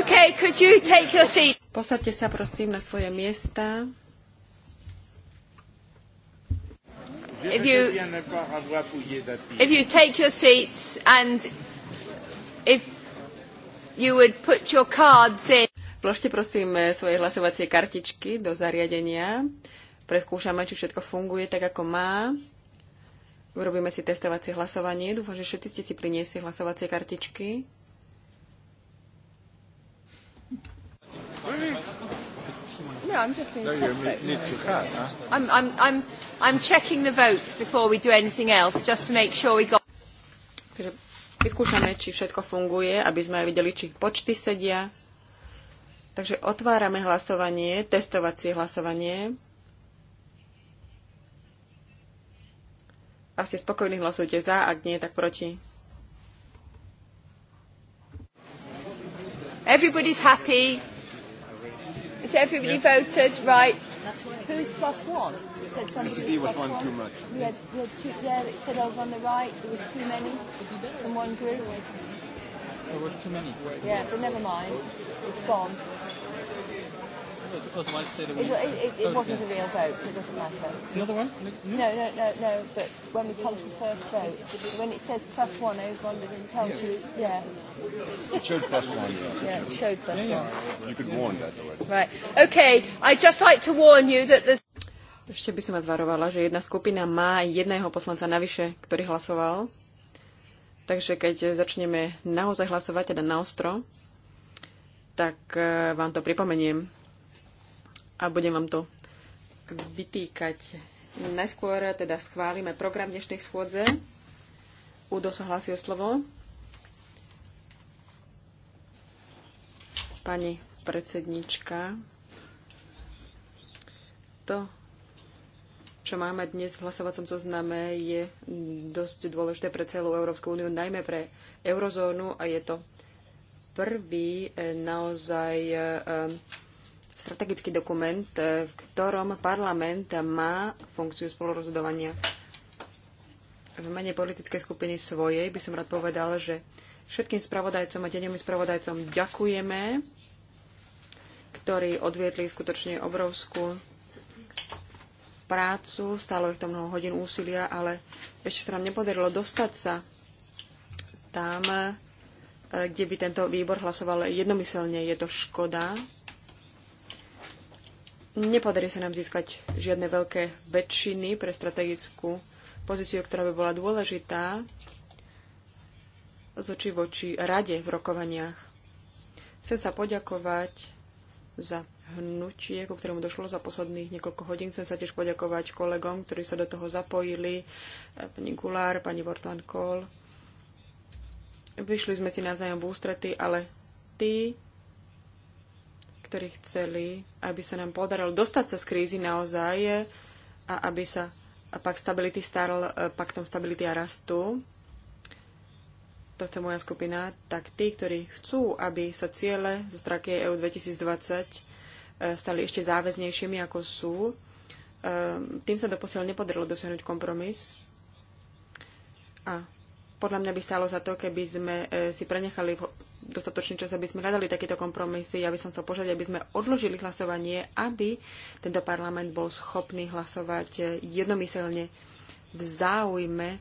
Okay, could you take your seat? sa prosím na svoje miesta. If you, if you take your seats and if you would put your cards in. Vložte prosím eh, svoje hlasovacie kartičky do zariadenia. Preskúšame, či všetko funguje tak, ako má. Urobíme si testovacie hlasovanie. Dúfam, že všetci ste si priniesli hlasovacie kartičky. No, I'm just doing no, test Need to I'm, I'm, I'm, I'm checking the votes before we do anything else, just to make sure we got... Vyskúšame, či všetko funguje, aby sme aj videli, či počty sedia. Takže otvárame hlasovanie, testovacie hlasovanie. A ste spokojní, hlasujte za, ak nie, tak proti. Everybody's happy everybody yeah. voted? Right. Who's plus one? It said somebody was one, one too much. We had, we had two, yeah, it said over on the right there was too many from one group. There were too many. Yeah, but never mind. It's gone. Otherwise, say there it, it, it, it wasn't a real vote, so it doesn't matter. Another one? No, no, no, no. no but when we come to the first vote, when it says plus one over under, it tells yeah. you, yeah. It showed plus one. Yeah, yeah it showed plus yeah, yeah. one. You could yeah. warn that though. Right. Okay. I'd just like to warn you that there's. Ešte by som vás varovala, že jedna skupina má jedného poslanca navyše, ktorý hlasoval. Takže keď začneme naozaj hlasovať, teda naostro, tak eh, vám to pripomeniem a budem vám to vytýkať. Najskôr teda schválime program dnešných schôdze. Udo sa hlási o slovo. Pani predsednička, to, čo máme dnes v hlasovacom zozname, je dosť dôležité pre celú Európsku úniu, najmä pre eurozónu a je to prvý eh, naozaj eh, strategický dokument, e, v ktorom parlament má funkciu spolurozhodovania. V mene politickej skupiny svojej by som rád povedal, že všetkým spravodajcom a deňovým spravodajcom ďakujeme, ktorí odvietli skutočne obrovskú prácu, stálo ich to mnoho hodín úsilia, ale ešte sa nám nepodarilo dostať sa tam, e, kde by tento výbor hlasoval jednomyselne. Je to škoda, Nepodarí sa nám získať žiadne veľké väčšiny pre strategickú pozíciu, ktorá by bola dôležitá z očí voči rade v rokovaniach. Chcem sa poďakovať za hnutie, ku ktorému došlo za posledných niekoľko hodín. Chcem sa tiež poďakovať kolegom, ktorí sa do toho zapojili, pani Gulár, pani Wortman Kohl. Vyšli sme si navzájom v ústrety, ale tí, ktorí chceli, aby sa nám podarilo dostať sa z krízy naozaj a aby sa a pak stability staral e, paktom stability a rastu. To chce moja skupina. Tak tí, ktorí chcú, aby sa ciele zo stratégie EU 2020 stali ešte záväznejšími, ako sú, e, tým sa doposiaľ nepodarilo dosiahnuť kompromis. A podľa mňa by stálo za to, keby sme e, si prenechali dostatočný čas, aby sme hľadali takéto kompromisy. Ja by som chcel požiadať, aby sme odložili hlasovanie, aby tento parlament bol schopný hlasovať jednomyselne v záujme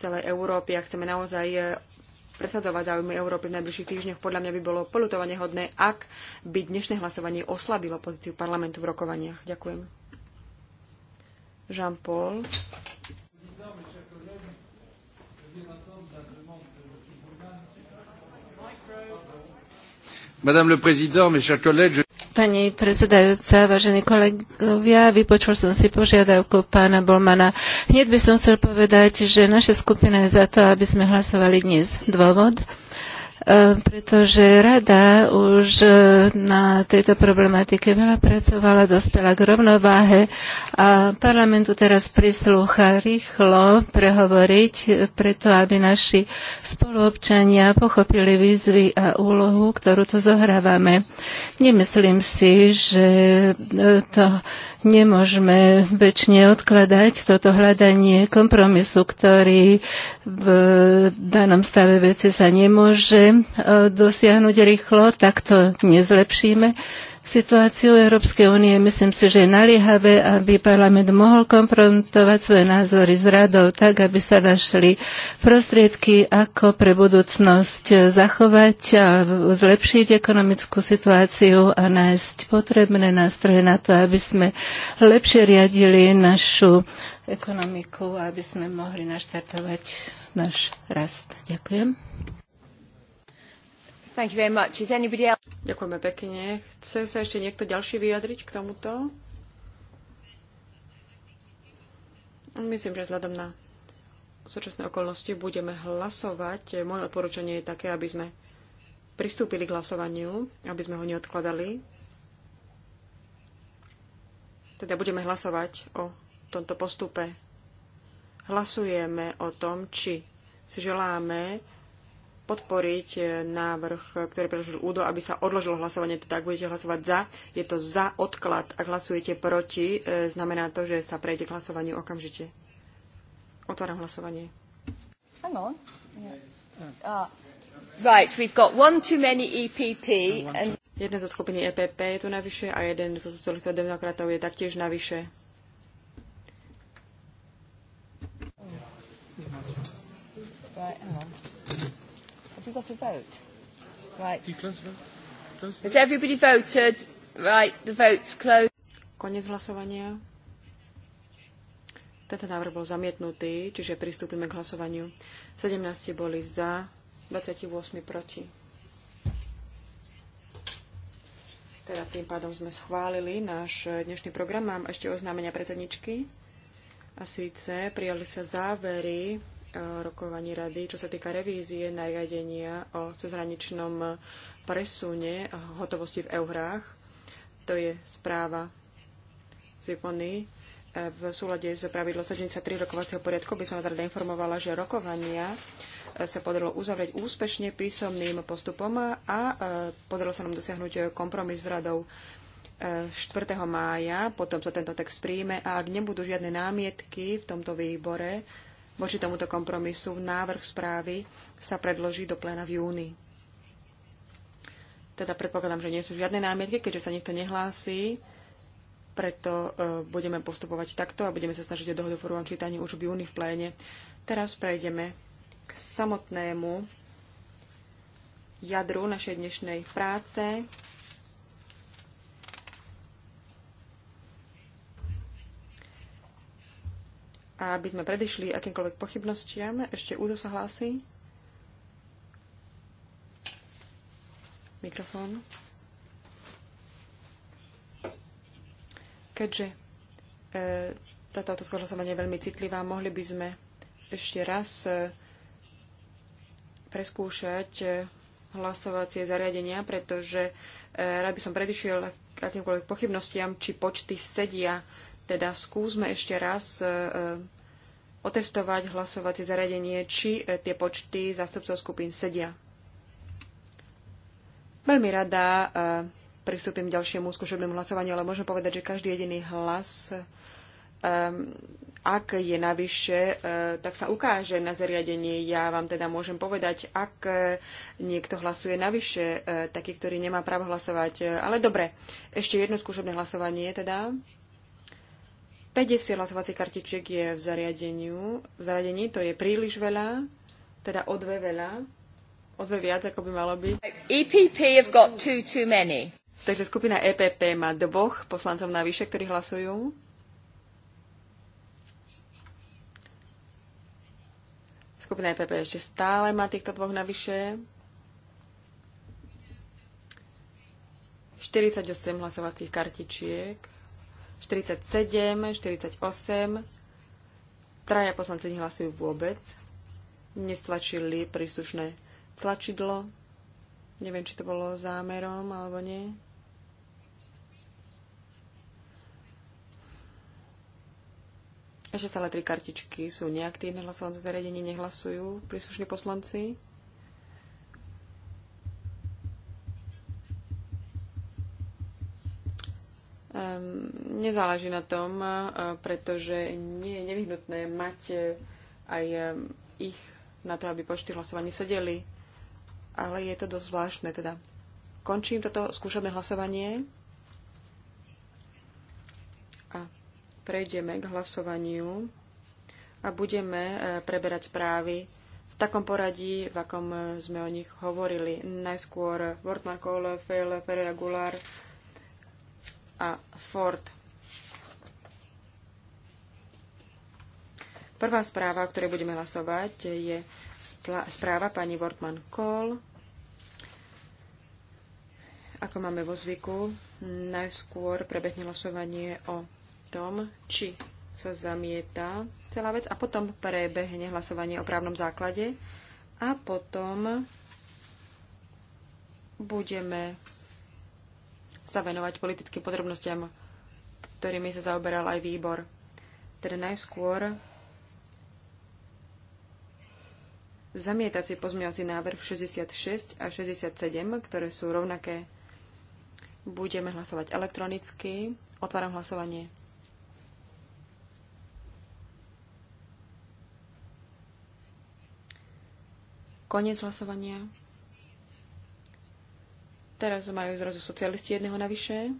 celej Európy a chceme naozaj eh, presadzovať záujmy Európy v najbližších týždňoch. Podľa mňa by bolo polutovanie hodné, ak by dnešné hlasovanie oslabilo pozíciu parlamentu v rokovaniach. Ďakujem. Jean-Paul. Pani predsedajúca, vážení kolegovia, vypočul som si požiadavku pána Bolmana. Hneď by som chcel povedať, že naša skupina je za to, aby sme hlasovali dnes. Dôvod? Uh, E, pretože rada už e, na tejto problematike veľa pracovala, dospela k rovnováhe a parlamentu teraz prislúcha rýchlo prehovoriť, e, preto aby naši spoluobčania pochopili výzvy a úlohu, ktorú tu zohrávame. Nemyslím si, že to nemôžeme väčšine odkladať toto hľadanie kompromisu, ktorý v danom stave veci sa nemôže e, dosiahnuť rýchlo, tak to nezlepšíme situáciu Európskej únie. Myslím si, že je naliehavé, aby parlament mohol konfrontovať svoje názory s radou tak, aby sa našli prostriedky, ako pre budúcnosť zachovať a zlepšiť ekonomickú situáciu a nájsť potrebné nástroje na to, aby sme lepšie riadili našu ekonomiku aby sme mohli naštartovať náš rast. Ďakujem. Ďakujeme pekne. Chce sa ešte niekto ďalší vyjadriť k tomuto? Myslím, že vzhľadom na súčasné okolnosti budeme hlasovať. Moje odporúčanie je také, aby sme pristúpili k hlasovaniu, aby sme ho neodkladali. Teda budeme hlasovať o tomto postupe. Hlasujeme o tom, či si želáme podporiť e, návrh, ktorý predložil Udo, aby sa odložilo hlasovanie, teda ak budete hlasovať za, je to za odklad. Ak hlasujete proti, e, znamená to, že sa prejde k hlasovaniu okamžite. Otváram hlasovanie. Hang on. Yeah. Uh, right, we've got one too many EPP. And... Jedna zo skupiny EPP je tu navyše a jeden zo sociálnych demokratov je taktiež navyše. Right, hang on. Have you got a vote? Right. Do you close the vote? Close the vote? Has everybody voted? Right, the vote's closed. Konec hlasovania. Tento návrh bol zamietnutý, čiže pristúpime k hlasovaniu. 17 boli za, 28 proti. Teda tým pádom sme schválili náš dnešný program. Mám ešte oznámenia predsedničky. A síce prijali sa závery Eh, rokovaní rady, čo sa týka revízie nariadenia o cezhraničnom presune hotovosti v eurách. To je správa z Japony. Eh, v súlade s pravidlo 73 rokovacieho poriadku by som vás rada informovala, že rokovania eh, sa podarilo uzavrieť úspešne písomným postupom a podarilo sa nám dosiahnuť kompromis s radou 4. mája. Potom sa tento text príjme a ak nebudú žiadne námietky v tomto výbore, voči tomuto kompromisu. Návrh správy sa predloží do pléna v júni. Teda predpokladám, že nie sú žiadne námietky, keďže sa nikto nehlási, preto uh, budeme postupovať takto a budeme sa snažiť o dohodu v prvom čítaní už v júni v pléne. Teraz prejdeme k samotnému jadru našej dnešnej práce. A aby sme predišli akýmkoľvek pochybnostiam, ešte Udo sa hlási. Mikrofón. Keďže e, táto otázka hlasovania je veľmi citlivá, mohli by sme ešte raz e, preskúšať e, hlasovacie zariadenia, pretože e, rád by som predišiel akýmkoľvek pochybnostiam, či počty sedia teda skúsme ešte raz e, e, otestovať hlasovacie zariadenie, či e, tie počty zastupcov skupín sedia. Veľmi rada pristúpim k ďalšiemu skúšobnému hlasovaniu, ale môžem povedať, že každý jediný hlas, ak je navyše, tak sa ukáže na zariadení. Ja vám teda môžem povedať, ak niekto hlasuje navyše, taký, ktorý nemá právo hlasovať. Ale dobre, ešte jedno skúšobné hlasovanie teda. 50 hlasovacích kartičiek je v zariadeniu. V zariadení to je príliš veľa, teda o dve veľa, o dve viac, ako by malo byť. EPP have got two too many. Takže skupina EPP má dvoch poslancov navyše, ktorí hlasujú. Skupina EPP ešte stále má týchto dvoch navyše. 48 hlasovacích kartičiek. 47, 48. Traja poslanci nehlasujú vôbec. Nestlačili príslušné tlačidlo. Neviem, či to bolo zámerom alebo nie. Ešte stále tri kartičky sú neaktívne hlasovacie zariadenie, zariadení, nehlasujú príslušní poslanci. Ehm, nezáleží na tom, eh, pretože nie je nevyhnutné mať eh, aj eh, ich na to, aby počty hlasovaní sedeli. Ale je to dosť zvláštne teda. Končím toto skúšobné hlasovanie a prejdeme k hlasovaniu a budeme preberať správy v takom poradí, v akom sme o nich hovorili. Najskôr Wortmann Kohl, Fehler, Ferreira Goulart, a Ford. Prvá správa, o ktorej budeme hlasovať, je správa pani Wortman Kohl. Ako máme vo zvyku, najskôr prebehne hlasovanie o tom, či sa zamieta celá vec a potom prebehne hlasovanie o právnom základe a potom budeme sa venovať politickým podrobnostiam, ktorými sa zaoberal aj výbor. Teda najskôr zamietací pozmiaci návrh 66 a 67, ktoré sú rovnaké. Budeme hlasovať elektronicky. Otváram hlasovanie. Koniec hlasovania. Teraz majú zrazu socialisti jedného navyše.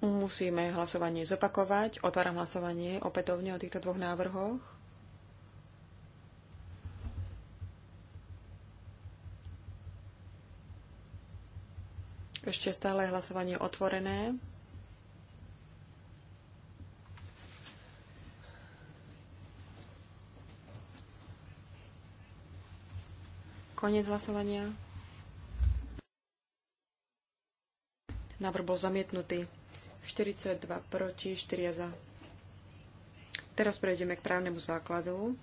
Musíme hlasovanie zopakovať. Otváram hlasovanie opätovne o týchto dvoch návrhoch. Ešte stále hlasovanie otvorené. Koniec hlasovania. Návrh bol zamietnutý. 42 proti, 4 za. Teraz prejdeme k právnemu základu.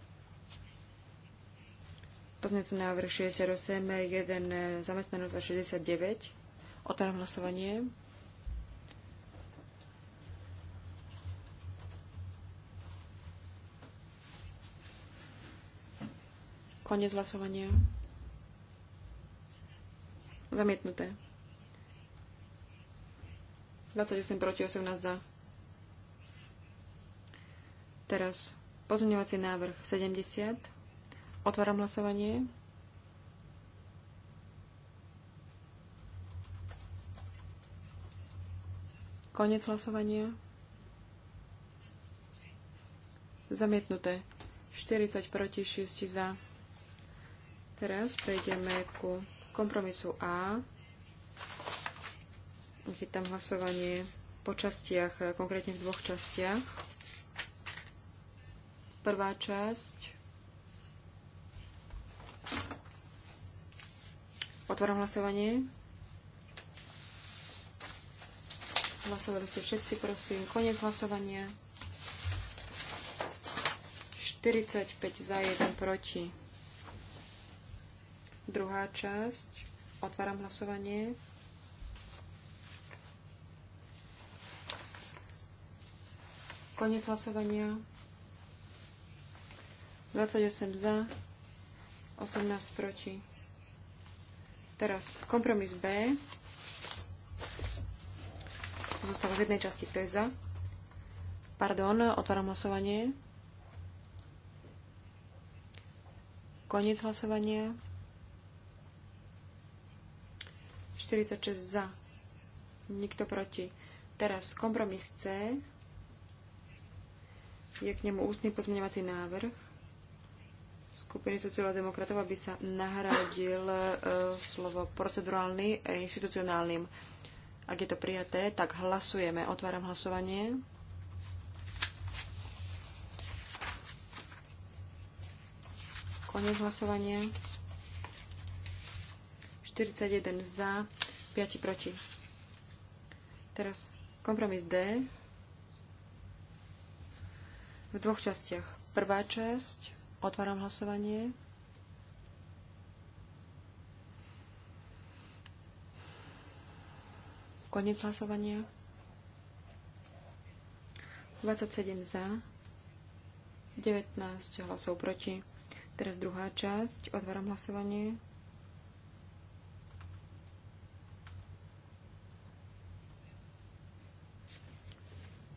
Poznací návrh 68, 1 zamestnanosť a 69. Otváram hlasovanie. Konec hlasovania. Zamietnuté. 28 proti 18 za. Teraz pozmeňovací návrh 70. Otváram hlasovanie. Konec hlasovania. Zamietnuté. 40 proti 6 za. Teraz prejdeme ku kompromisu A. Je tam hlasovanie po častiach, konkrétne v dvoch častiach. Prvá časť. Otváram hlasovanie. Hlasovali ste všetci, prosím. Konec hlasovania. 45 za 1 proti. Druhá časť. Otváram hlasovanie. Konec hlasovania. 28 za, 18 proti. Teraz kompromis B zostáva v jednej časti. Kto je za? Pardon, otváram hlasovanie. Koniec hlasovania. 46 za. Nikto proti. Teraz kompromis C. Je k nemu ústny pozmeňovací návrh skupiny sociálno-demokratov, aby sa nahradil e, slovo procedurálny e, institucionálnym. Ak je to prijaté, tak hlasujeme. Otváram hlasovanie. Koniec hlasovania. 41 za, 5 proti. Teraz kompromis D v dvoch častiach. Prvá časť, otváram hlasovanie. Konec hlasovania. 27 za, 19 hlasov proti. Teraz druhá časť. Otváram hlasovanie.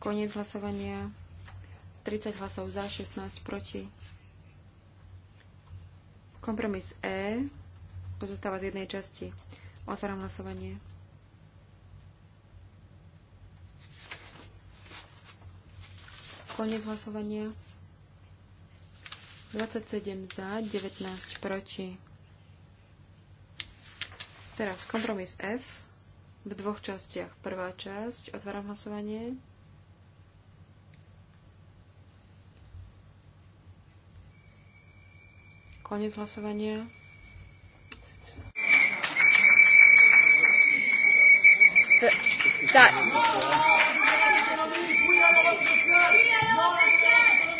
Koniec hlasovania. 30 hlasov za, 16 proti. Kompromis E pozostáva z jednej časti. Otváram hlasovanie. Koniec hlasovania. 27 za, 19 proti. Teraz kompromis F v dvoch častiach. Prvá časť, otváram hlasovanie. Koniec hlasovania. Tak.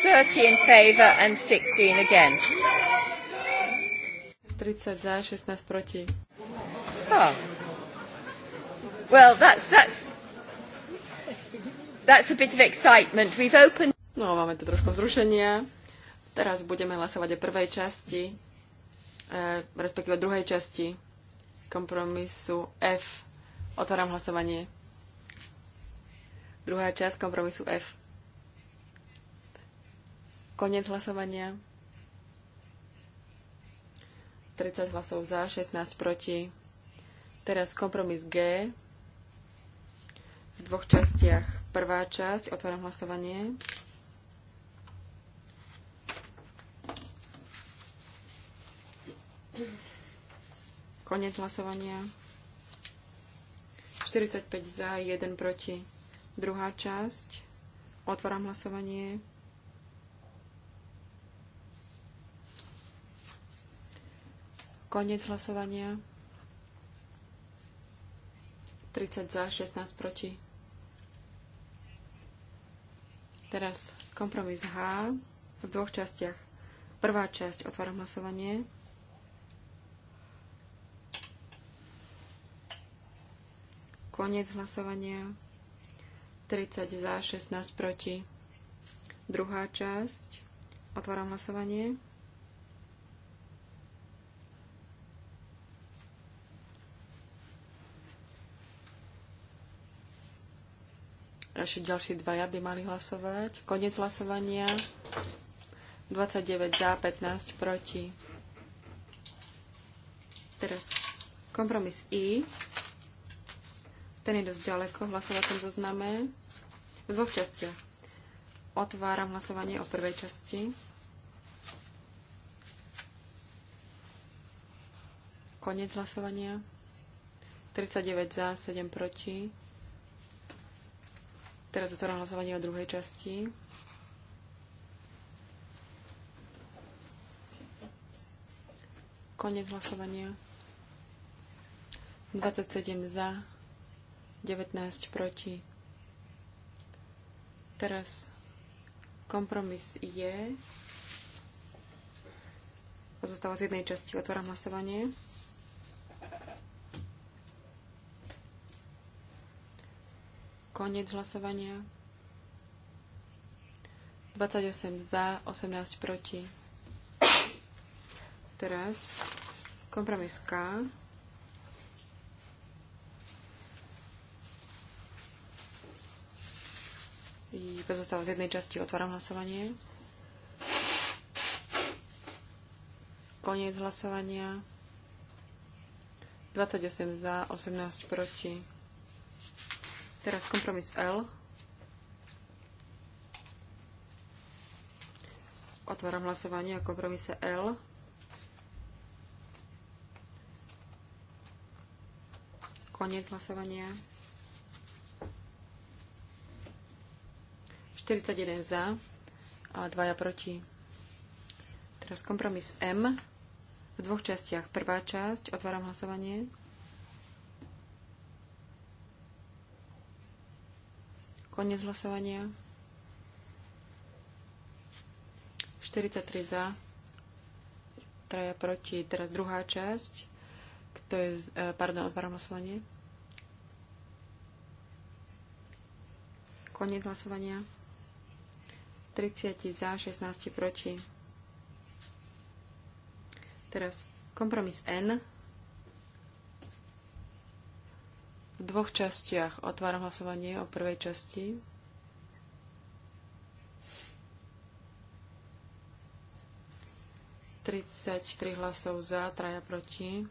30 in favor and 16 against. 30 za, 16 proti. Oh. Well, that's, that's, that's a bit of excitement. We've opened... No, máme tu trošku vzrušenia. Teraz budeme hlasovať o prvej časti, e, respektíve druhej časti kompromisu F. Otváram hlasovanie. Druhá časť kompromisu F. Konec hlasovania. 30 hlasov za, 16 proti. Teraz kompromis G v dvoch častiach. Prvá časť, otváram hlasovanie. Konec hlasovania. 45 za, 1 proti. Druhá časť. Otváram hlasovanie. Konec hlasovania. 30 za, 16 proti. Teraz kompromis H v dvoch častiach. Prvá časť, otváram hlasovanie. Konec hlasovania. 30 za, 16 proti. Druhá časť. Otváram hlasovanie. ešte ďalší dvaja by mali hlasovať. Konec hlasovania. 29 za, 15 proti. Teraz kompromis I. Ten je dosť ďaleko v hlasovacom zozname. V dvoch častiach. Otváram hlasovanie o prvej časti. Konec hlasovania. 39 za, 7 proti. Teraz otváram hlasovanie o druhej časti. Konec hlasovania. 27 za, 19 proti. Teraz kompromis je. Zostáva z jednej časti. Otváram hlasovanie. Koniec hlasovania. 28 za, 18 proti. Teraz kompromis K. I pozostáva z jednej časti. Otváram hlasovanie. Koniec hlasovania. 28 za, 18 proti. Teraz kompromis L. Otváram hlasovanie o kompromise L. Koniec hlasovania. 41 za a 2 proti. Teraz kompromis M v dvoch častiach. Prvá časť, otváram hlasovanie. Koniec hlasovania. 43 za, 3 proti. Teraz druhá časť. Kto je, e, pardon, otváram hlasovanie. Koniec hlasovania. 30 za, 16 proti. Teraz kompromis N. v dvoch častiach. Otváram hlasovanie o prvej časti. tri hlasov za, traja proti.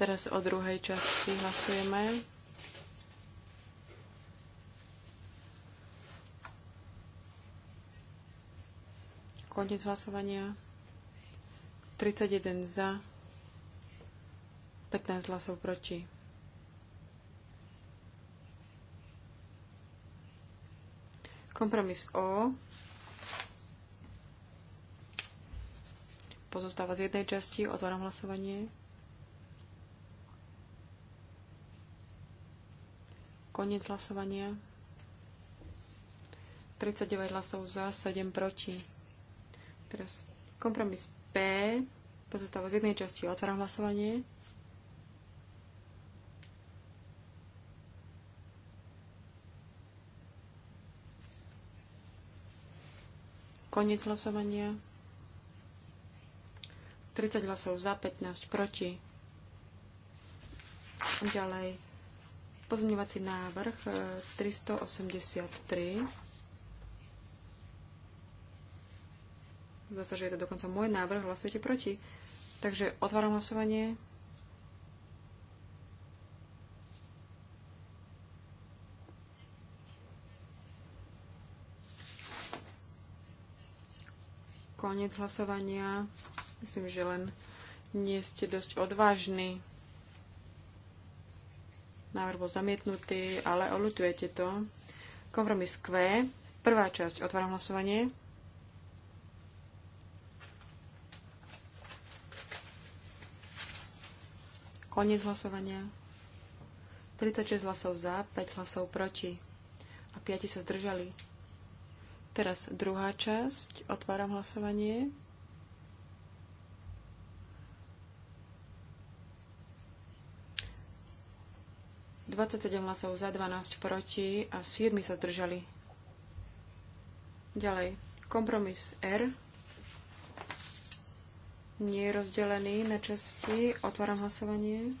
Teraz o druhej časti hlasujeme. Koniec hlasovania. 31 za, 15 hlasov proti. Kompromis O pozostáva z jednej časti, otváram hlasovanie. Koniec hlasovania. 39 hlasov za, 7 proti. Teraz kompromis P pozostáva z jednej časti, otváram hlasovanie. Koniec hlasovania. 30 hlasov za, 15 proti. Ďalej. Pozmeňovací návrh 383. E, Zase, že je to dokonca môj návrh, hlasujete proti. Takže otváram hlasovanie. Koniec hlasovania. Myslím, že len nie ste dosť odvážni. Návrh bol zamietnutý, ale oľutujete to. Kompromis Q. Prvá časť. Otváram hlasovanie. Koniec hlasovania. 36 hlasov za, 5 hlasov proti a 5 sa zdržali. Teraz druhá časť. Otváram hlasovanie. sedem hlasov za, 12 proti a 7 sa zdržali. Ďalej. Kompromis R. Nie je rozdelený na časti. Otváram hlasovanie.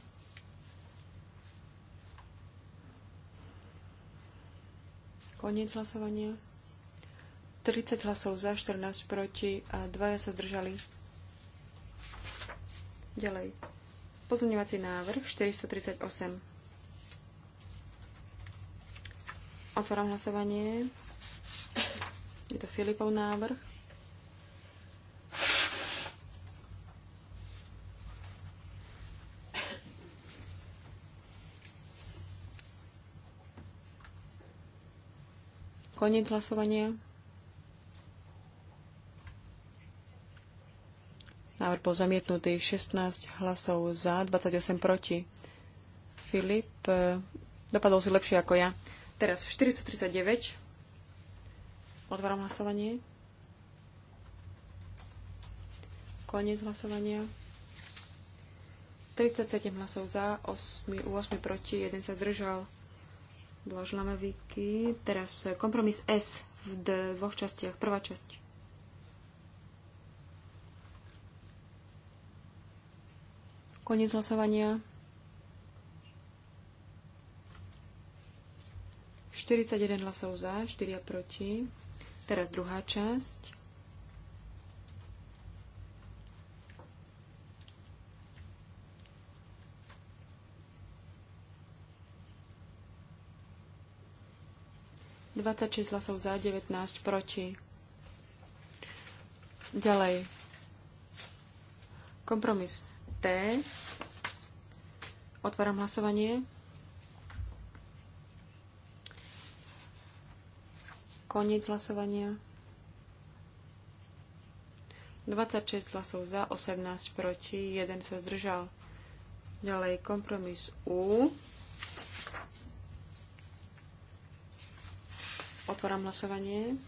Koniec hlasovania. 30 hlasov za, 14 proti a dvaja sa zdržali. Ďalej. Pozmeňovací návrh 438. Otváram hlasovanie. Je to Filipov návrh. Koniec hlasovania. Návrh bol zamietnutý 16 hlasov za, 28 proti. Filip e, dopadol si lepšie ako ja. Teraz 439. Otváram hlasovanie. Koniec hlasovania. 37 hlasov za, 8, 8 proti, 1 sa držal. Blažláme výky. Teraz e, kompromis S v dvoch častiach. Prvá časť Koniec hlasovania. 41 hlasov za, 4 proti. Teraz druhá časť. Dvadsaťšesť hlasov za, 19 proti. Ďalej. Kompromis T. Otváram hlasovanie. Koniec hlasovania. 26 hlasov za, 18 proti, 1 sa zdržal. Ďalej kompromis U. Otváram hlasovanie.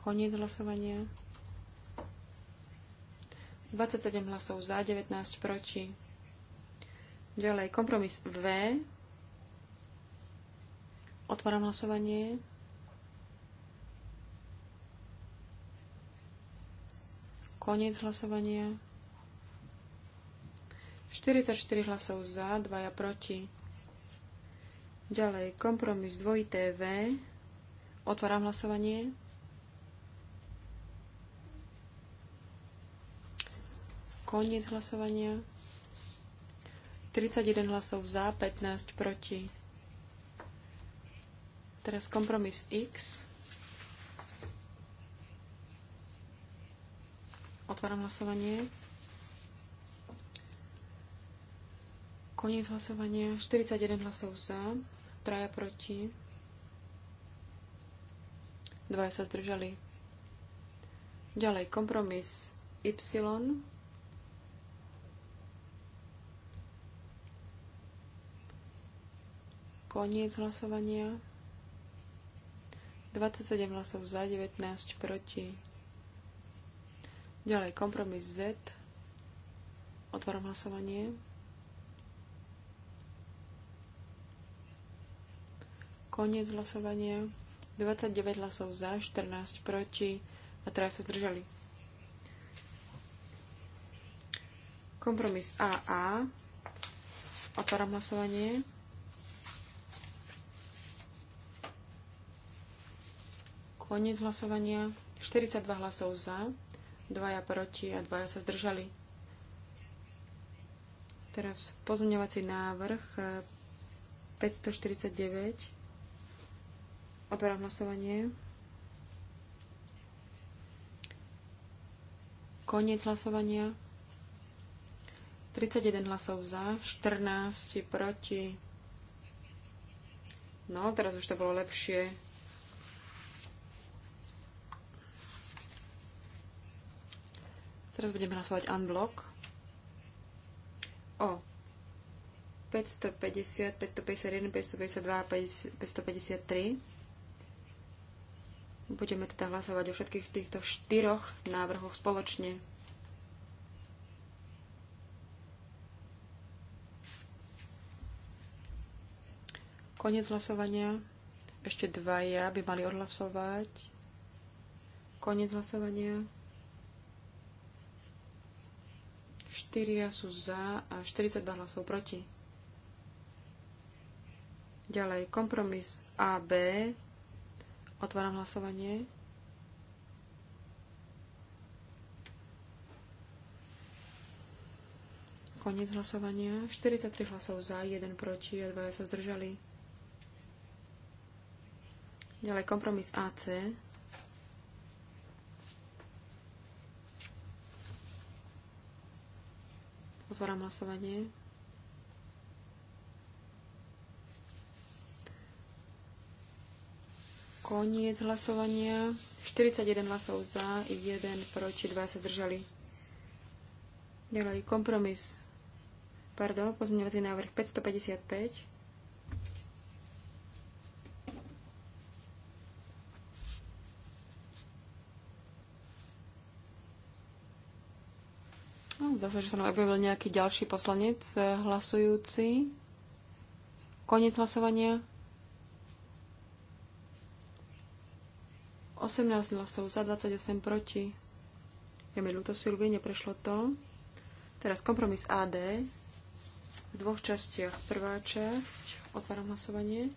Koniec hlasovania. 27 hlasov za, 19 proti. Ďalej, kompromis V. Otváram hlasovanie. Koniec hlasovania. 44 hlasov za, 2 proti. Ďalej, kompromis dvojité V. Otváram hlasovanie. Koniec hlasovania. 31 hlasov za, 15 proti. Teraz kompromis X. Otváram hlasovanie. Koniec hlasovania. 41 hlasov za, 3 proti. 2 sa zdržali. Ďalej kompromis Y. Koniec hlasovania. 27 hlasov za, 19 proti. Ďalej, kompromis Z. Otváram hlasovanie. Koniec hlasovania. 29 hlasov za, 14 proti a teraz sa zdržali. Kompromis AA. Otváram hlasovanie. Koniec hlasovania. 42 hlasov za, 2 proti a 2 sa zdržali. Teraz pozmeňovací návrh 549. Eh, Otváram hlasovanie. Koniec hlasovania. 31 hlasov za, 14 proti. No, teraz už to bolo lepšie. Teraz budeme hlasovať unblock o 550, 551, 552 553. Budeme teda hlasovať o všetkých týchto štyroch návrhoch spoločne. Konec hlasovania. Ešte dvaja by mali odhlasovať. Koniec hlasovania. 4 sú za a 42 hlasov proti. Ďalej, kompromis AB. Otváram hlasovanie. Koniec hlasovania. 43 hlasov za, 1 proti a 2 sa zdržali. Ďalej kompromis AC. Otváram hlasovanie. Koniec hlasovania. 41 hlasov za, 1 proti, 2 sa zdržali. Ďalej, kompromis. Pardon, pozmeňovací návrh 555. Dúfam, že sa nám objavil nejaký ďalší poslanec eh, hlasujúci. Koniec hlasovania. 18 hlasov za, 28 proti. Je mi ľúto, Silvi, neprešlo to. Teraz kompromis AD v dvoch častiach. Prvá časť, otváram hlasovanie.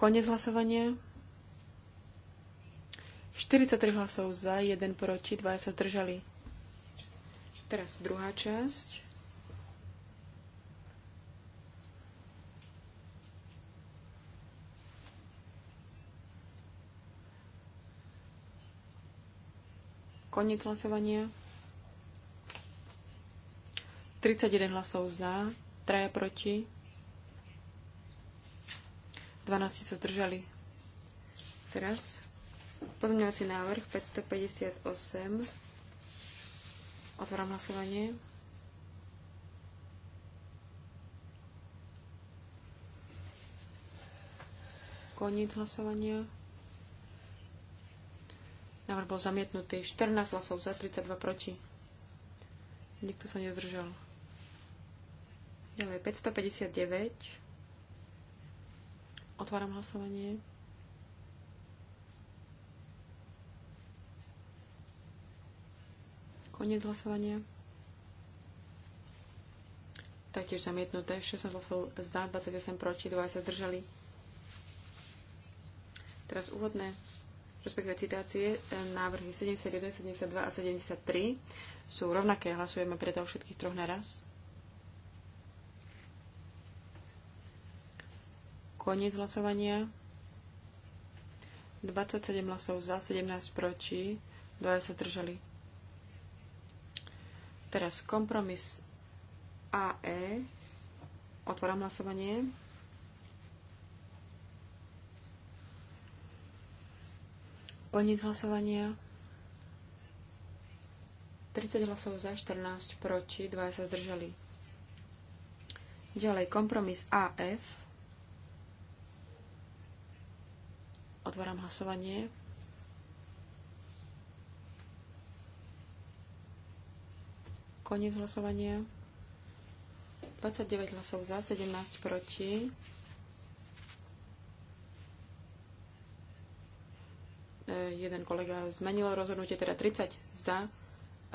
Konec hlasovania. 43 hlasov za, 1 proti, 2 sa zdržali. Teraz druhá časť. Koniec hlasovania. 31 hlasov za, 3 proti, 12 sa zdržali. Teraz Pozmeňovací návrh 558. Otváram hlasovanie. Koniec hlasovania. Návrh bol zamietnutý. 14 hlasov za, 32 proti. Nikto sa nezdržal. Ďalej 559. Otváram hlasovanie. Koniec hlasovania. Taktiež zamietnuté. 16 hlasov za, 28 proti, 2 sa zdržali. Teraz úvodné, respektíve citácie, e, návrhy 71, 72 a 73 sú rovnaké. Hlasujeme preto všetkých troch naraz. Koniec hlasovania. 27 hlasov za, 17 proti, 2 sa zdržali. Teraz kompromis AE. Otváram hlasovanie. Koniec hlasovania. 30 hlasov za, 14 proti, 2 sa zdržali. Ďalej kompromis AF. Otváram hlasovanie. Koniec hlasovania. 29 hlasov za, 17 proti. E, jeden kolega zmenil rozhodnutie, teda 30 za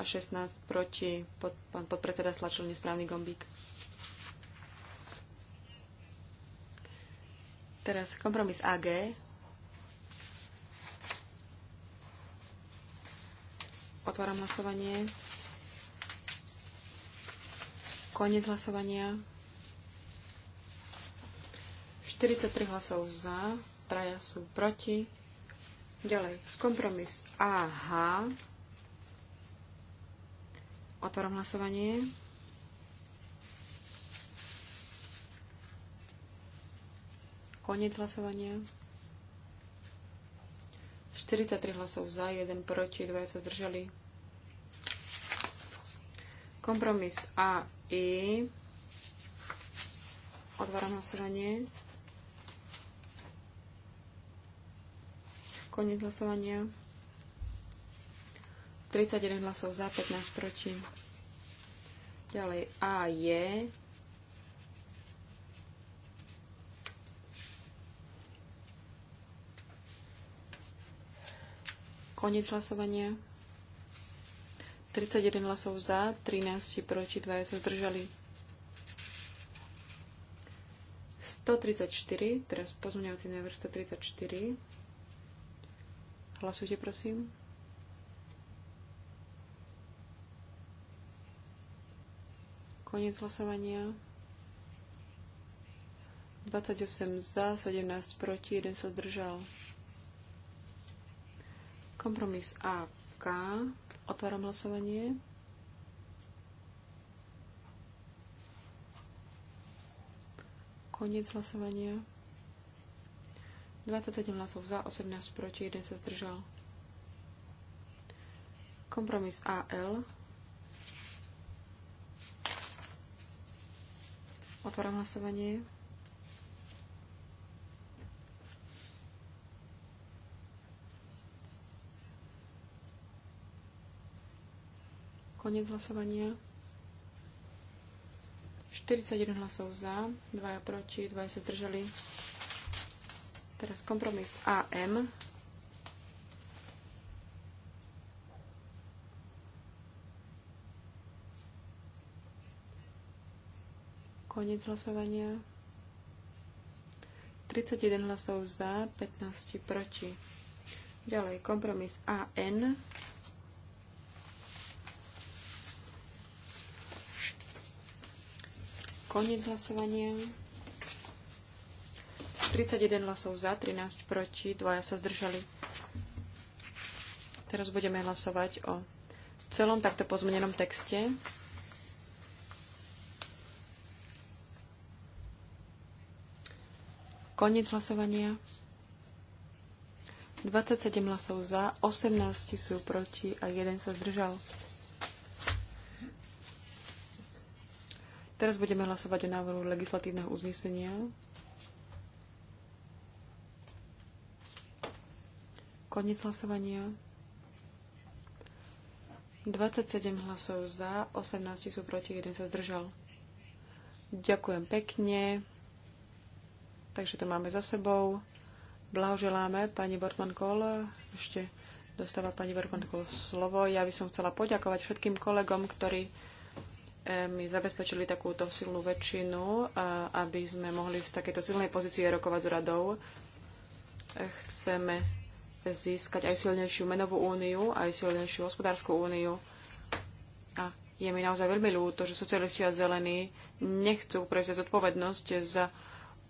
a 16 proti. Pod, pán podpredseda stlačil nesprávny gombík. Teraz kompromis AG. Otváram hlasovanie. Konec hlasovania. 43 hlasov za, traja sú proti. Ďalej, kompromis AH. Otvorom hlasovanie. Koniec hlasovania. 43 hlasov za, 1 proti, 2 sa zdržali. Kompromis AE i. Otváram hlasovanie. Koniec hlasovania. 31 hlasov za, 15 proti. Ďalej A je koniec hlasovania. 31 hlasov za, 13 proti, 2 sa zdržali. 134, teraz pozmeňovací návrh 134. Hlasujte, prosím. Koniec hlasovania. 28 za, 17 proti, 1 sa zdržal. Kompromis A Otváram hlasovanie. Koniec hlasovania. 27 hlasov za, 18 proti, 1 sa zdržal. Kompromis AL. Otváram hlasovanie. Konec hlasovania. 41 hlasov za, 2 proti, 2 sa zdržali. Teraz kompromis AM. Konec hlasovania. 31 hlasov za, 15 proti. Ďalej kompromis AN. Koniec hlasovania. 31 hlasov za, 13 proti, dvaja sa zdržali. Teraz budeme hlasovať o celom takto pozmenenom texte. Koniec hlasovania. 27 hlasov za, 18 sú proti a 1 sa zdržal. Teraz budeme hlasovať o návrhu legislatívneho uznesenia. Koniec hlasovania. 27 hlasov za, 18 sú proti, 1 sa zdržal. Ďakujem pekne. Takže to máme za sebou. Blahoželáme pani Bortman Kohl. Ešte dostáva pani Bortman Kohl slovo. Ja by som chcela poďakovať všetkým kolegom, ktorí E mi zabezpečili takúto silnú väčšinu, e, aby sme mohli z takéto silnej pozície rokovať s radou. E, chceme získať aj silnejšiu menovú úniu, aj silnejšiu hospodárskú úniu. A je mi naozaj veľmi ľúto, že socialisti a zelení nechcú prejsť zodpovednosť za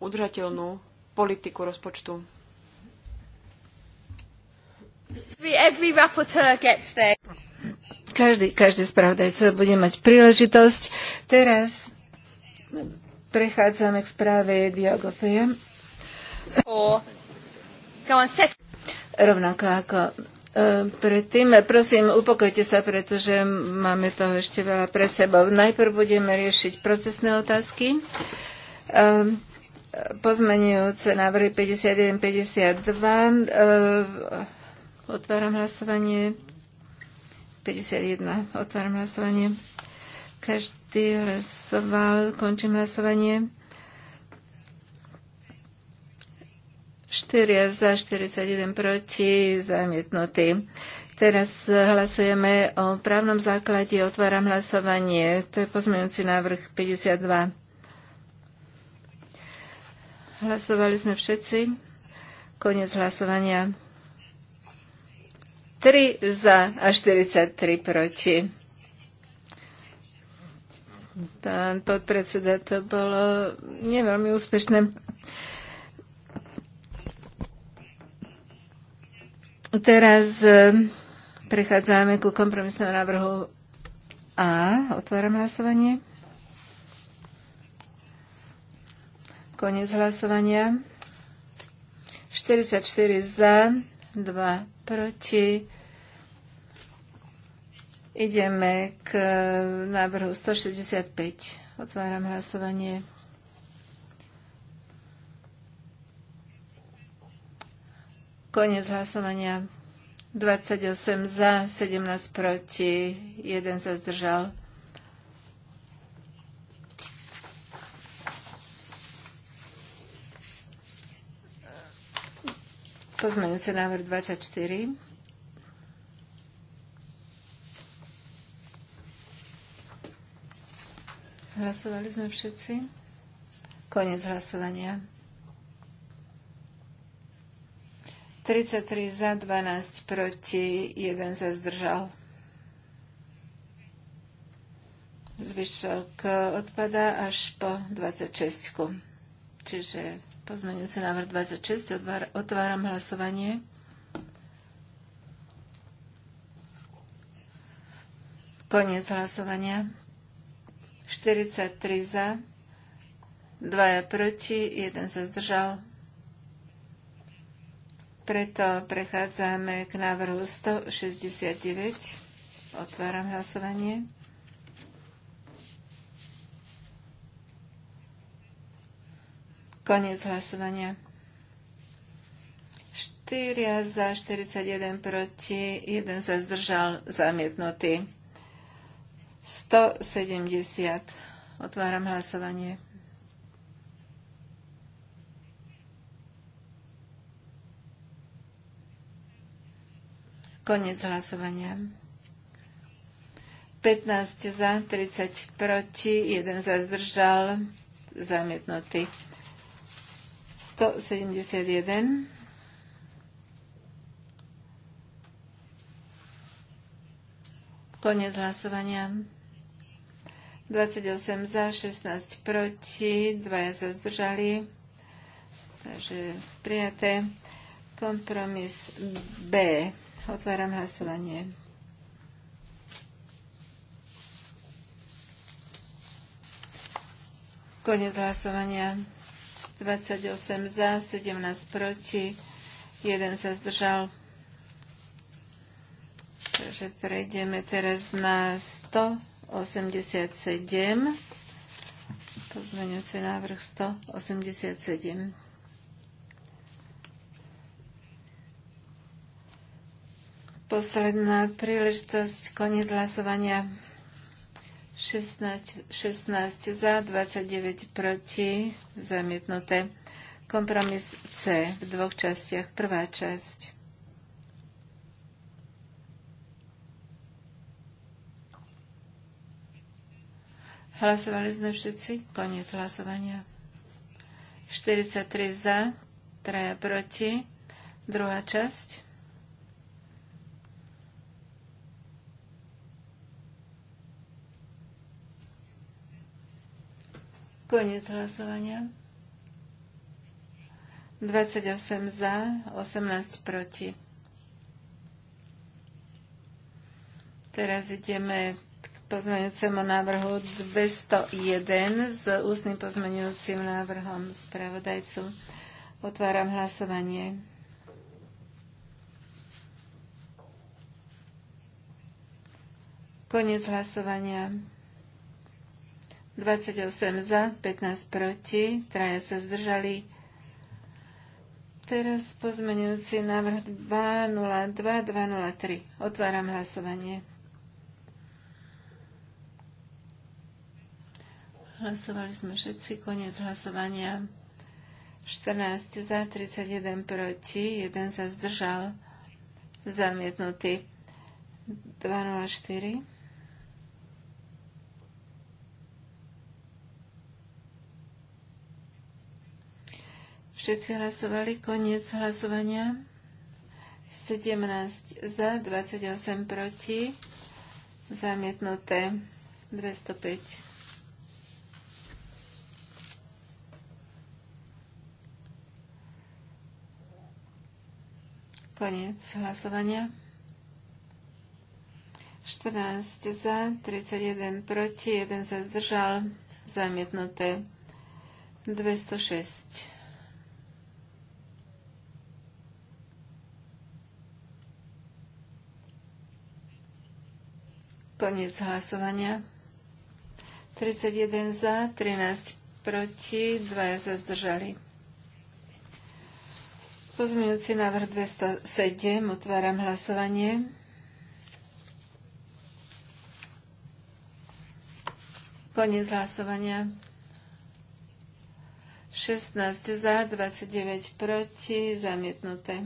udržateľnú politiku rozpočtu. Every, every každý, každý spravodajca bude mať príležitosť. Teraz prechádzame k správe Diagofeja. Rovnako ako e, Predtým, prosím, upokojte sa, pretože máme toho ešte veľa pred sebou. Najprv budeme riešiť procesné otázky. E, pozmenujúce návrhy 51-52. E, otváram hlasovanie. 51. Otváram hlasovanie. Každý hlasoval. Končím hlasovanie. 4 za, 41 proti, zamietnutý. Teraz hlasujeme o právnom základe. Otváram hlasovanie. To je pozmeňujúci návrh 52. Hlasovali sme všetci. Konec hlasovania. 3 za a 43 proti. Pán podpredseda, to bolo neveľmi úspešné. Teraz e, prechádzame ku kompromisnému návrhu A. Otváram hlasovanie. Konec hlasovania. 44 za, 2 proti. Ideme k návrhu 165. Otváram hlasovanie. Konec hlasovania. 28 za, 17 proti, 1 sa zdržal. Pozmeňujúce návrh 24. Hlasovali sme všetci. Konec hlasovania. 33 za, 12 proti, 1 za zdržal. Zvyšok odpada až po 26. Čiže Pozmeňujúci návrh 26. Otváram hlasovanie. Koniec hlasovania. 43 za, 2 proti, 1 sa zdržal. Preto prechádzame k návrhu 169. Otváram hlasovanie. Koniec hlasovania. 4 za 41 proti, 1 sa zdržal zamietnutý. 170. Otváram hlasovanie. Konec hlasovania. 15 za, 30 proti, 1 sa zdržal, zamietnutý. 171. Konec hlasovania. 28 za, 16 proti, dvaja sa zdržali. Takže prijaté. Kompromis B. Otváram hlasovanie. Konec hlasovania. 28 za, 17 proti, 1 sa zdržal. Takže prejdeme teraz na 187. Pozmeňujúci návrh 187. Posledná príležitosť, koniec hlasovania. 16, 16 za, 29 proti, zamietnuté. Kompromis C v dvoch častiach. Prvá časť. Hlasovali sme všetci? Koniec hlasovania. 43 za, 3 proti. Druhá časť. Koniec hlasovania. 28 za, 18 proti. Teraz ideme k pozmeňujúcemu návrhu 201 s ústnym pozmeňujúcim návrhom spravodajcu. Otváram hlasovanie. Koniec hlasovania. 28 za, 15 proti, traja sa zdržali. Teraz pozmenujúci návrh 202, 203. Otváram hlasovanie. Hlasovali sme všetci, koniec hlasovania. 14 za, 31 proti, 1 sa zdržal. Zamietnutý. 204. Všetci hlasovali. Koniec hlasovania. 17 za, 28 proti. Zamietnuté 205. Koniec hlasovania. 14 za, 31 proti, 1 sa zdržal. Zamietnuté 206. Koniec hlasovania. 31 za, 13 proti, 2 sa zdržali. Pozmiňujúci návrh 207, otváram hlasovanie. Koniec hlasovania. 16 za, 29 proti, zamietnuté.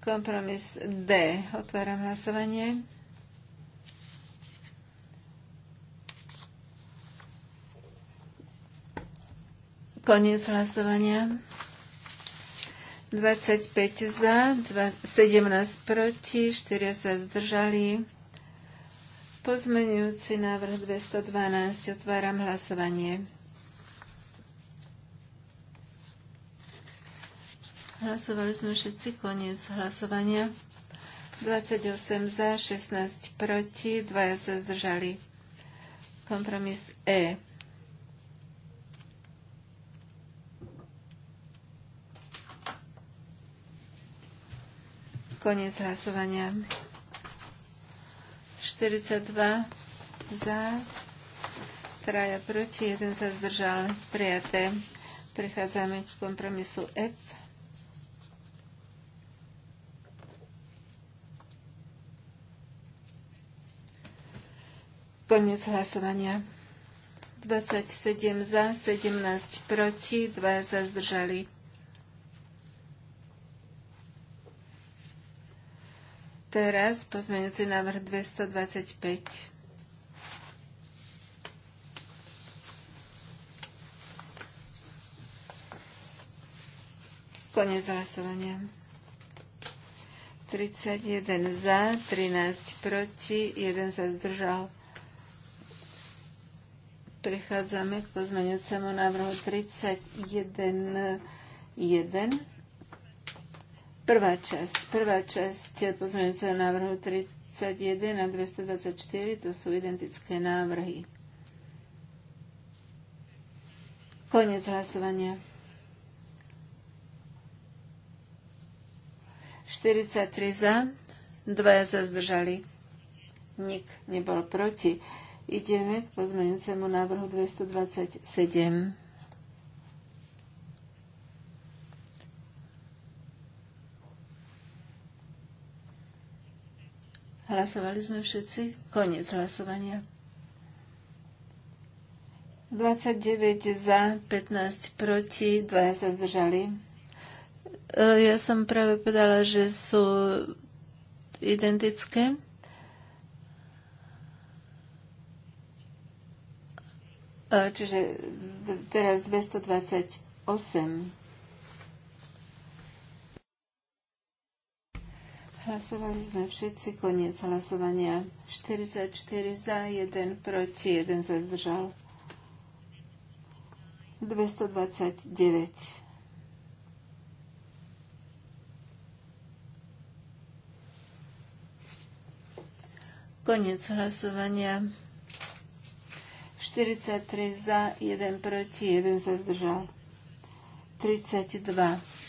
Kompromis D. Otváram hlasovanie. Koniec hlasovania. 25 za, 17 proti, 4 sa zdržali. Pozmenujúci návrh 212. Otváram hlasovanie. Hlasovali sme všetci. Koniec hlasovania. 28 za, 16 proti, 2 sa zdržali. Kompromis E. Koniec hlasovania. 42 za, traja proti, jeden sa zdržal, prijaté. Prechádzame k kompromisu F. Koniec hlasovania. 27 za, 17 proti, 2 sa zdržali Teraz pozmeňujúci návrh 225. Konec hlasovania. 31 za, 13 proti, 1 sa zdržal. Prechádzame k pozmeňujúcemu návrhu 31.1. Prvá časť, prvá časť pozmeňujúceho návrhu 31 a 224, to sú identické návrhy. Konec hlasovania. 43 za, 2 sa zdržali. Nik nebol proti. Ideme k pozmeňujúcemu návrhu 227. Hlasovali sme všetci. Koniec hlasovania. 29 za, 15 proti, dvaja sa zdržali. E, ja som práve povedala, že sú identické. E, čiže teraz 228. Hlasovali sme všetci, koniec hlasovania. 44 za, 1 proti, 1 sa zdržal. 229. Koniec hlasovania. 43 za, 1 proti, 1 sa zdržal. 32.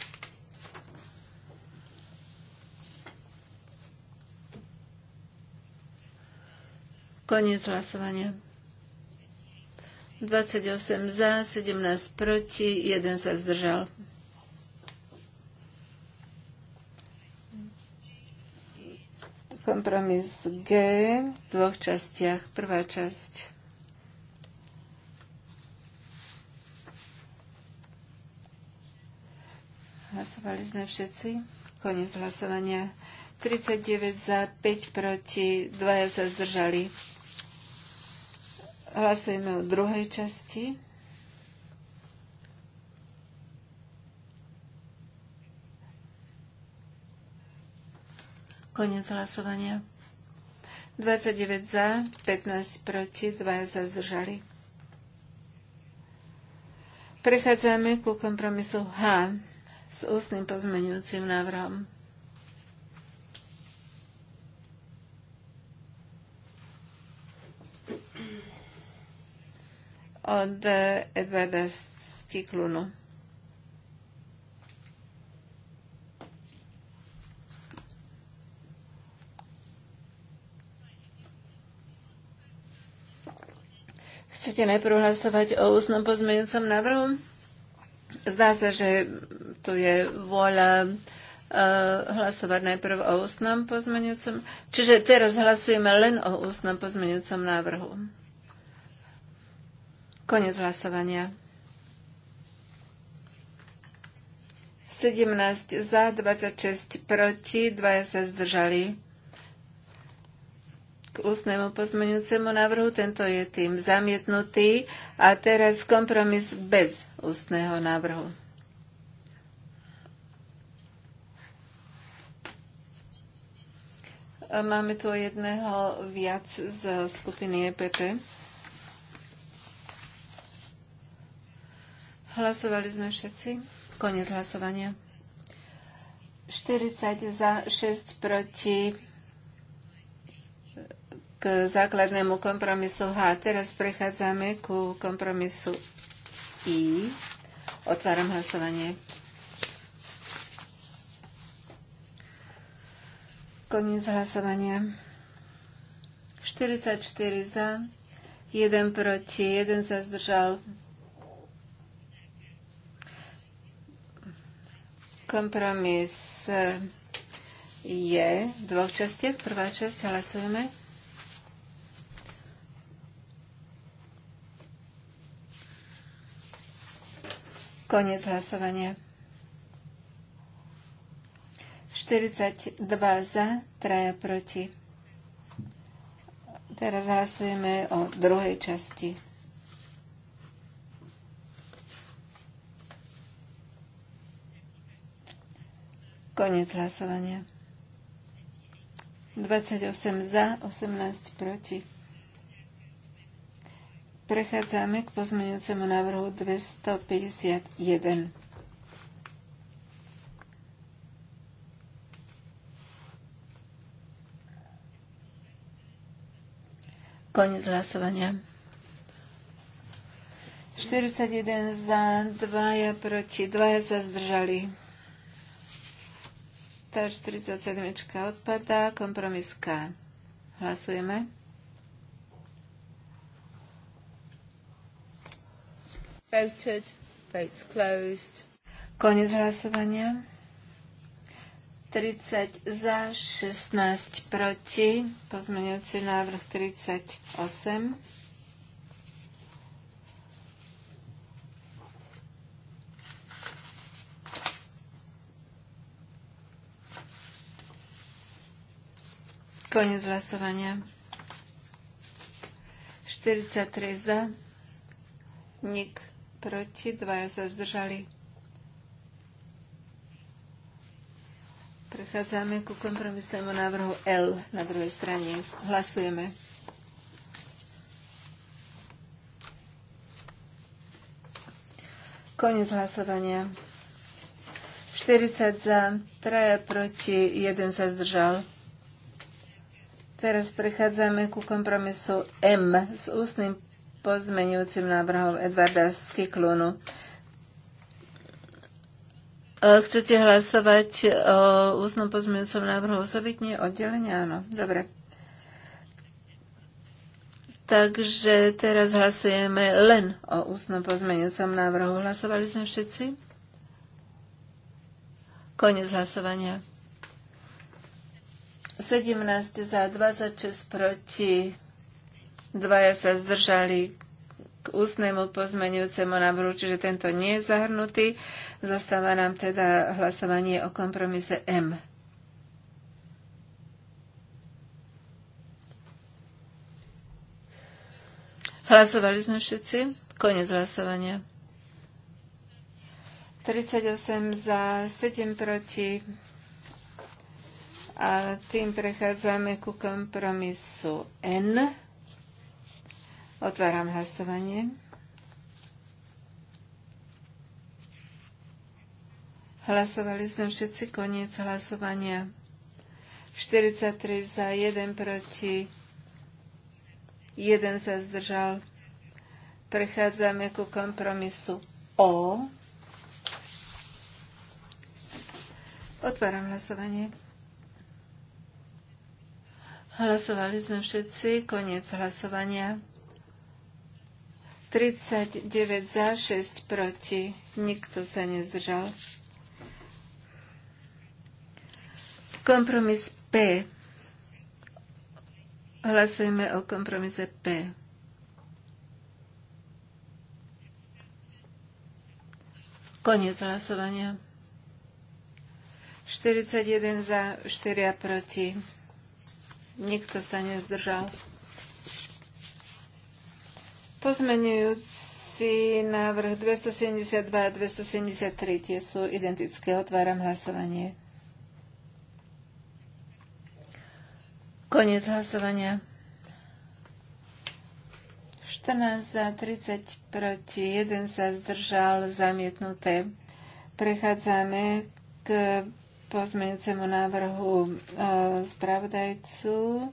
Koniec hlasovania. 28 za, 17 proti, 1 sa zdržal. Kompromis G v dvoch častiach. Prvá časť. Hlasovali sme všetci. Koniec hlasovania. 39 za, 5 proti, 2 sa zdržali. Hlasujeme o druhej časti. Konec hlasovania. 29 za, 15 proti, 2 sa zdržali. Prechádzame ku kompromisu H s ústnym pozmenujúcim návrhom. od Edwarda Stiklunu. Chcete najprv hlasovať o ústnom pozmeňujúcom návrhu? Zdá sa, že tu je vôľa e, hlasovať najprv o ústnom pozmeňujúcom. Čiže teraz hlasujeme len o ústnom pozmeňujúcom návrhu. Konec hlasovania. 17 za, 26 proti, dvaja sa zdržali. K ústnemu pozmeňujúcemu návrhu tento je tým zamietnutý a teraz kompromis bez ústneho návrhu. Máme tu jedného viac z skupiny EPP. Hlasovali sme všetci. Konec hlasovania. 40 za, 6 proti k základnému kompromisu H. Teraz prechádzame ku kompromisu I. Otváram hlasovanie. Koniec hlasovania. 44 za, 1 proti, 1 sa zdržal. Kompromis e, je v dvoch častiach. Prvá časť hlasujeme. Konec hlasovania. 42 za, 3 proti. Teraz hlasujeme o druhej časti. Konec hlasovania. 28 za, 18 proti. Prechádzame k pozmeňujúcemu návrhu 251. Konec hlasovania. 41 za, 2 proti, 2 sa zdržali. Tá 47 odpadá, kompromis K. Hlasujeme. Voted. Votes closed. Konec hlasovania. 30 za, 16 proti. Pozmeňujúci návrh 38. Koniec hlasovania. 43 za, nik proti, dvaja sa zdržali. Prechádzame ku kompromisnému návrhu L na druhej strane. Hlasujeme. Koniec hlasovania. 40 za, 3 proti, 1 sa zdržal. Teraz prechádzame ku kompromisu M s ústnym pozmenujúcim návrhom Edvarda Skiklunu. E, chcete hlasovať o ústnom pozmenujúcom návrhu osobitne? Oddelenie? Áno. Dobre. Takže teraz hlasujeme len o ústnom pozmenujúcom návrhu. Hlasovali sme všetci? Konec hlasovania. 17 za 26 proti, dvaja sa zdržali k ústnemu pozmeňujúcemu návrhu, čiže tento nie je zahrnutý. Zostáva nám teda hlasovanie o kompromise M. Hlasovali sme všetci? Konec hlasovania. 38 za, 7 proti. A tým prechádzame ku kompromisu N. Otváram hlasovanie. Hlasovali sme všetci koniec hlasovania. 43 za, 1 proti, 1 sa zdržal. Prechádzame ku kompromisu O. Otváram hlasovanie. Hlasovali sme všetci. Koniec hlasovania. 39 za, 6 proti. Nikto sa nezdržal. Kompromis P. Hlasujeme o kompromise P. Koniec hlasovania. 41 za, 4 proti. Nikto sa nezdržal. Pozmenujúci návrh 272 a 273 tie sú identické. Otváram hlasovanie. Koniec hlasovania. 14 za 30 proti 1 sa zdržal zamietnuté. Prechádzame k pozmeňujúcemu návrhu e, spravodajcu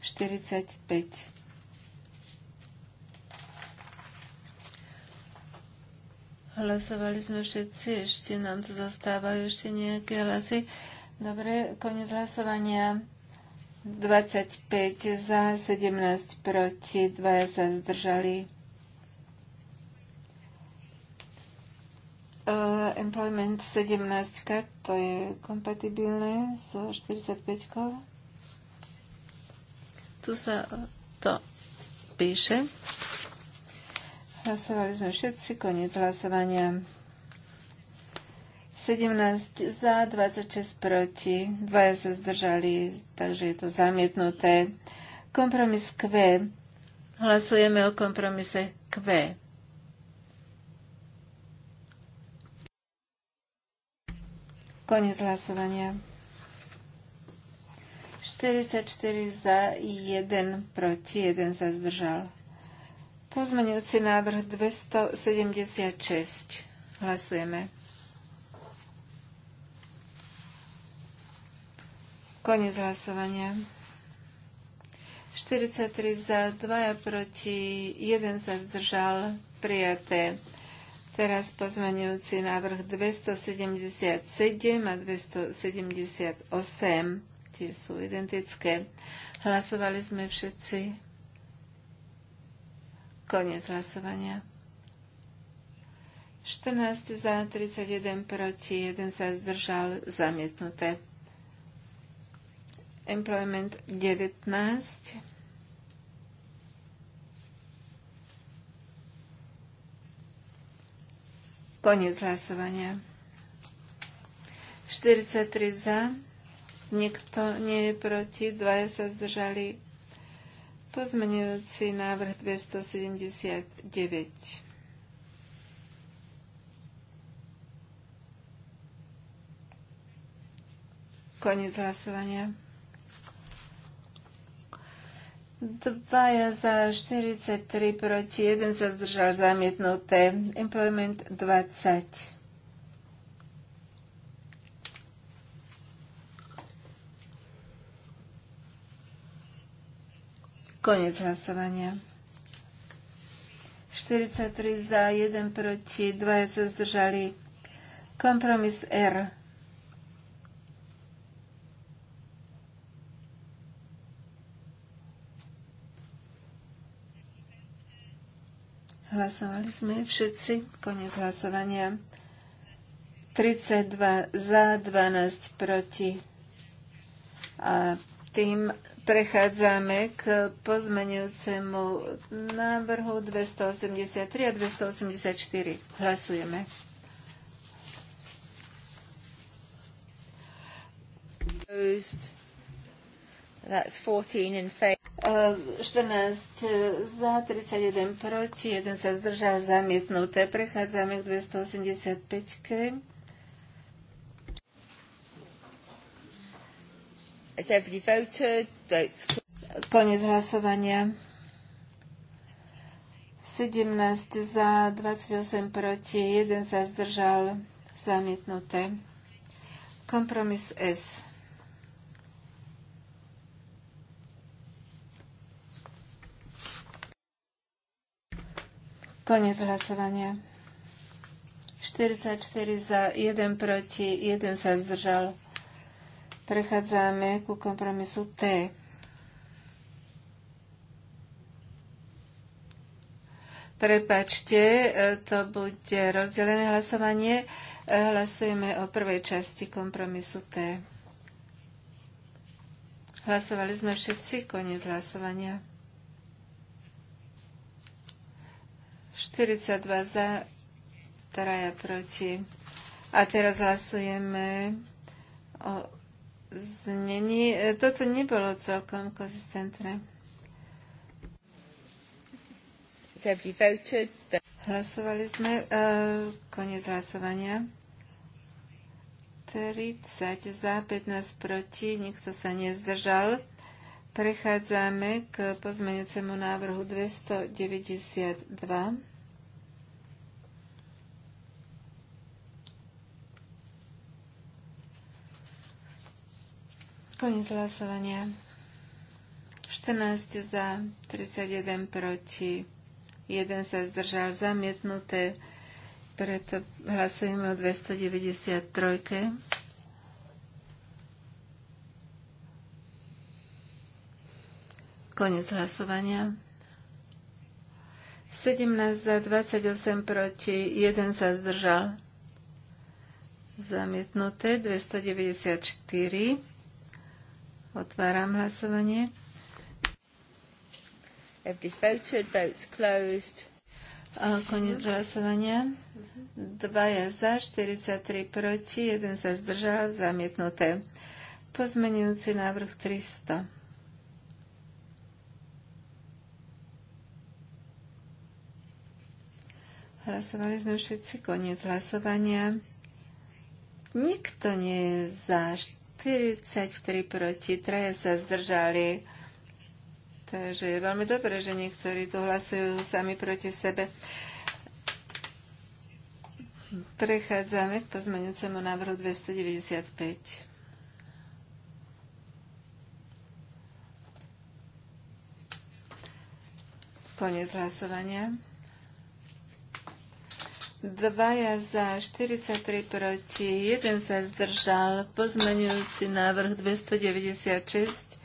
45. Hlasovali sme všetci, ešte nám tu zostávajú ešte nejaké hlasy. Dobre, koniec hlasovania. 25 za, 17 proti, 2 sa zdržali. Eh, employment 17, to je kompatibilné so 45. -kou. Tu sa to píše. Hlasovali sme všetci, koniec hlasovania. 17 za, 26 proti, dvaja sa zdržali, takže je to zamietnuté. Kompromis Q. Hlasujeme o kompromise Q. Konec hlasovania. 44 za, 1 proti, 1 sa zdržal. Pozmeňujúci návrh 276. Hlasujeme. Konec hlasovania. 43 za, 2 proti, 1 sa zdržal. Prijaté. Teraz pozvaňujúci návrh 277 a 278 tie sú identické. Hlasovali sme všetci. Konec hlasovania. 14 za, 31 proti, 1 sa zdržal, zamietnuté. Employment 19. Koniec hlasovania. 43 za, nikto nie je proti, dvaja sa zdržali. Pozmenujúci návrh 279. Koniec hlasovania. Dvaja za 43 proti, 1 sa zdržal zamietnuté. Employment 20. Konec hlasovania. 43 za, 1 proti, 2 sa zdržali. Kompromis R. Hlasovali sme všetci. Konec hlasovania. 32 za, 12 proti. A tým prechádzame k pozmenujúcemu návrhu 283 a 284. Hlasujeme. That's 14 in favor. 14 za, 31 proti, 1 sa zdržal zamietnuté. Prechádzame k 285. -ke. Konec hlasovania. 17 za, 28 proti, 1 sa zdržal zamietnuté. Kompromis S. Konec hlasovania. 44 za, 1 proti, 1 sa zdržal. Prechádzame ku kompromisu T. Prepačte, e, to bude rozdelené hlasovanie. E, hlasujeme o prvej časti kompromisu T. Hlasovali sme všetci, koniec hlasovania. 42 za, traja proti. A teraz hlasujeme o znení. E, toto nebolo celkom konzistentné. Hlasovali sme. E, koniec hlasovania. 30 za, 15 proti, nikto sa nezdržal. Prechádzame k pozmeniacemu návrhu 292. Koniec hlasovania. 14 za, 31 proti, 1 sa zdržal zamietnuté, preto hlasujeme o 293. Koniec hlasovania. 17 za, 28 proti, 1 sa zdržal. Zamietnuté, 294. Otváram hlasovanie. Everybody's voted, votes closed. Konec hlasovania. Dvaja za, 43 proti, jeden sa zdržal, zamietnuté. Pozmenujúci návrh 300. Hlasovali sme všetci, koniec hlasovania. Nikto nie je za 43 proti, traja sa zdržali. Takže je veľmi dobré, že niektorí tu hlasujú sami proti sebe. Prechádzame k pozmeňujúcemu návrhu 295. Koniec hlasovania. Dvaja za, 43 proti, jeden sa zdržal. Pozmenujúci návrh 296.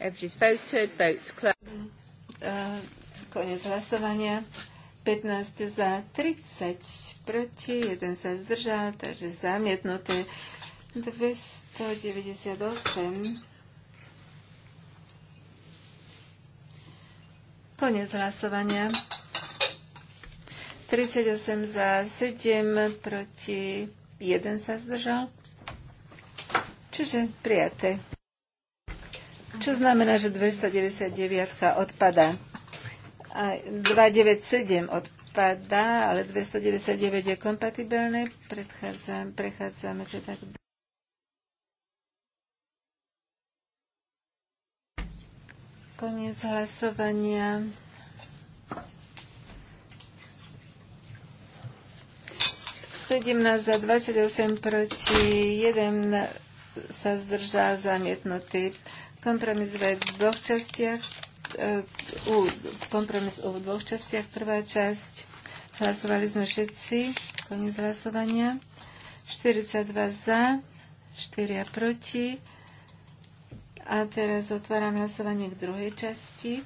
Everybody's voted, votes closed. Uh, ehm, konec hlasovania. 15 za, 30 proti, jeden sa zdržal, takže zamietnuté. 298 Konec hlasovania. 38 za 7 proti 1 sa zdržal. Čiže prijaté. Čo znamená, že 299 odpadá. A 297 odpadá, ale 299 je kompatibilné. prechádzame teda k Koniec hlasovania. Sedemnáct za 28 proti 1 sa zdržal zamietnutý. Kompromis v dvoch častiach. E, u, kompromis u dvoch častiach. Prvá časť. Hlasovali sme všetci. Koniec hlasovania. 42 za, 4 proti. A teraz otváram hlasovanie k druhej časti.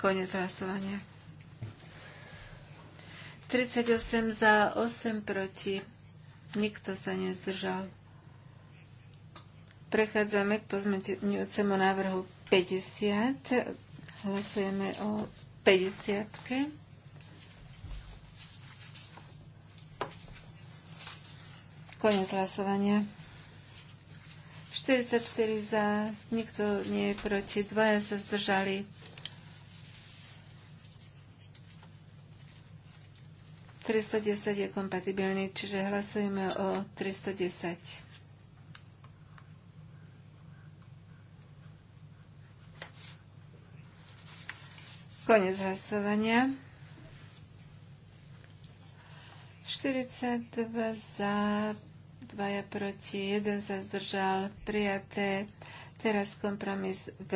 Konec hlasovania. 38 za, 8 proti. Nikto sa nezdržal. Prechádzame k pozmeňujúcemu návrhu 50. Hlasujeme o 50. -ke. Konec hlasovania. 44 za, nikto nie je proti, dvaja sa zdržali. ...310 je kompatibilný, čiže hlasujeme o 310. Konec hlasovania. 42 za, dvaja proti, jeden sa zdržal, prijaté. Teraz kompromis B.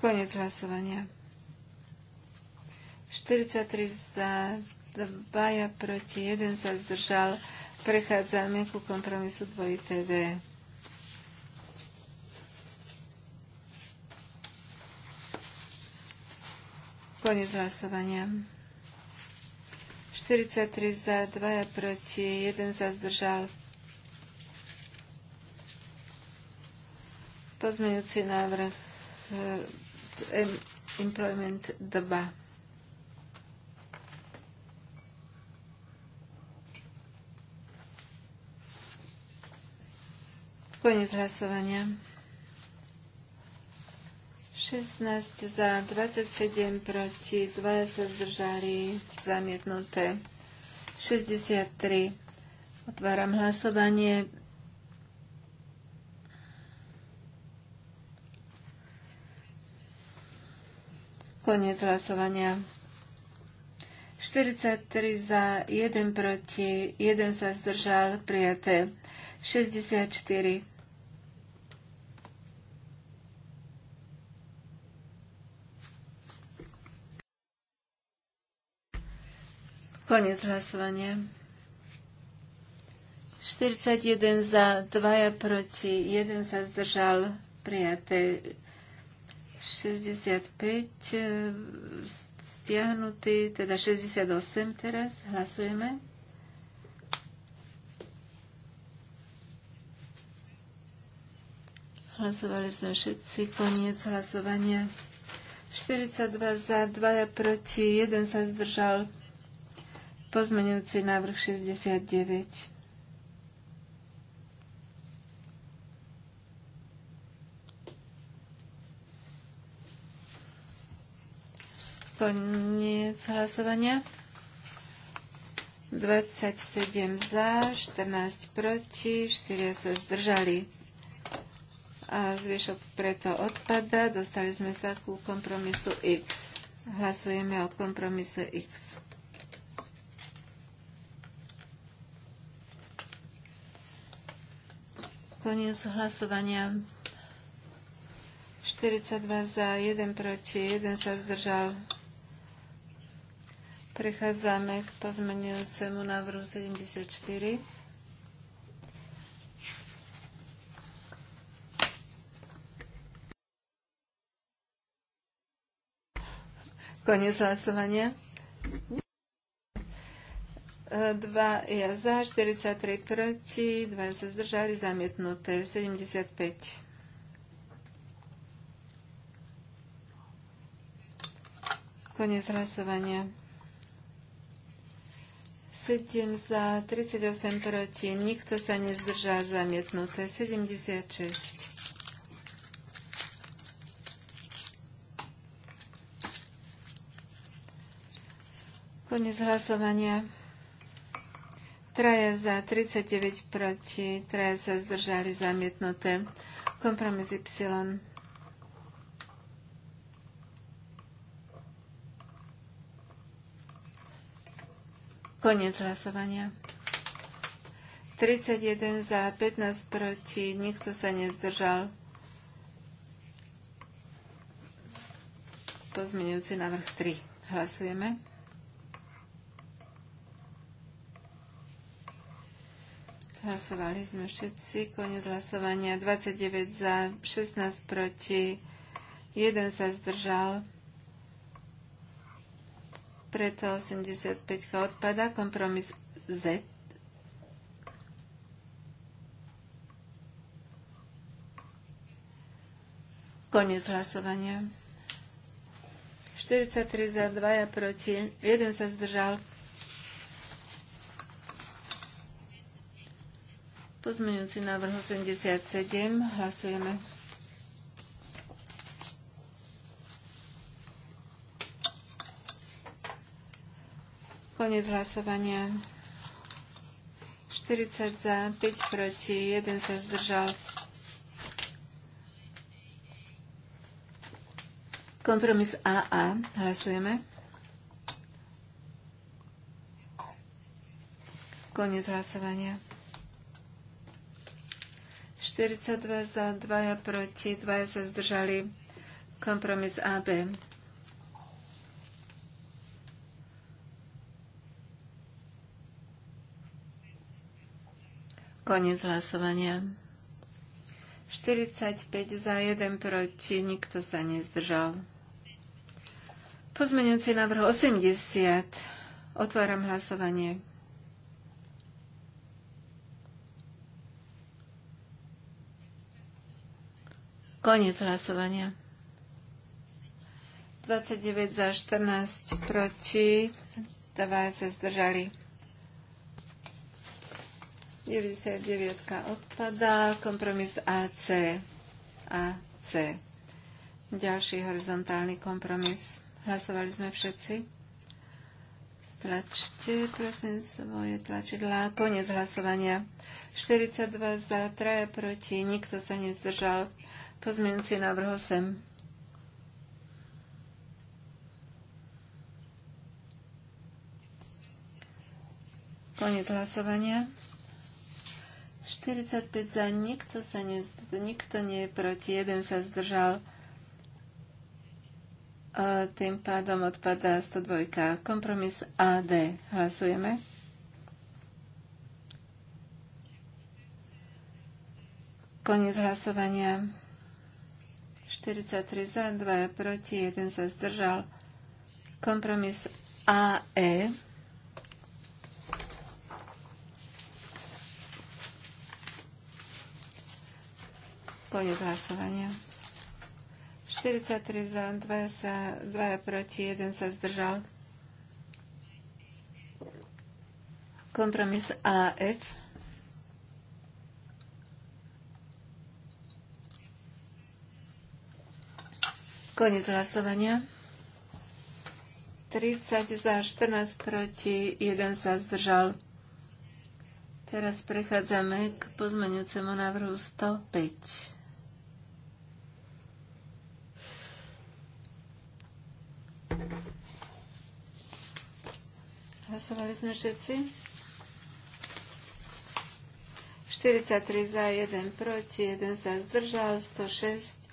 Konec hlasovania. 43 za, dvaja proti, jeden sa zdržal. Prechádzame ku kompromisu 2 TV. Koniec hlasovania. 43 za, 2 proti, 1 za zdržal. Pozmeňujúci návrh eh, Employment 2. Koniec hlasovania. 16 za, 27 proti, 2 sa zdržali, zamietnuté. 63. Otváram hlasovanie. Koniec hlasovania. 43 za, 1 proti, 1 sa zdržal, prijaté. 64 Konec hlasovania. 41 za, 2 proti, 1 sa zdržal, prijaté 65, e, stiahnutý, teda 68 teraz, hlasujeme. Hlasovali sme všetci, koniec hlasovania. 42 za, 2 proti, 1 sa zdržal, Pozmenujúci návrh 69. Koniec hlasovania. 27 za, 14 proti, 4 sa zdržali. A zvyšok preto odpada. Dostali sme sa ku kompromisu X. Hlasujeme o kompromise X. Koniec hlasovania. 42 za, 1 proti, 1 sa zdržal. Prechádzame k pozmenujúcemu návrhu 74. Koniec hlasovania. 2 ja za, 43 proti, 2 sa zdržali, zamietnuté, 75. Konec hlasovania. 7 za, 38 proti, nikto sa nezdržal, zamietnuté, 76. Konec hlasovania. Traja za 39 proti, traja sa zdržali zamietnuté. Kompromis Y. Koniec hlasovania. 31 za, 15 proti, nikto sa nezdržal. Pozmeňujúci návrh 3. Hlasujeme. Hlasovali sme všetci. Konec hlasovania. 29 za, 16 proti, 1 sa zdržal. Preto 85 odpada. Kompromis Z. Konec hlasovania. 43 za, 2 proti, 1 sa zdržal. Pozmeňujúci návrh 87. Hlasujeme. Konec hlasovania. 40 za, 5 proti, 1 sa zdržal. Kompromis AA. Hlasujeme. Konec hlasovania. 42 za, 2 proti, 2 sa zdržali. Kompromis AB. Koniec hlasovania. 45 za, 1 proti, nikto sa nezdržal. Pozmeňujúci návrh 80. Otváram hlasovanie. Koniec hlasovania. 29 za 14 proti, Dva sa zdržali. 99 odpadá, kompromis AC. AC. Ďalší horizontálny kompromis. Hlasovali sme všetci. Stlačte, prosím, svoje tlačidlá. Konec hlasovania. 42 za, 3 proti, nikto sa nezdržal. Pozmeňujúci návrh 8. Konec hlasovania. 45 za, nikto, sa ne, nikto nie je proti, jeden sa zdržal. A tým pádom odpadá 102. Kompromis AD. Hlasujeme. Konec hlasovania. 43 za, 2 proti, 1 sa zdržal. Kompromis AE. Konec hlasovania. 43 za, 2, sa, 2 proti, 1 sa zdržal. Kompromis AF. Koniec hlasovania. 30 za, 14 proti, 1 sa zdržal. Teraz prechádzame k pozmeňujúcemu návrhu 105. Hlasovali sme všetci. 43 za, 1 proti, 1 sa zdržal, 106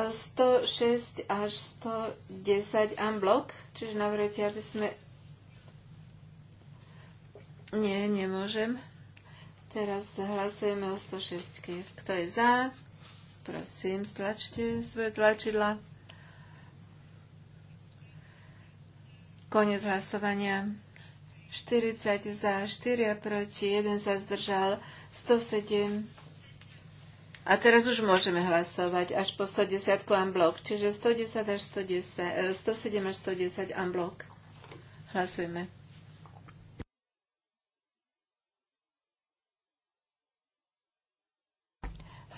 106 až 110 unblock, čiže navrhujete, aby sme... Nie, nemôžem. Teraz hlasujeme o 106. Kto je za? Prosím, stlačte svoje tlačidla. Konec hlasovania. 40 za, 4 proti, 1 sa zdržal, 107 a teraz už môžeme hlasovať až po 110 unblock, čiže 110 až 110, 107 e, až 110 unblock. Hlasujme.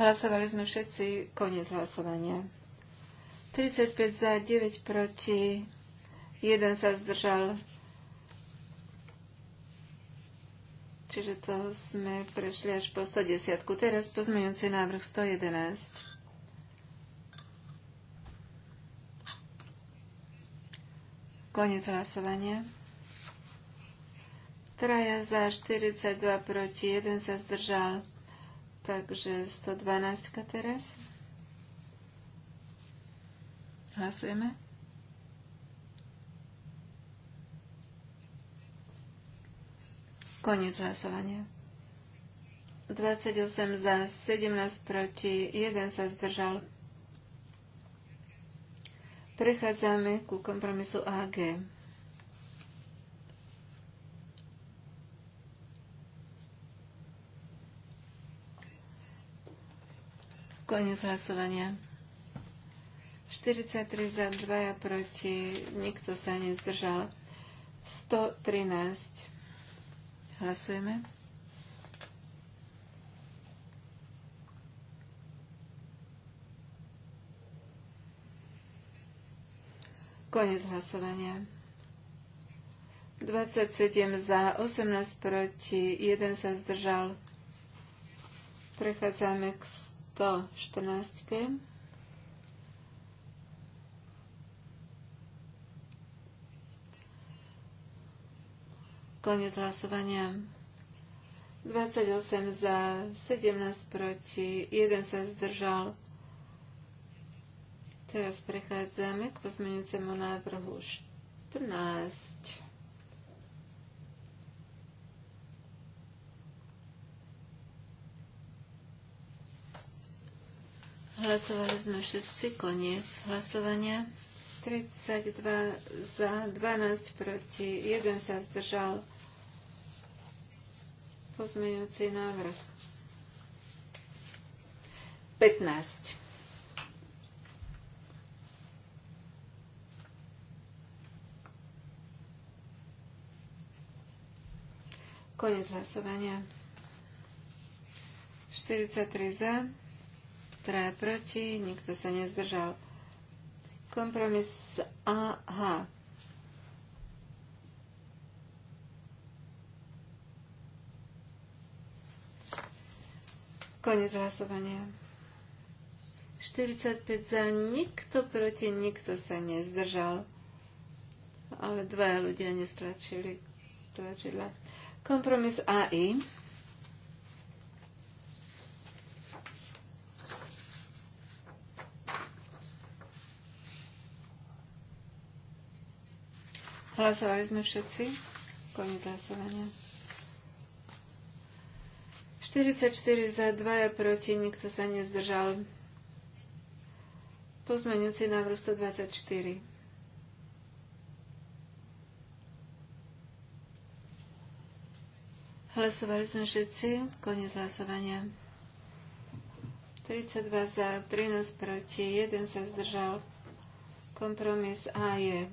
Hlasovali sme všetci, koniec hlasovania. 35 za, 9 proti, 1 sa zdržal. Čiže to sme prešli až po 110. Teraz pozmeňujúci návrh 111. Konec hlasovania. Traja za 42 proti, 1 sa zdržal. Takže 112 teraz. Hlasujeme. Koniec hlasovania. 28 za, 17 proti, 1 sa zdržal. Prechádzame ku kompromisu AG. Koniec hlasovania. 43 za, 2 proti, nikto sa nezdržal. 113. Hlasujeme. Konec hlasovania. 27 za, 18 proti, 1 sa zdržal. Prechádzame k 114. Koniec hlasovania. 28 za, 17 proti, 1 sa zdržal. Teraz prechádzame k pozmeňujúcemu návrhu 14. Hlasovali sme všetci, koniec hlasovania. 32 za, 12 proti, 1 sa zdržal. Pozmeňujúci návrh. 15. Konec hlasovania. 43 za, 3 proti, nikto sa nezdržal. Kompromis AH. Konec hlasovania. 45 za, nikto proti, nikto sa nezdržal. Ale dvaja ľudia nestračili tlačidla. Kompromis AI. Hlasovali sme všetci. Koniec hlasovania. 44 za 2 proti, nikto sa nezdržal. Pozmeňujúci návrh 124. Hlasovali sme všetci. Koniec hlasovania. 32 za, 13 proti, 1 sa zdržal. Kompromis A je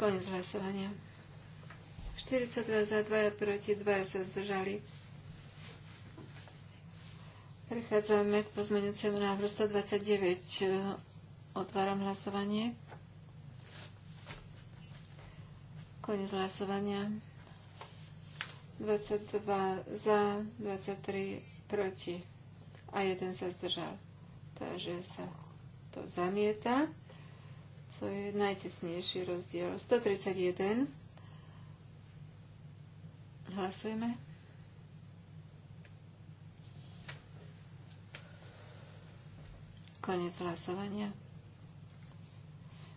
Konec hlasovania. 42 za, 2 proti, 2 sa zdržali. Prechádzame k pozmeňujúcemu návrhu 129. Otváram hlasovanie. Konec hlasovania. 22 za, 23 proti a jeden sa zdržal. Takže sa to zamieta. To je najtesnejší rozdiel. 131. Hlasujeme. Konec hlasovania.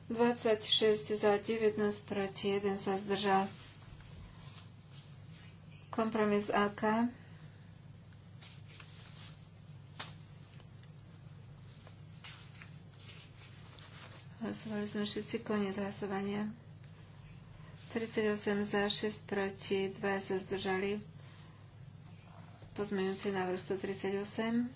26 za, 19 proti, 1 sa zdržal. Kompromis AK. Hlasovali sme všetci koniec hlasovania. 38 za, 6 proti, 2 sa zdržali. Pozmeňujúci návrh 138.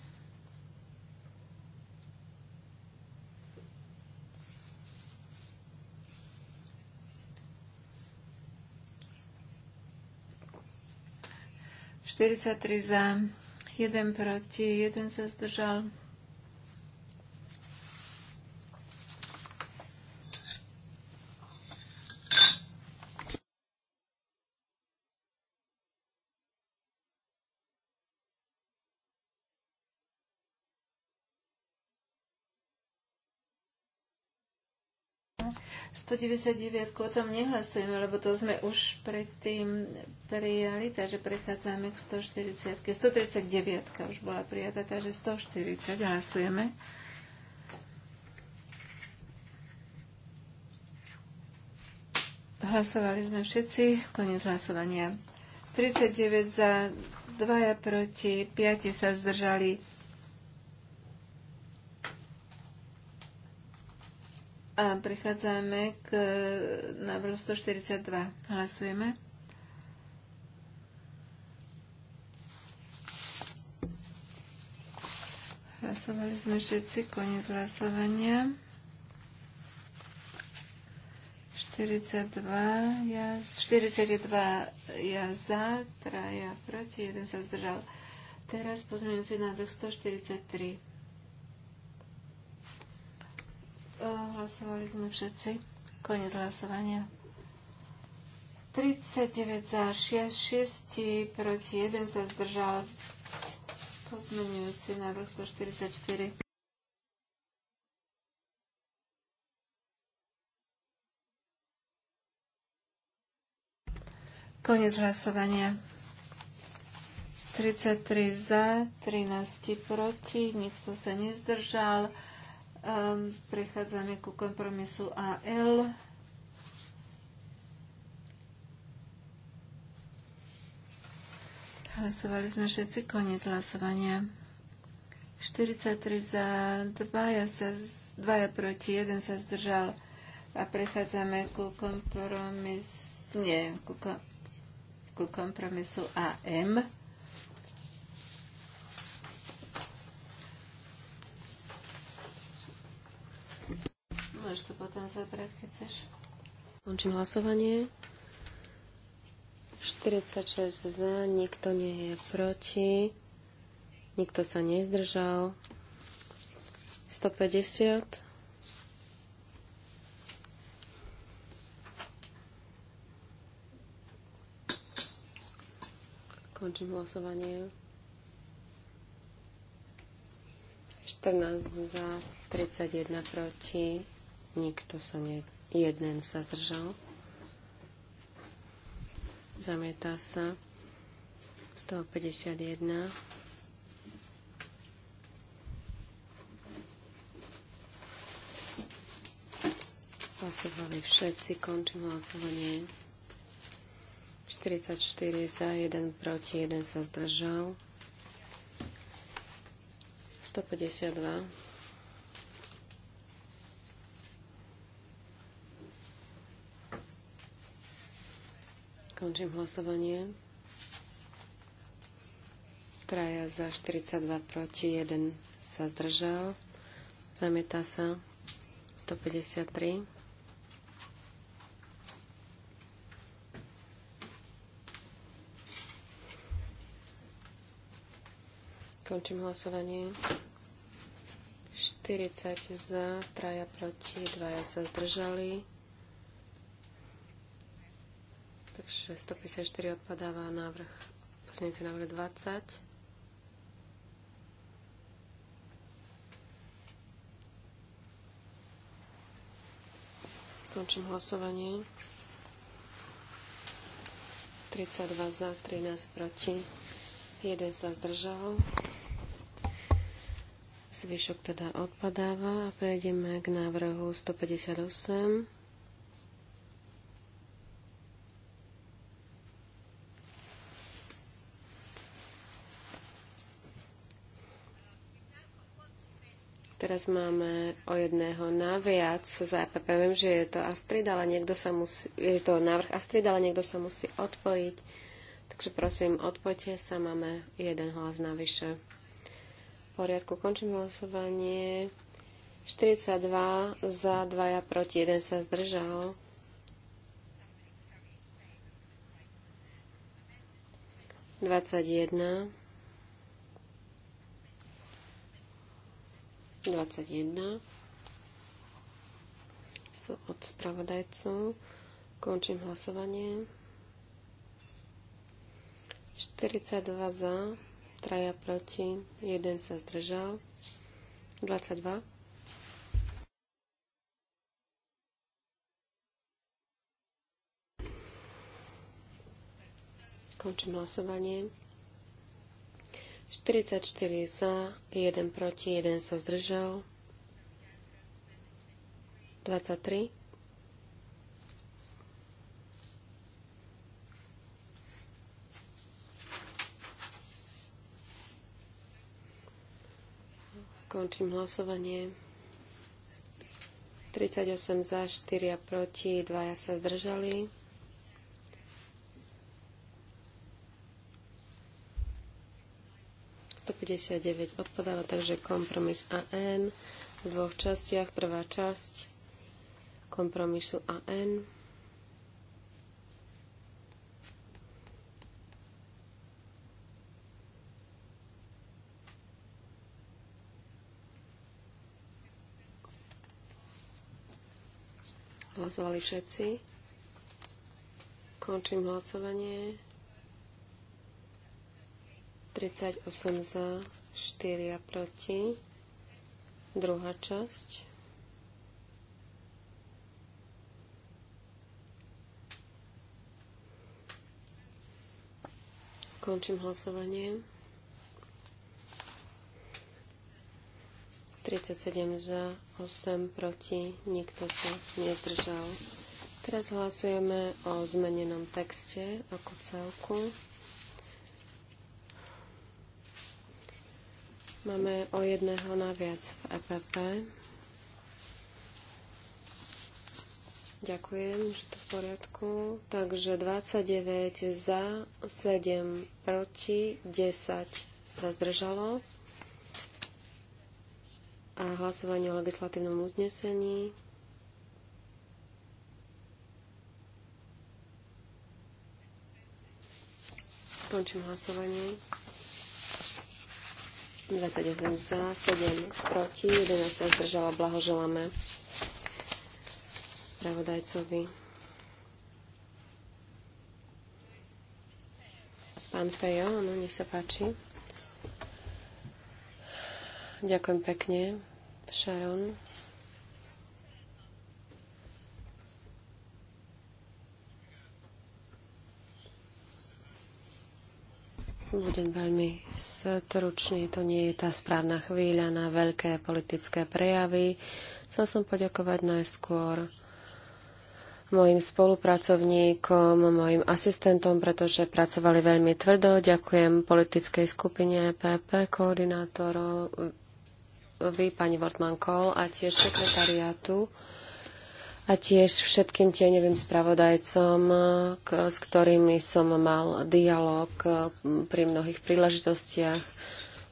Štyridsaťtri za, jeden proti, jeden sa zdržal. 199 o tom nehlasujeme, lebo to sme už predtým prijali, takže prechádzame k 140. 139 už bola prijatá, takže 140 hlasujeme. Hlasovali sme všetci, koniec hlasovania. 39 za, 2 proti, 5 sa zdržali A prechádzame k e, návrhu 142. Hlasujeme. Hlasovali sme všetci, koniec hlasovania. 42, ja, 42 ja za, 3 ja proti, 1 sa zdržal. Teraz pozmeňujúci návrh 143. Hlasovali sme všetci. Koniec hlasovania. 39 za 6, 6 proti 1 sa zdržal pozmenujúci návrh 144. Koniec hlasovania. 33 za, 13 proti, nikto sa nezdržal. Um, prechádzame ku kompromisu AL. Hlasovali sme všetci koniec hlasovania. 43 za, 2 sa, 2 proti, 1 sa zdržal. A prechádzame ku kompromisu. nie, ku, ku kompromisu AM. potom zabrať, keď chceš. Končím hlasovanie. 46 za, nikto nie je proti, nikto sa nezdržal. 150. Končím hlasovanie. 14 za, 31 proti, nikto sa ne, jeden sa zdržal. Zamietá sa 151. Hlasovali všetci, končím hlasovanie. 44 za, 1 proti, 1 sa zdržal. 152. Končím hlasovanie. Traja za 42 proti, 1 sa zdržal. Zamieta sa 153. Končím hlasovanie. 40 za, traja proti, dvaja sa zdržali. Takže 154 odpadáva návrh, pozmienujúci návrh 20. Končím hlasovanie. 32 za, 13 proti, 1 sa zdržal. Zvyšok teda odpadáva a prejdeme k návrhu 158. teraz máme o jedného naviac za EPP. Viem, že je to Astrid, ale niekto sa musí, je to návrh Astrid, ale niekto sa musí odpojiť. Takže prosím, odpojte sa, máme jeden hlas navyše. V poriadku, končím hlasovanie. 42 za, 2 proti, 1 sa zdržal. Dvadsať jedna. 21 od spravodajcu. Končím hlasovanie. 42 za, 3 proti, 1 sa zdržal. 22. Končím hlasovanie. 44 za, 1 proti, 1 sa zdržal. 23. Končím hlasovanie. 38 za, 4 proti, 2 sa zdržali. 159 odpadáva, takže kompromis AN v dvoch častiach. Prvá časť kompromisu AN. Hlasovali všetci. Končím hlasovanie. 38 za, 4 proti. Druhá časť. Končím hlasovanie. 37 za, 8 proti, nikto sa nezdržal. Teraz hlasujeme o zmenenom texte ako celku. Máme o jedného naviac v EPP. Ďakujem, že to v poriadku. Takže 29 za, 7 proti, 10 sa zdržalo. A hlasovanie o legislatívnom uznesení. Končím hlasovanie. 28 za, 7 proti, 11 sa zdržala. Blahoželáme spravodajcovi. Pán Fejo, áno, nech sa páči. Ďakujem pekne, Sharon. Budem veľmi stručný, to nie je tá správna chvíľa na veľké politické prejavy. Chcel som poďakovať najskôr mojim spolupracovníkom, mojim asistentom, pretože pracovali veľmi tvrdo. Ďakujem politickej skupine e PP, koordinátorovi, pani Wortmann-Kohl a tiež sekretariátu a tiež všetkým tieňovým spravodajcom, e, k, s ktorými som mal dialog e, pri mnohých príležitostiach.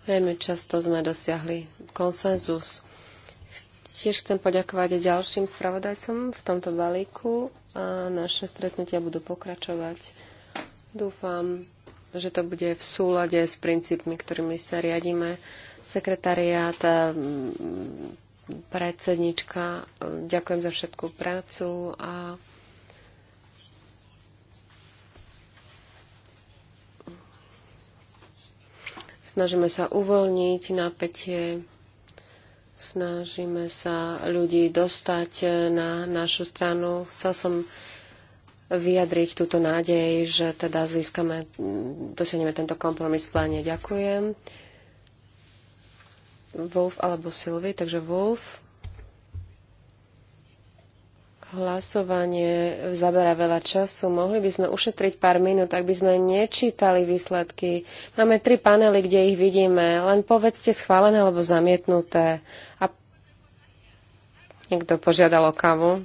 Veľmi často sme dosiahli konsenzus. Tiež chcem poďakovať ďalším spravodajcom v tomto balíku a naše stretnutia budú pokračovať. Dúfam, že to bude v súlade s princípmi, ktorými sa riadíme. Sekretariát predsednička. Eh, ďakujem za všetkú prácu a snažíme sa uvoľniť napätie, snažíme sa ľudí dostať eh, na našu stranu. Chcel som vyjadriť túto nádej, že teda získame, dosiahneme tento kompromis v pláne. Ďakujem. Wolf alebo Sylvie, Takže Wolf, hlasovanie zabera veľa času. Mohli by sme ušetriť pár minút, ak by sme nečítali výsledky. Máme tri panely, kde ich vidíme. Len povedzte schválené alebo zamietnuté. A niekto požiadal o kávu.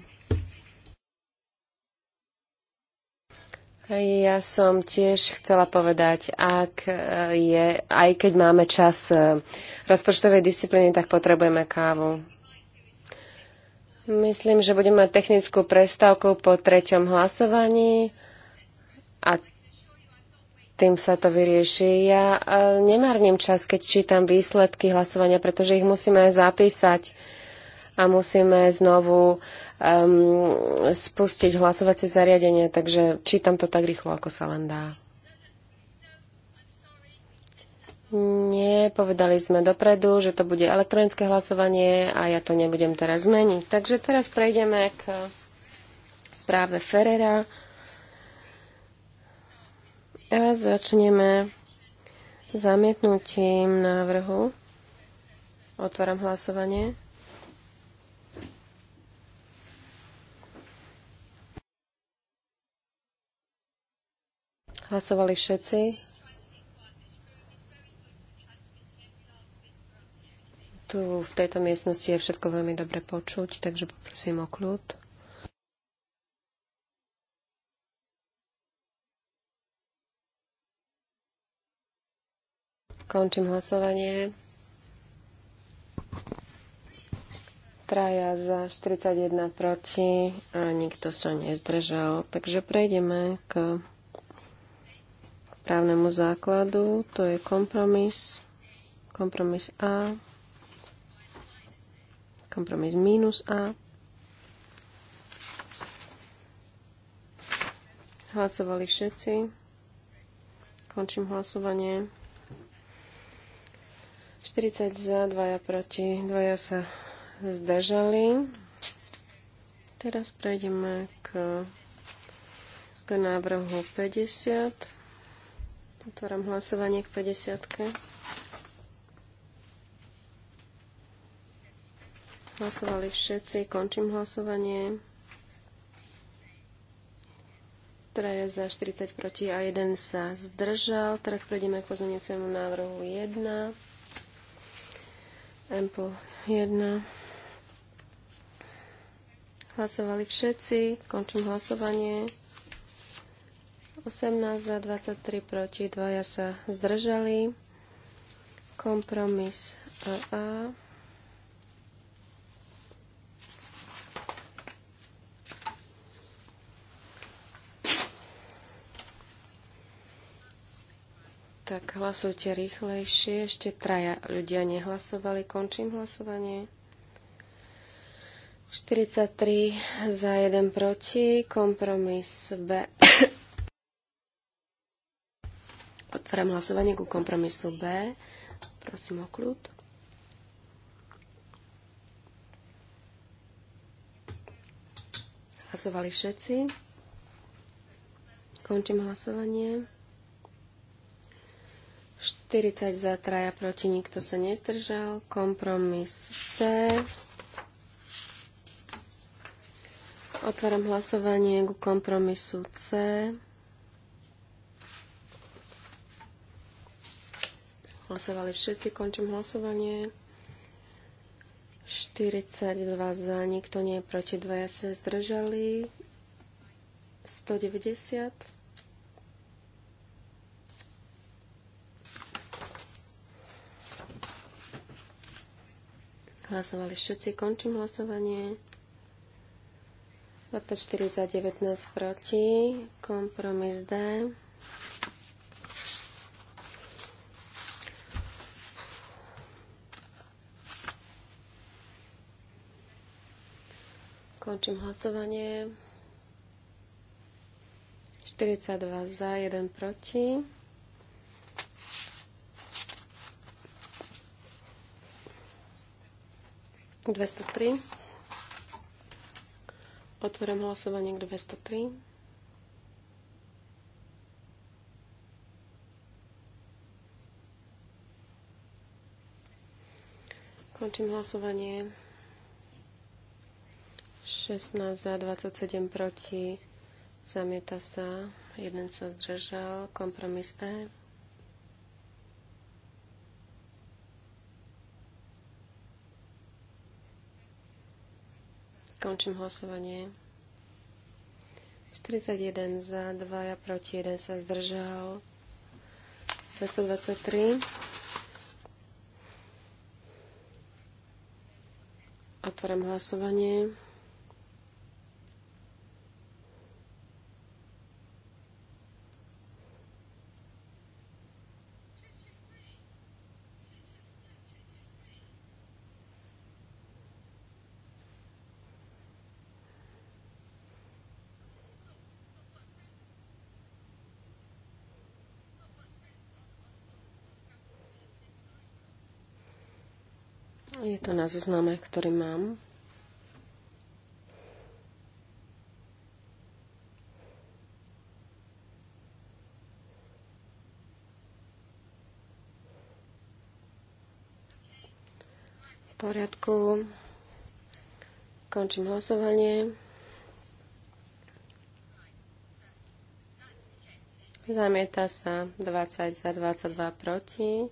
Ja som tiež chcela povedať, ak e, je, aj keď máme čas e, rozpočtovej disciplíny, tak potrebujeme kávu. Myslím, že budeme mať technickú prestávku po treťom hlasovaní a tým sa to vyrieši. Ja e, nemárnim čas, keď čítam výsledky hlasovania, pretože ich musíme zapísať a musíme znovu um, spustiť hlasovacie zariadenie, takže čítam to tak rýchlo, ako sa len dá. Nie, povedali sme dopredu, že to bude elektronické hlasovanie a ja to nebudem teraz zmeniť. Takže teraz prejdeme k správe Ferrera a začneme zamietnutím návrhu. Otváram hlasovanie. Hlasovali všetci? Tu v tejto miestnosti je všetko veľmi dobre počuť, takže poprosím o kľud. Končím hlasovanie. traja za, 41 proti a nikto sa nezdržal. Takže prejdeme k právnemu základu. To je kompromis. Kompromis A. Kompromis minus A. Hlasovali všetci. Končím hlasovanie. 40 za, 2 proti, 2 sa zdržali. Teraz prejdeme k, k návrhu 50. Otváram hlasovanie k 50. Hlasovali všetci. Končím hlasovanie. je za 40 proti a 1 sa zdržal. Teraz prejdeme k pozmeňujúcemu návrhu 1. MPO 1. Hlasovali všetci. Končím hlasovanie. 18 za 23 proti, dvaja sa zdržali. Kompromis AA. Tak hlasujte rýchlejšie. Ešte traja ľudia nehlasovali. Končím hlasovanie. 43 za 1 proti. Kompromis B. Otváram hlasovanie ku kompromisu B. Prosím o kľud. Hlasovali všetci. Končím hlasovanie. 40 za, traja proti, nikto sa nezdržal. Kompromis C. Otváram hlasovanie ku kompromisu C. Hlasovali všetci, končím hlasovanie. 42 za, nikto nie je proti, dvaja sa zdržali. 190. Hlasovali všetci, končím hlasovanie. 24 za, 19 proti, kompromis D. Končím hlasovanie. 42 za, 1 proti. Dvesto tri. Otvorím hlasovanie k 203. Končím hlasovanie. 16 za, 27 proti. Zamieta sa. Jeden sa zdržal. Kompromis E. Končím hlasovanie. 41 za, 2 ja proti, 1 sa zdržal. 223. Otvorím hlasovanie. to na zozname, ktorý mám. V poriadku. Končím hlasovanie. Zamieta sa 20 za 22 proti.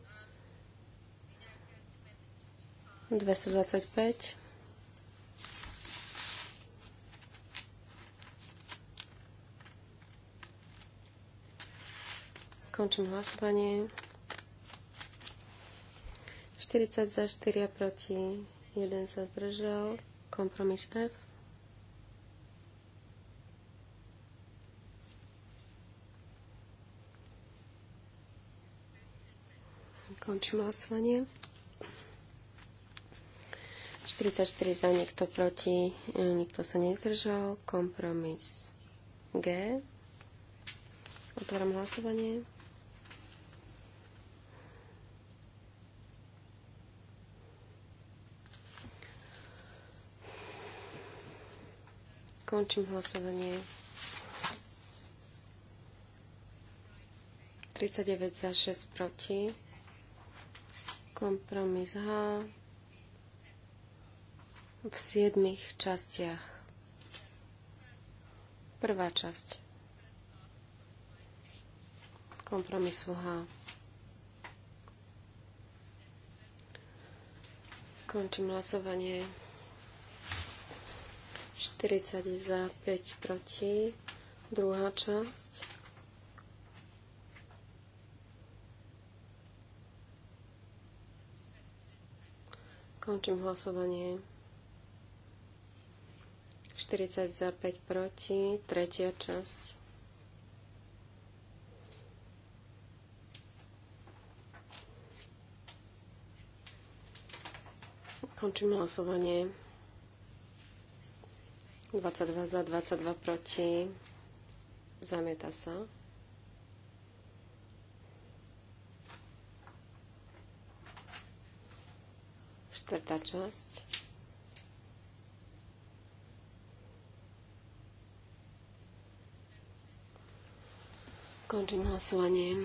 225. Končím hlasovanie. 40 za 4 proti, 1 sa zdržal. Kompromis F. Končím hlasovanie. 44 za, nikto proti, e, nikto sa nezdržal. Kompromis G. Otváram hlasovanie. Končím hlasovanie. 39 za 6 proti. Kompromis H v siedmých častiach. Prvá časť kompromisu H. Končím hlasovanie. 40 za, 5 proti. Druhá časť. Končím hlasovanie. 40 za 5 proti, tretia časť. Končím hlasovanie. 22 za, 22 proti. Zamieta sa. Štvrtá časť. Končím hlasovanie.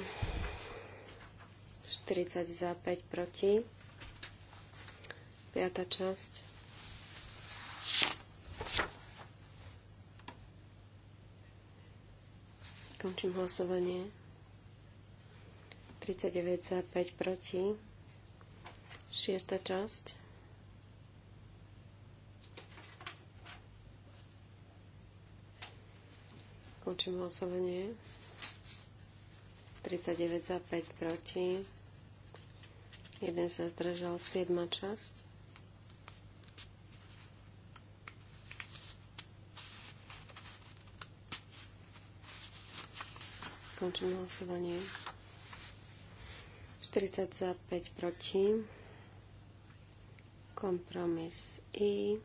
40 za 5 proti. Piata časť. Končím hlasovanie. 39 za 5 proti. Šiesta časť. Končím hlasovanie. 39 za 5 proti. Jeden sa zdržal, 7 časť. Končím hlasovanie. 40 za 5 proti. Kompromis I.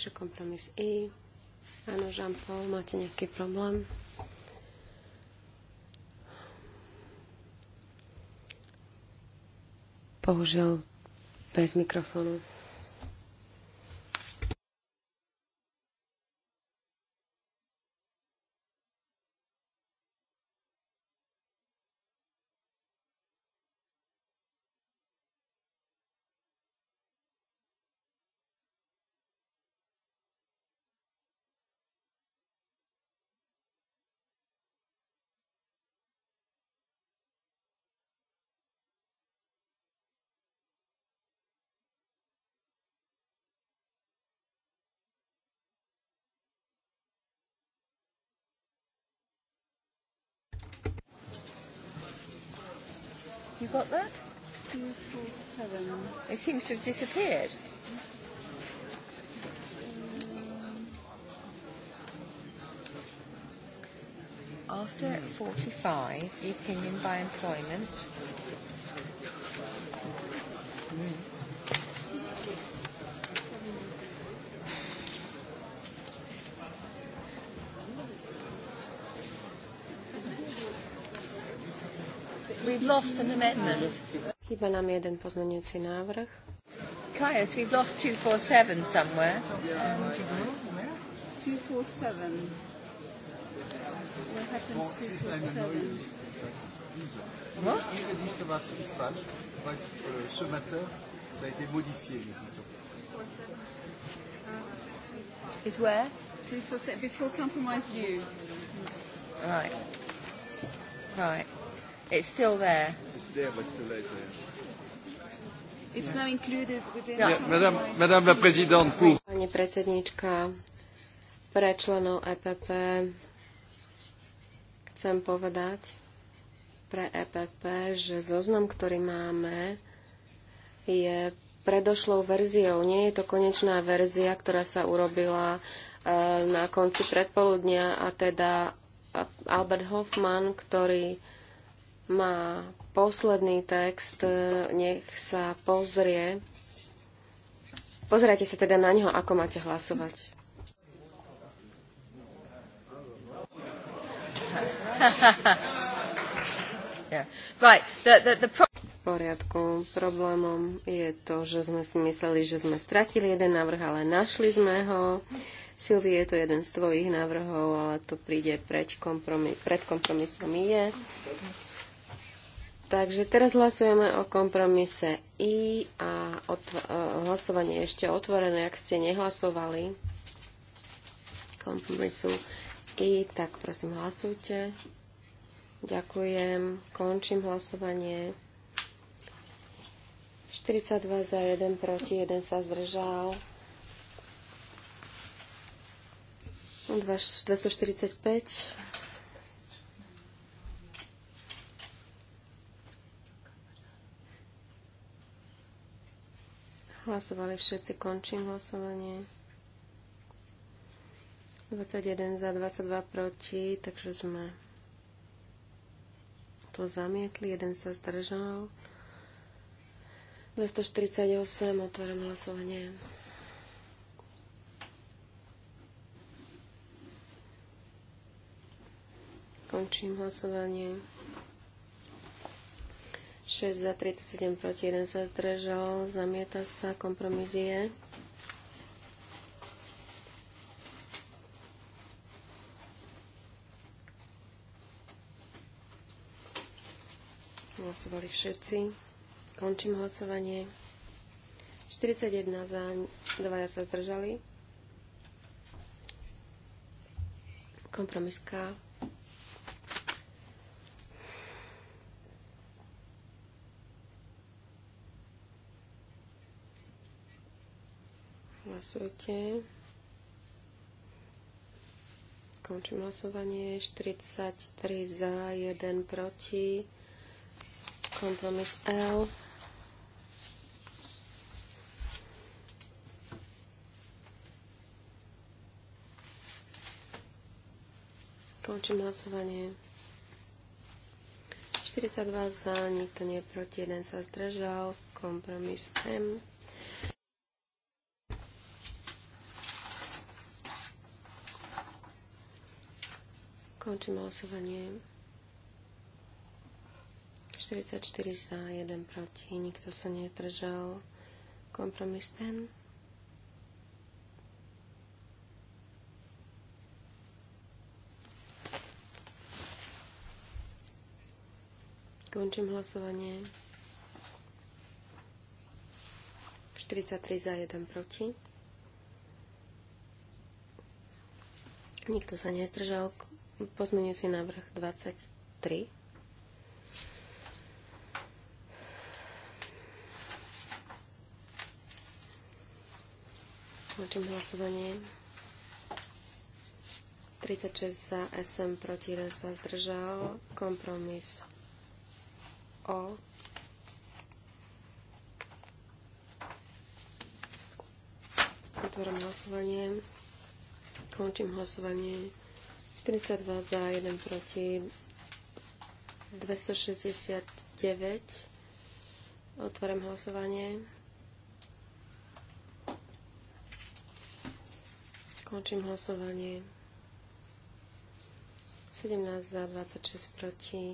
Takže kompromis I. Áno, Jean-Paul, máte nejaký problém? Bohužiaľ, bez mikrofónu. You got that? Two four seven. It seems to have disappeared. After 45, the opinion by employment. lost an amendment. Chyba nám jeden pozmeňujúci návrh. we've lost 247 somewhere. um, 247. What happens to 247? What? Bref, ce matin, ça a été modifié. Is where? 247, before compromise you. Right. Right. It's still there. It's there, but it's too late there. It's now included within... Yeah. Madame, Madame la Présidente, pour... Pani predsednička, pre členov EPP chcem povedať pre EPP, že zoznam, ktorý máme, je predošlou verziou. Nie je to konečná verzia, ktorá sa urobila e, na konci predpoludnia a teda Albert Hoffman, ktorý má posledný text, e, nech sa pozrie. Pozerajte sa teda na neho, ako máte hlasovať. V poriadku. Problémom je to, že sme si mysleli, že sme stratili jeden návrh, ale našli sme ho. Silvi je to jeden z tvojich návrhov, ale to príde pred, kompromis- pred kompromisom je. Takže teraz hlasujeme o kompromise I a e, hlasovanie je ešte otvorené, ak ste nehlasovali kompromisu I, tak prosím hlasujte. Ďakujem. Končím hlasovanie. 42 za 1 proti, 1 sa zdržal. 245 Hlasovali všetci, končím hlasovanie. 21 za, 22 proti, takže sme to zamietli, jeden sa zdržal. 248, otvorím hlasovanie. Končím hlasovanie. 6 za 37 proti 1 sa zdržal. Zamieta sa kompromizie. Hlasovali všetci. Končím hlasovanie. 41 za, 2 sa zdržali. Kompromiska Hlasujte. Končím hlasovanie. 43 za, 1 proti. Kompromis L. Končím hlasovanie. 42 za, nikto nie proti, jeden sa zdržal. Kompromis M. Končím hlasovanie. 44 za, 1 proti, nikto sa netržal. Kompromis ten. Končím hlasovanie. 43 za, 1 proti. Nikto sa nezdržal pozmeňujúci návrh 23. Končím hlasovanie. 36 za, SM proti, RS sa zdržal. Kompromis O. Otvorím hlasovanie. Končím hlasovanie. 42 za, 1 proti. 269. otvorím hlasovanie. Končím hlasovanie. 17 za, 26 proti.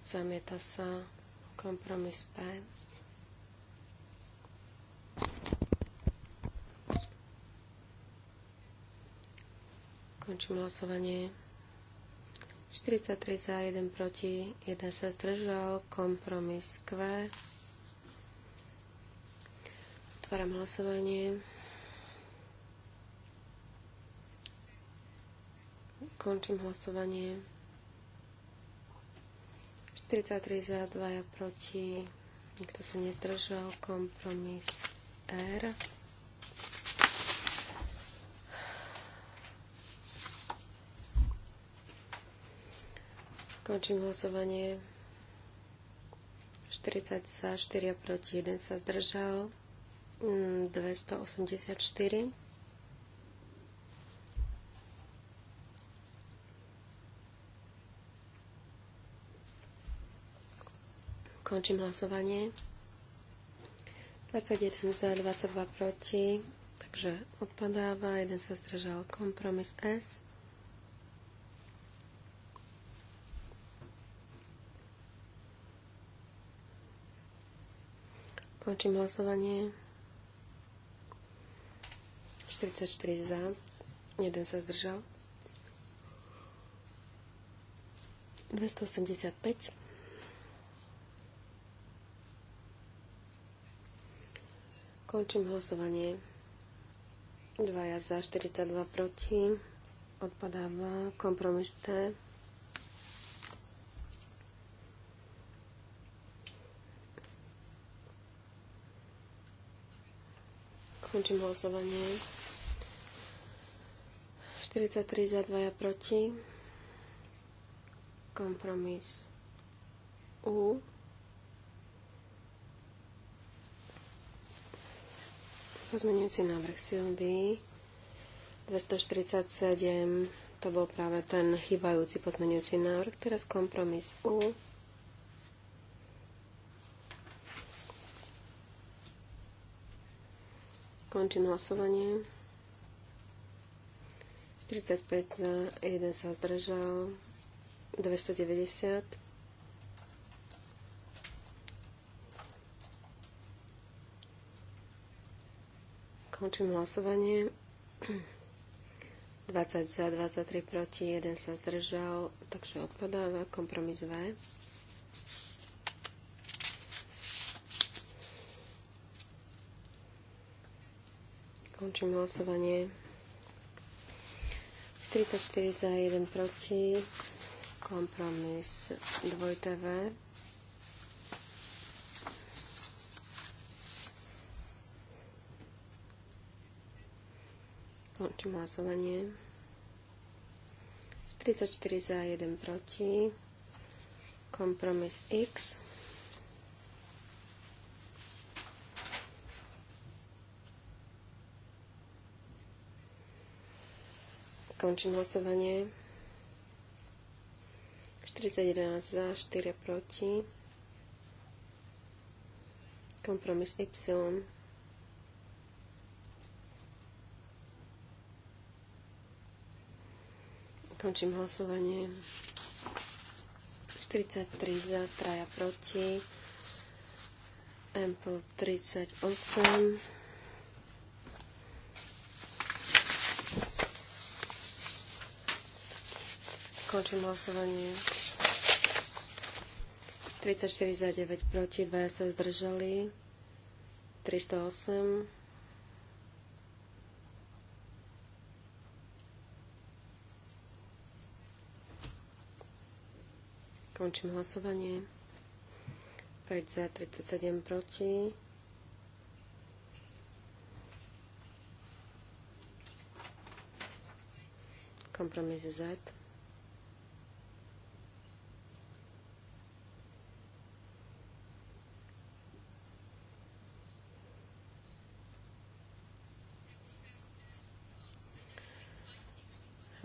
Zamieta sa kompromis P. Končím hlasovanie. 43 za, 1 proti, 1 sa zdržal, kompromis Q. Otváram hlasovanie. Končím hlasovanie. 43 za, 2 proti. Nikto sa nezdržal. Kompromis R. Končím hlasovanie. 40 za, 4 proti, 1 sa zdržal. 284. Mm, Končím hlasovanie. 21 za, 22 proti, takže odpadáva, jeden sa zdržal kompromis S. Končím hlasovanie. 44 za. Jeden sa zdržal. 285. Končím hlasovanie. 2 za, 42 proti. Odpadáva kompromis T. Končím hlasovanie. 43 za 2 proti. Kompromis U. Pozmenujúci návrh Silvy 247. To bol práve ten chýbajúci pozmenujúci návrh. Teraz kompromis U. Končím hlasovanie. 45 za 1 sa zdržal. 290. Končím hlasovanie. 20 za, 23 proti, 1 sa zdržal, takže odpadáva kompromis V. Končím hlasovanie. 44 za, 1 proti. Kompromis 2TV. Končím hlasovanie. 44 za, 1 proti. Kompromis X. Končím hlasovanie. 41 za, 4 proti. Kompromis Y. Končím hlasovanie. 43 za, 3 proti. Ample 38. Končím hlasovanie. 34 za 9 proti, 2 sa zdržali. 308. Končím hlasovanie. 5 za, 37 proti. Kompromis je Z.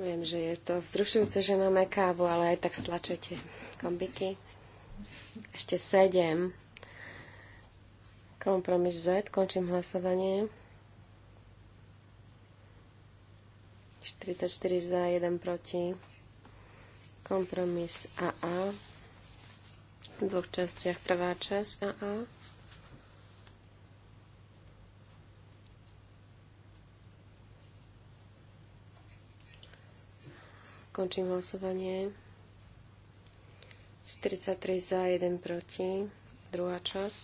Viem, že je to vzrušujúce, že máme kávu, ale aj tak stlačete kombiky. Ešte sedem. Kompromis Z. Končím hlasovanie. 44 za, 1 proti. Kompromis AA. V dvoch častiach. Prvá časť AA. Končím hlasovanie. 43 za, 1 proti. Druhá časť.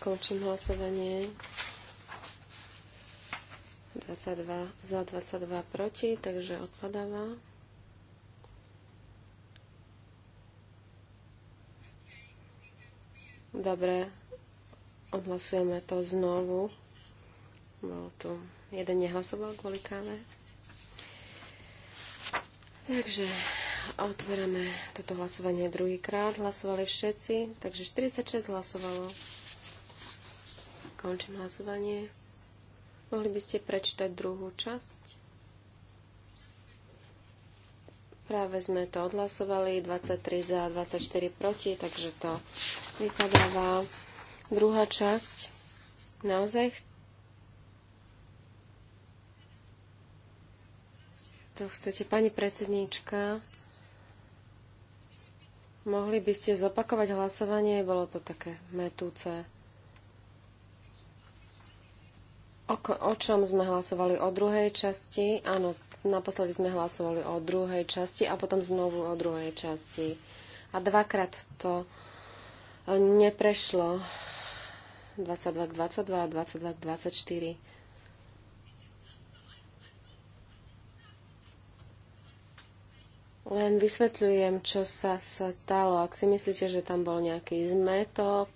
Končím hlasovanie. 22 za, 22 proti, takže odpadáva. Dobre, Odhlasujeme to znovu. Bol tu jeden nehlasoval kvôli káve. Takže otvoreme toto hlasovanie druhýkrát. Hlasovali všetci, takže 46 hlasovalo. Končím hlasovanie. Mohli by ste prečítať druhú časť? Práve sme to odhlasovali, 23 za, 24 proti, takže to vypadáva. Druhá časť. Naozaj to chcete, pani predsedníčka. Mohli by ste zopakovať hlasovanie? Bolo to také metúce. O, o čom sme hlasovali? O druhej časti? Áno, naposledy sme hlasovali o druhej časti a potom znovu o druhej časti. A dvakrát to neprešlo 22 k 22 a 22 k 24. Len vysvetľujem, čo sa stalo. Ak si myslíte, že tam bol nejaký zmetok,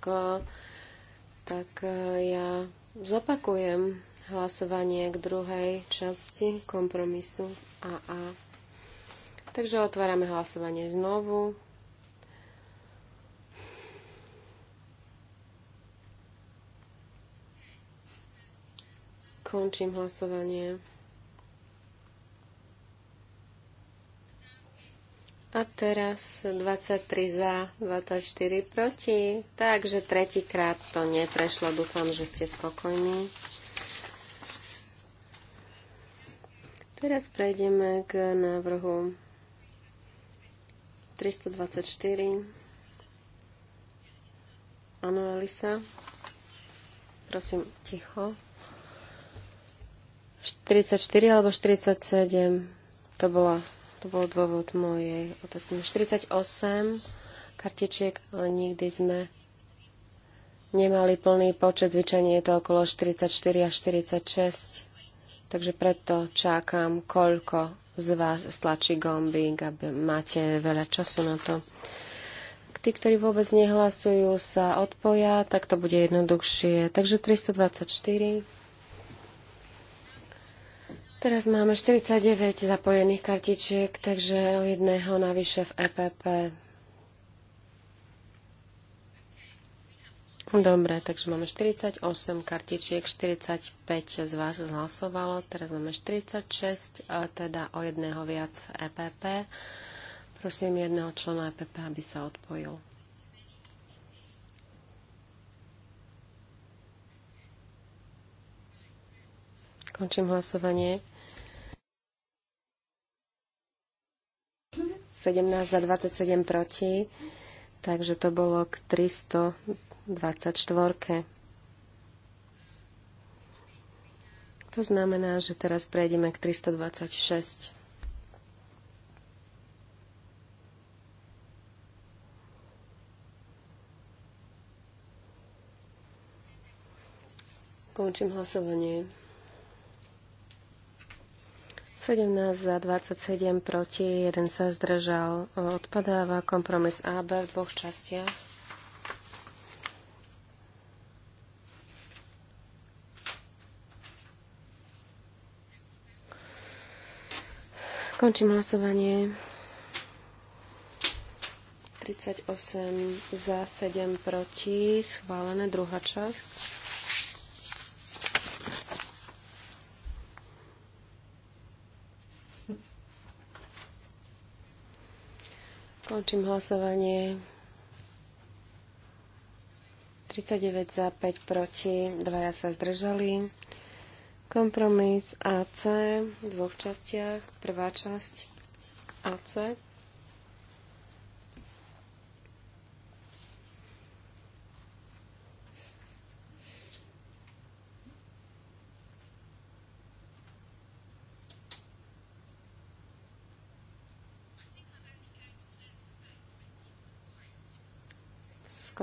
tak ja zopakujem hlasovanie k druhej časti kompromisu AA. Takže otvárame hlasovanie znovu. Končím hlasovanie. A teraz 23 za, 24 proti. Takže tretíkrát to neprešlo. Dúfam, že ste spokojní. Teraz prejdeme k návrhu 324. Ano, Elisa. Prosím, ticho. 44 alebo 47. To, bola, to bol dôvod mojej otázky. 48 kartičiek, ale nikdy sme nemali plný počet. Zvyčajne je to okolo 44 až 46. Takže preto čakám, koľko z vás stlačí gombík, aby máte veľa času na to. Tí, ktorí vôbec nehlasujú, sa odpoja, tak to bude jednoduchšie. Takže 324. Teraz máme 49 zapojených kartičiek, takže o jedného navyše v EPP. Dobre, takže máme 48 kartičiek, 45 z vás hlasovalo, teraz máme 46, a teda o jedného viac v EPP. Prosím jedného člena EPP, aby sa odpojil. Končím hlasovanie. 17 za 27 proti, takže to bolo k 324. To znamená, že teraz prejdeme k 326. Končím hlasovanie. 17 za 27 proti, jeden sa zdržal. Odpadáva kompromis AB v dvoch častiach. Končím hlasovanie. 38 za 7 proti, schválené druhá časť. Končím hlasovanie. 39 za, 5 proti, dvaja sa zdržali. Kompromis AC v dvoch častiach. Prvá časť AC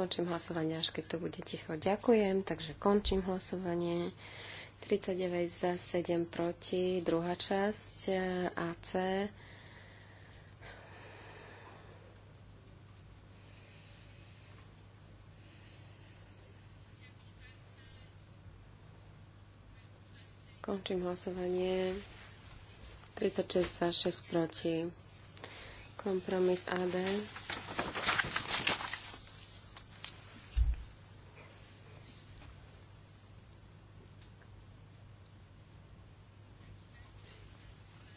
Končím hlasovanie, až keď to bude ticho. Ďakujem, takže končím hlasovanie. 39 za 7 proti, druhá časť e, AC. Končím hlasovanie. 36 za 6 proti. Kompromis AD.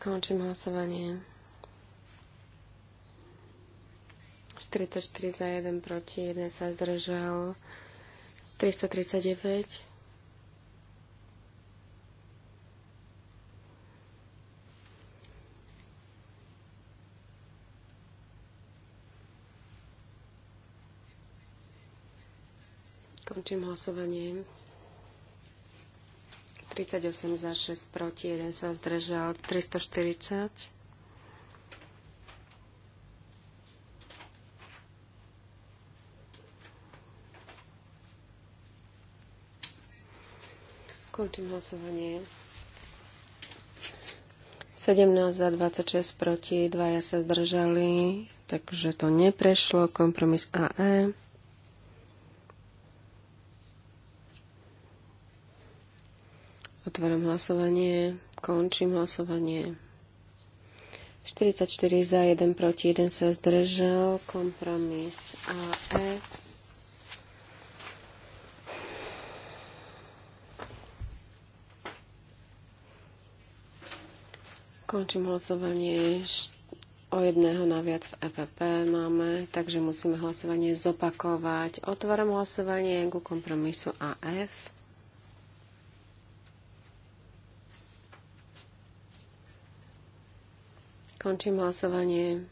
Končím hlasovanie. 44 za 1 proti, 1 sa zdržal. 339. Končím hlasovanie. 38 za 6 proti, 1 sa zdržal, 340. Končím hlasovanie. 17 za 26 proti, 2 sa zdržali, takže to neprešlo. Kompromis AE. Otváram hlasovanie. Končím hlasovanie. 44 za, 1 proti, 1 sa zdržal. Kompromis A E. Končím hlasovanie o jedného naviac v EPP máme, takže musíme hlasovanie zopakovať. Otváram hlasovanie ku kompromisu AF. Končím hlasovanie.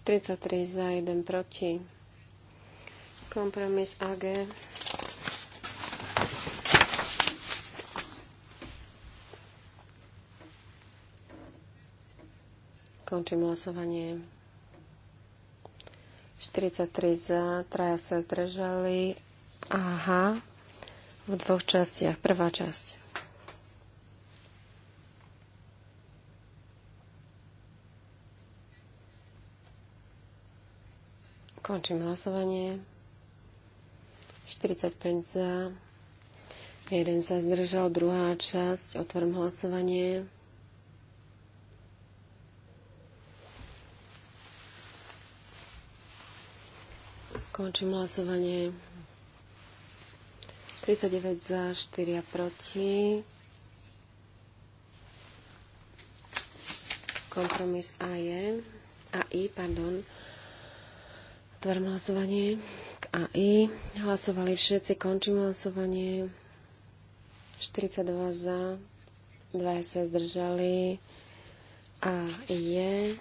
43 za, 1 proti. Kompromis AG. Končím hlasovanie. 43 za, traja sa zdržali. Aha, v dvoch častiach. Prvá časť. Končím hlasovanie. 45 za. Jeden sa zdržal, druhá časť. Otvorím hlasovanie. Končím hlasovanie. 39 za, 4 a proti. Kompromis A je. A I, pardon. Otváram hlasovanie k AI. Hlasovali všetci, končím hlasovanie. 42 za, 2 sa zdržali a je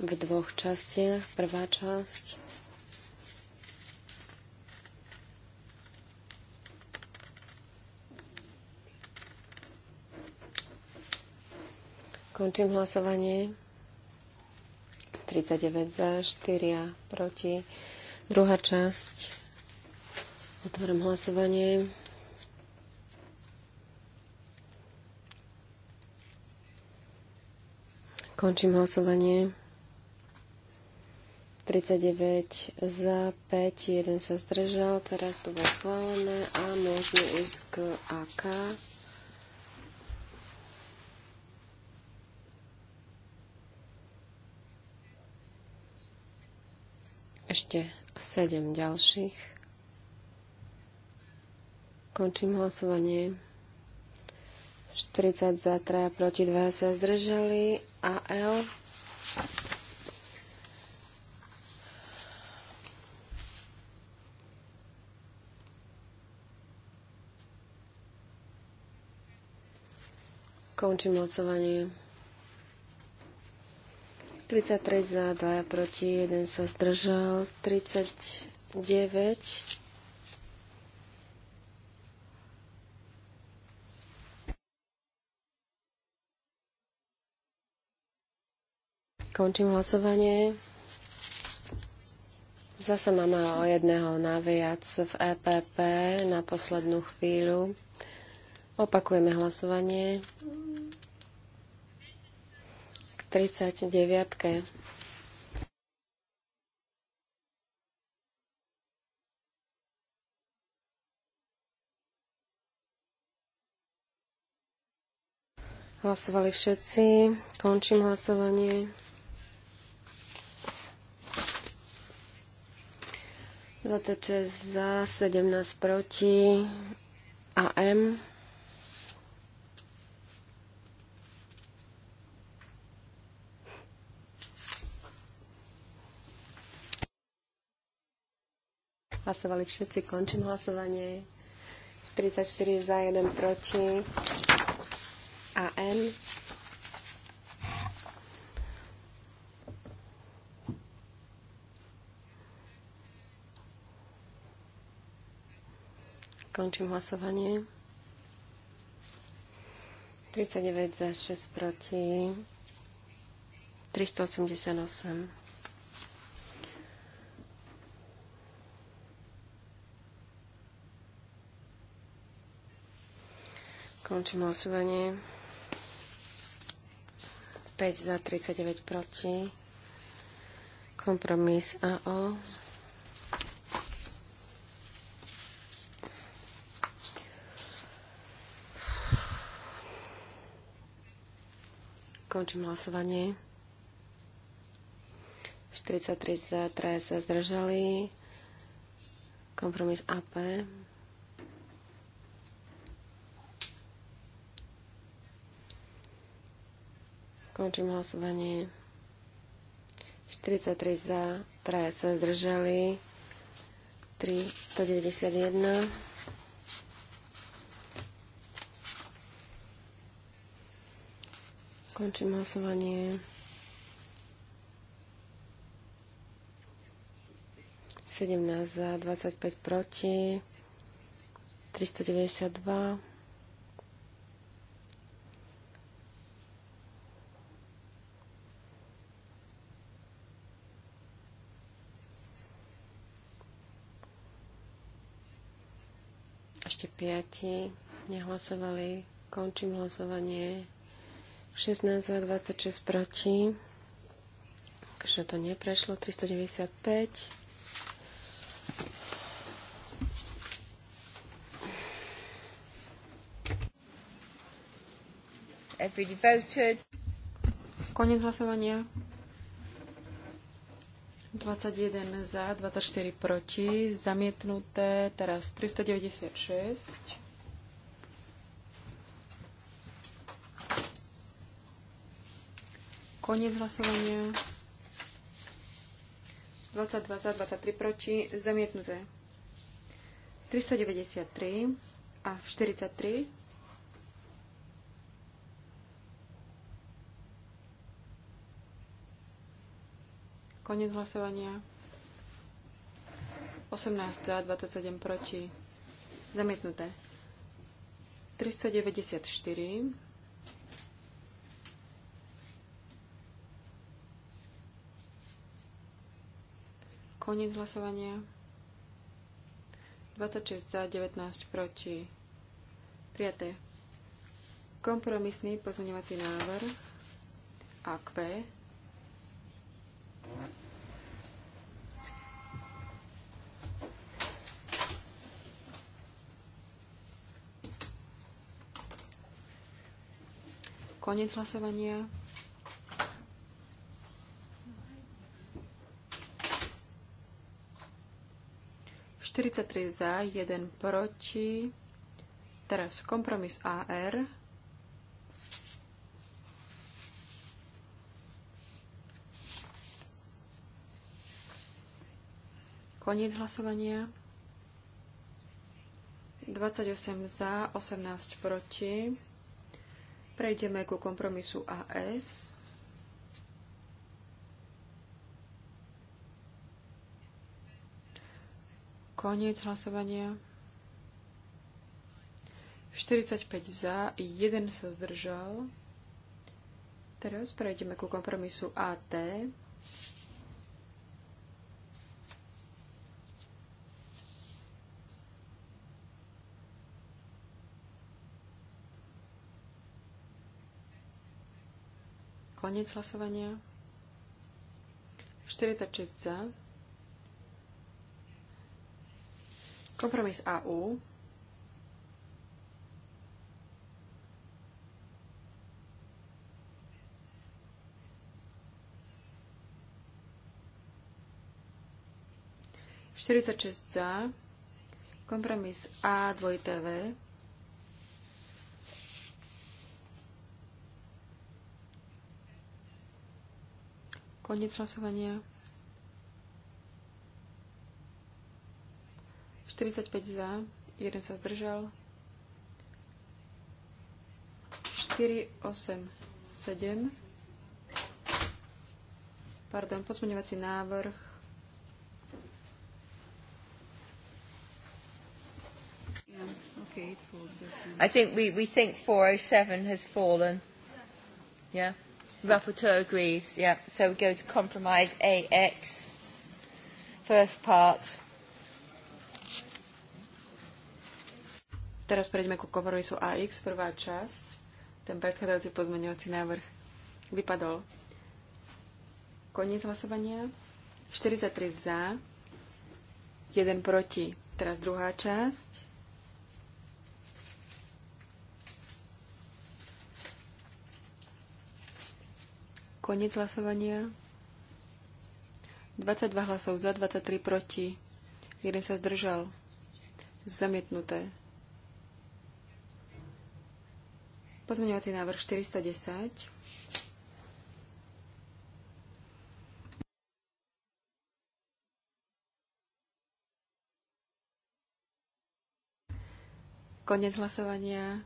v dvoch častiach. Prvá časť Končím hlasovanie. 39 za, 4 proti. Druhá časť. Otvorím hlasovanie. Končím hlasovanie. 39 za, 5, 1 sa zdržal. Teraz to bolo schválené a môžeme ísť k AK. ešte sedem ďalších. Končím hlasovanie. 40 za, 3 proti 2 sa zdržali. A L. Končím hlasovanie. 33 za, 2 proti, 1 sa zdržal, 39. Končím hlasovanie. Zase máme o jedného naviac v EPP na poslednú chvíľu. Opakujeme hlasovanie. 39. Hlasovali všetci. Končím hlasovanie. 26 za, 17 proti. AM. Hlasovali všetci. Končím hlasovanie. 44 za, 1 proti. A N. Končím hlasovanie. 39 za 6 proti. 388. Končím hlasovanie. 5 za 39 proti. Kompromis AO. Končím hlasovanie. 43 za, 3 sa zdržali. Kompromis AP. Končím hlasovanie. 43 za, 3 sa zdržali, 3, 191. Končím hlasovanie. 17 za, 25 proti, 392. 5 nehlasovali. Končím hlasovanie. 16 za 26 proti. Takže to neprešlo. 395. Everybody voted. Konec hlasovania. 21 za, 24 proti, zamietnuté, teraz 396. Koniec hlasovania. 22 za, 23 proti, zamietnuté. 393 a 43. Konec hlasovania. 18 za, 27 proti. Zamietnuté. 394. Koniec hlasovania. 26 za, 19 proti. Prijaté. Kompromisný pozmeňovací návrh AQP. Konec hlasovania. za, proti. Teraz kompromis AR. Koniec hlasovania. 28 za, 18 proti. Prejdeme ku kompromisu AS. Koniec hlasovania. 45 za, 1 sa zdržal. Teraz prejdeme ku kompromisu AT. Koniec hlasovania. 46 za. Kompromis AU. Štyridsať šesť za, kompromis A dvojité V. Koniec hlasovania. 45 za, 1 sa zdržal. 4, 8, 7. Pardon, pozmeňovací návrh. I think we, we think 407 has fallen. Yeah. Rapporteur agrees, yeah. So we go to compromise AX. First part. Teraz prejdeme ku kompromisu AX, prvá časť. Ten predchádzajúci pozmeňovací návrh vypadol. Koniec hlasovania. 43 za, 1 proti. Teraz druhá časť. Koniec hlasovania. 22 hlasov za, 23 proti. Jeden sa zdržal. Zamietnuté. Pozmeňovací návrh 410. Konec hlasovania.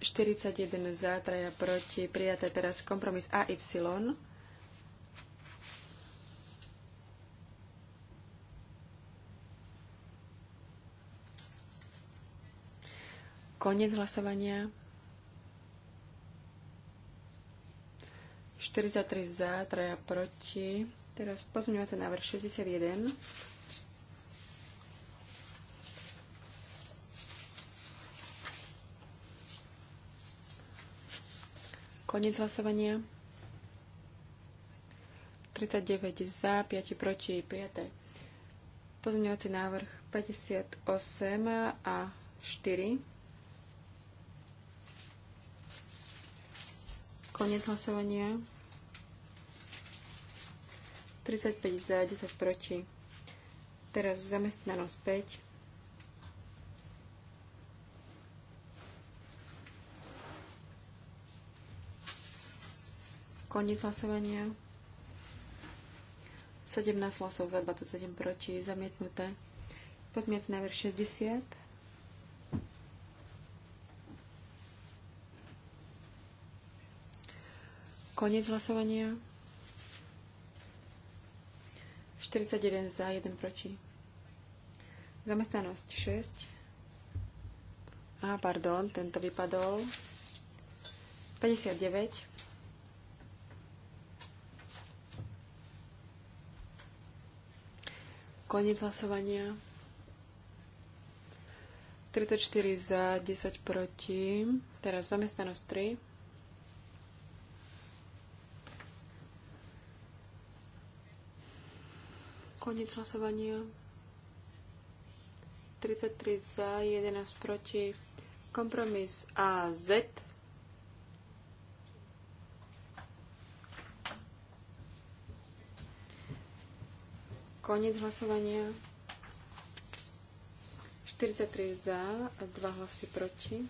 41 za, 3 proti, prijaté teraz kompromis a y. Konec hlasovania. 43 za, 3 proti. Teraz pozmeňujúce návrh 61. Konec hlasovania. 39 za, 5 proti, prijaté. Pozmeňovací návrh 58 a 4. Konec hlasovania. 35 za, 10 proti. Teraz zamestnanosť 5. Koniec hlasovania. 17 hlasov za 27 proti, zamietnuté. Pozmiac návrh 60. Koniec hlasovania. 41 za, 1 proti. Zamestnanosť 6. A, pardon, tento vypadol. 59. Koniec hlasovania. 34 za, 10 proti. Teraz zamestnanosť 3. Koniec hlasovania. 33 za, 11 proti. Kompromis AZ. Koniec hlasovania. 43 za, a 2 hlasy proti.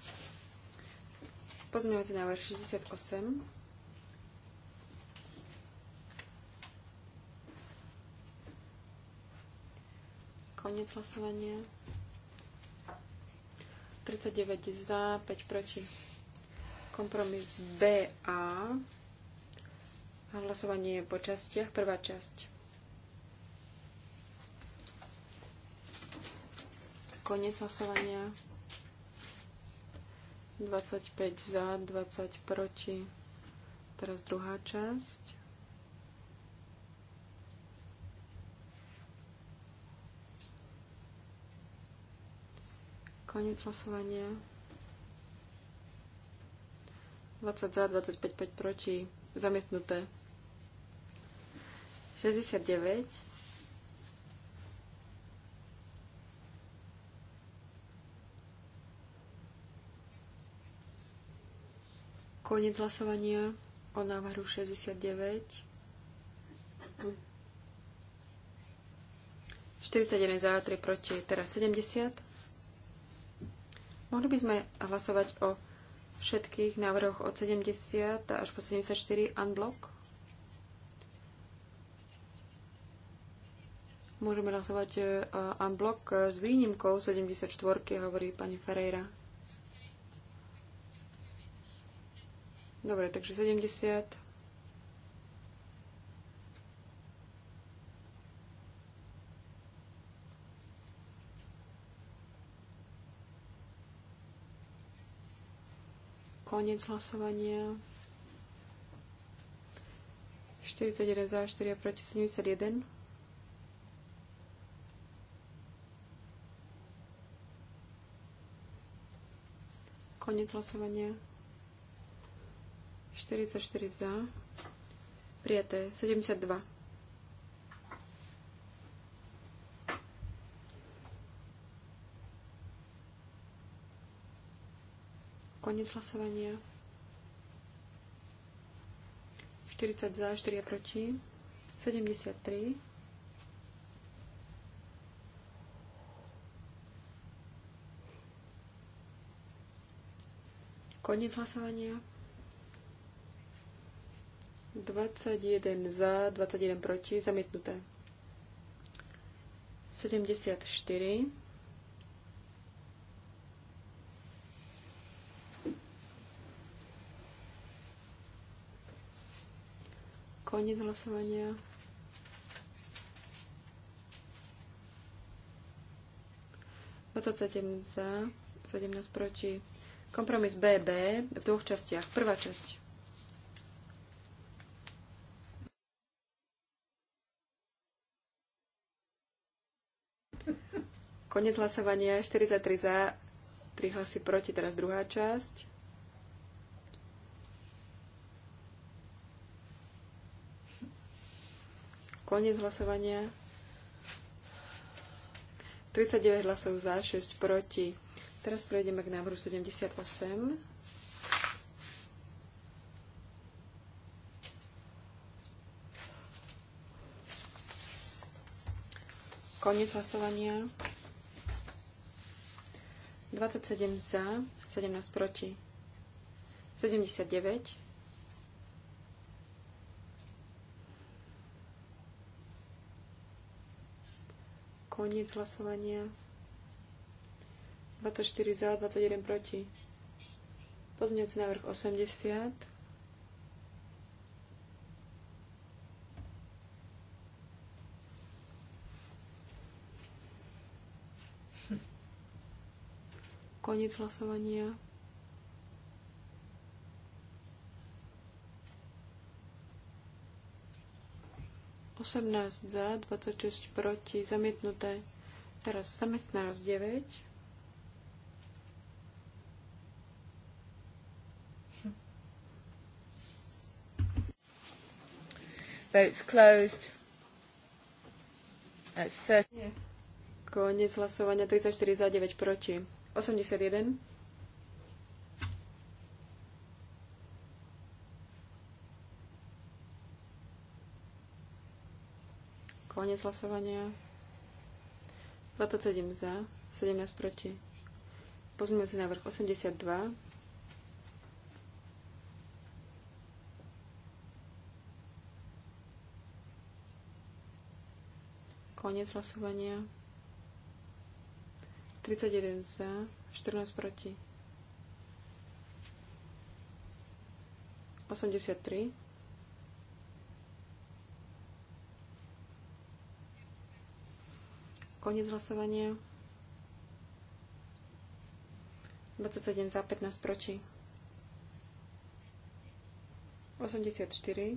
Pozmeňovací návrh 68. Koniec hlasovania. 39 za, 5 proti. Kompromis BA. Hlasovanie je po častiach. Prvá časť. koniec hlasovania. 25 za, 20 proti. Teraz druhá časť. Koniec hlasovania. 20 za, 25 5 proti. Zamietnuté. 69. Konec hlasovania o návrhu 69. 41 za, 3 proti, teraz 70. Mohli by sme hlasovať o všetkých návrhoch od 70 až po 74 unblock? Môžeme hlasovať eh, unblock s výnimkou 74, hovorí pani Ferreira. Dobre, takže 70. Koniec hlasovania. 41 za, 4 proti 71. Koniec hlasovania. 44 za. Prijaté. 72. Konec hlasovania. 40 za, 4 proti. 73. Konec hlasovania. 21 za, 21 proti, zamietnuté. 74. Koniec hlasovania. sedem za, 17 proti. Kompromis BB v dvoch častiach. Prvá časť. Konec hlasovania 43 za, 3 hlasy proti, teraz druhá časť. Koniec hlasovania. 39 hlasov za, 6 proti. Teraz prejdeme k návrhu 78. Koniec hlasovania. 27 za, 17 proti. 79. Koniec hlasovania. 24 za, 21 proti. Pozmeňujúci návrh 80. Koniec hlasovania. Osemnáct za, 26 proti, zamietnuté. Teraz zamestnanosť 9. Votes closed. That's 30. Konec hlasovania 34 za 9 proti. 81. Konec hlasovania. 27 za, 17 proti. Pozmeňme si návrh 82. Konec hlasovania. 31 za, 14 proti. 83. Koniec hlasovania. 27 za, 15 proti. 84.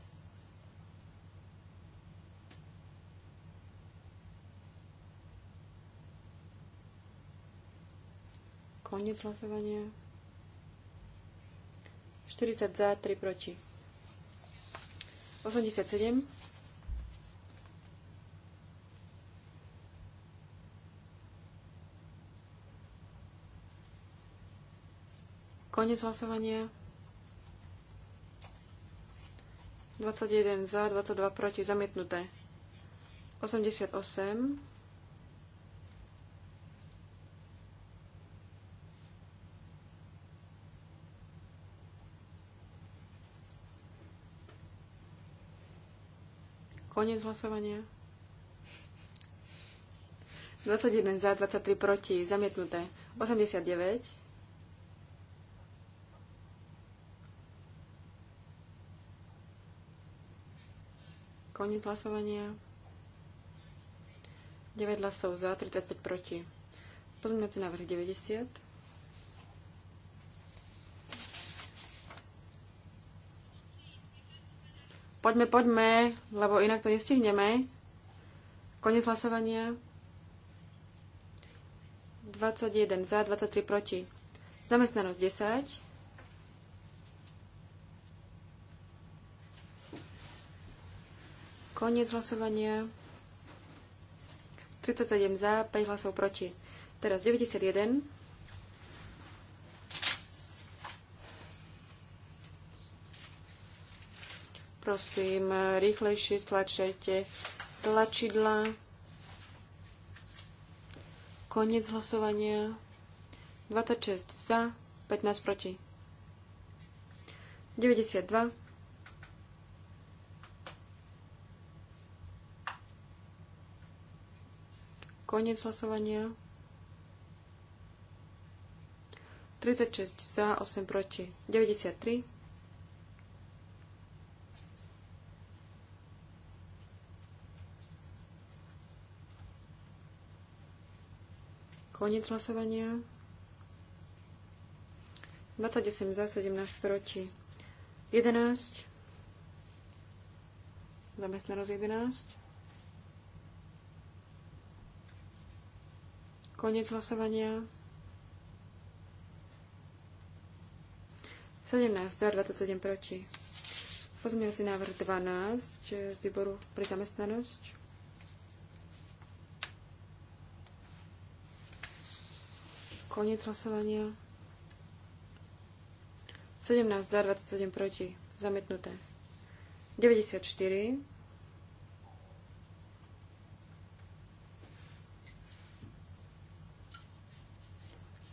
Koniec hlasovania. 40 za, 3 proti. 87. Koniec hlasovania. 21 za, 22 proti, zamietnuté. 88. Koniec hlasovania. 21 za, 23 proti, zamietnuté. 89. Koniec hlasovania. 9 hlasov za, 35 proti. Pozmeňujúci návrh 90. Poďme, poďme, lebo inak to nestihneme. Konec hlasovania. 21 za, 23 proti. Zamestnanosť 10. Koniec hlasovania. 37 za, 5 hlasov proti. Teraz 91. Prosím, rýchlejšie stlačajte tlačidla. Koniec hlasovania. 26 za, 15 proti. 92. Koniec hlasovania. 36 za, 8 proti. 93. Koniec hlasovania. 28 za, 17 proti. 11. Zamestnanosť 11. Koniec hlasovania. 17 za, 27 proti. Pozmiaci návrh 12 z výboru pre zamestnanosť. Koniec hlasovania. 17 za, 27 proti. Zamietnuté. 94.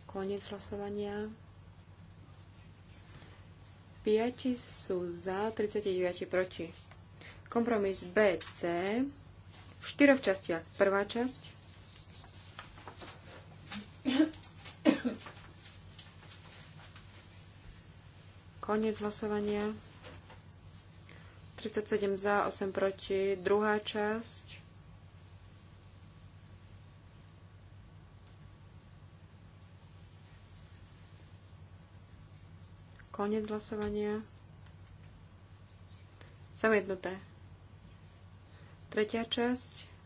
Koniec hlasovania. 5 sú za, 39 proti. Kompromis BC v štyroch častiach. Prvá časť Koniec hlasovania. 37 za, 8 proti. Druhá časť. Koniec hlasovania. jednoté, Tretia časť.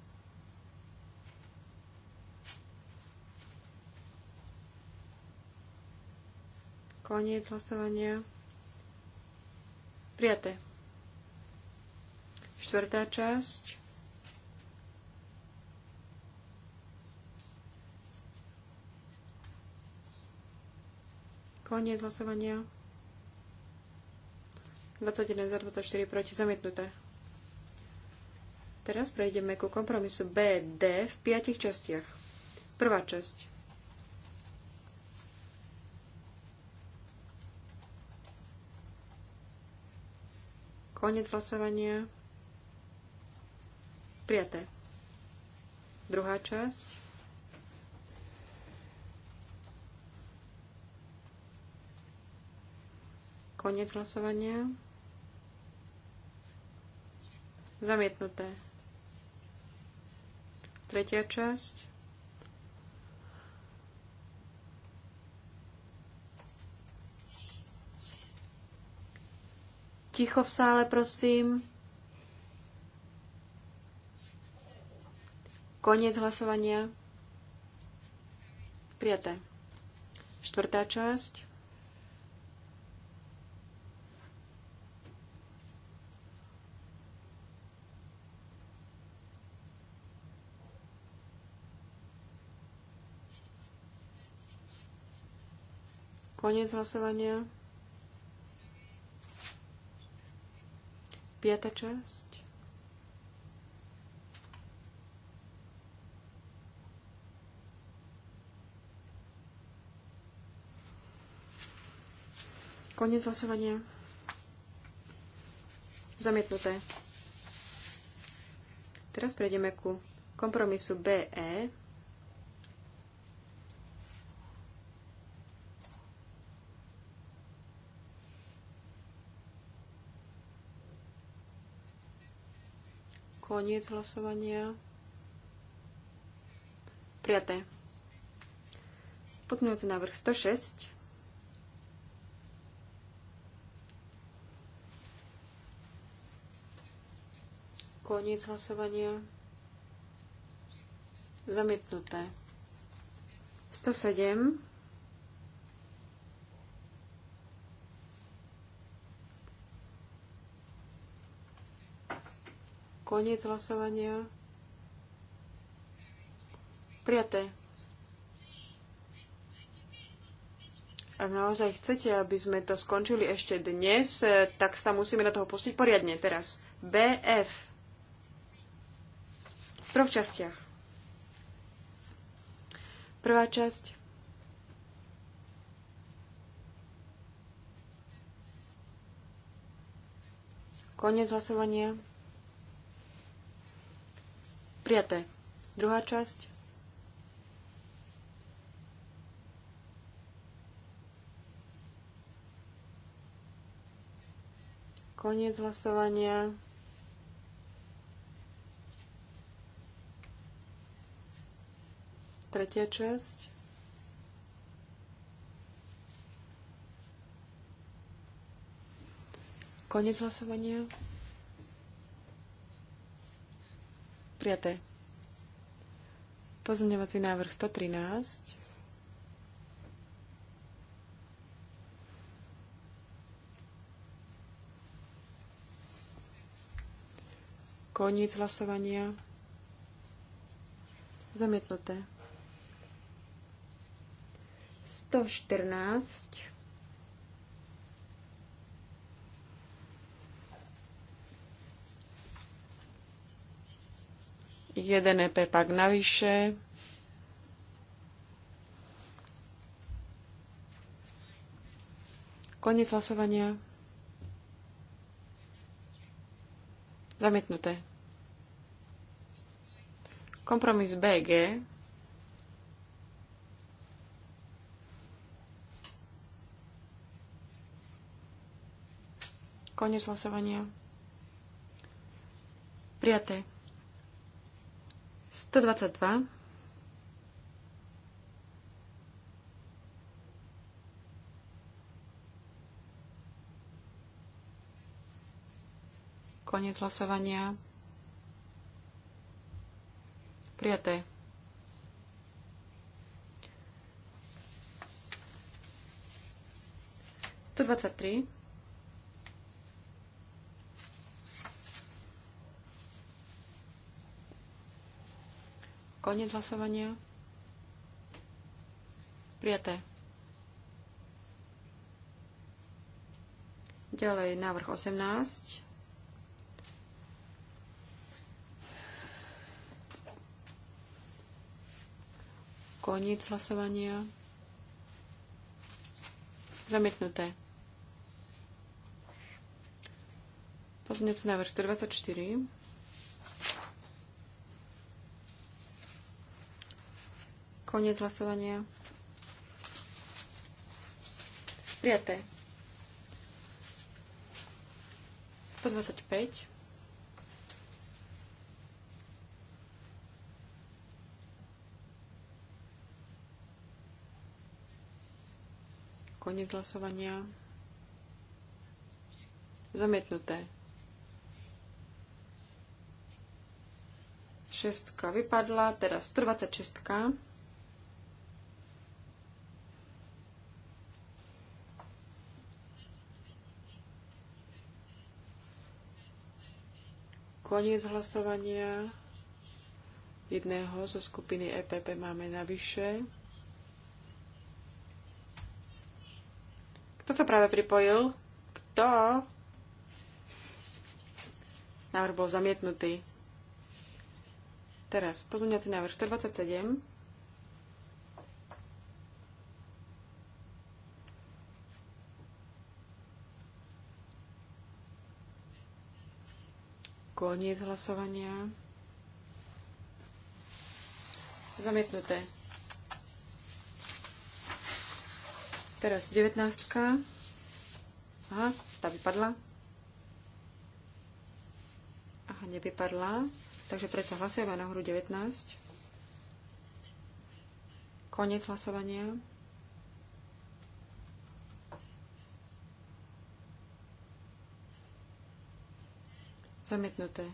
Koniec hlasovania. Prijaté. Štvrtá časť. Koniec hlasovania. 21 za 24 proti zamietnuté. Teraz prejdeme ku kompromisu BD v piatich častiach. Prvá časť. Konec hlasovania. Prijaté. Druhá časť. Koniec hlasovania. Zamietnuté. Tretia časť. Ticho v sále, prosím. Koniec hlasovania. Prijaté. Štvrtá časť. Koniec hlasovania. Piata časť. Koniec hlasovania. Zamietnuté. Teraz prejdeme ku kompromisu BE. Koniec hlasovania. Prijaté. Pozmeňujúci návrh 106. Koniec hlasovania. Zamietnuté. 107. Koniec hlasovania. Prijaté. Ak naozaj chcete, aby sme to skončili ešte dnes, e, tak sa musíme do toho pustiť poriadne teraz. BF. V troch častiach. Prvá časť. Koniec hlasovania. Prijaté. Druhá časť. Koniec hlasovania. Tretia časť. Koniec hlasovania. Prijaté. Pozmeňovací návrh 113. Koniec hlasovania. Zamietnuté. 114. Jeden EP pak navyše. Konec hlasovania. Zamietnuté. Kompromis BG. Konec hlasovania. Prijaté. 122. Koniec hlasovania. Prijaté. Sto dvadsať tri. Konec hlasovania. Prijaté. Ďalej návrh 18. Koniec hlasovania. Zamietnuté. Pozniec návrh 124. Koniec hlasovania. Prijaté. 125. Koniec hlasovania. Zamietnuté. Šestka vypadla, teraz 126. Koniec hlasovania. Jedného zo skupiny EPP máme navyše. Kto sa práve pripojil? Kto? Návrh bol zamietnutý. Teraz pozorňací návrh 127. Koniec hlasovania. Zamietnuté. Teraz 19. Aha, tá vypadla. Aha, nevypadla. Takže predsa hlasujeme na hru 19. Koniec hlasovania. Zamietnuté.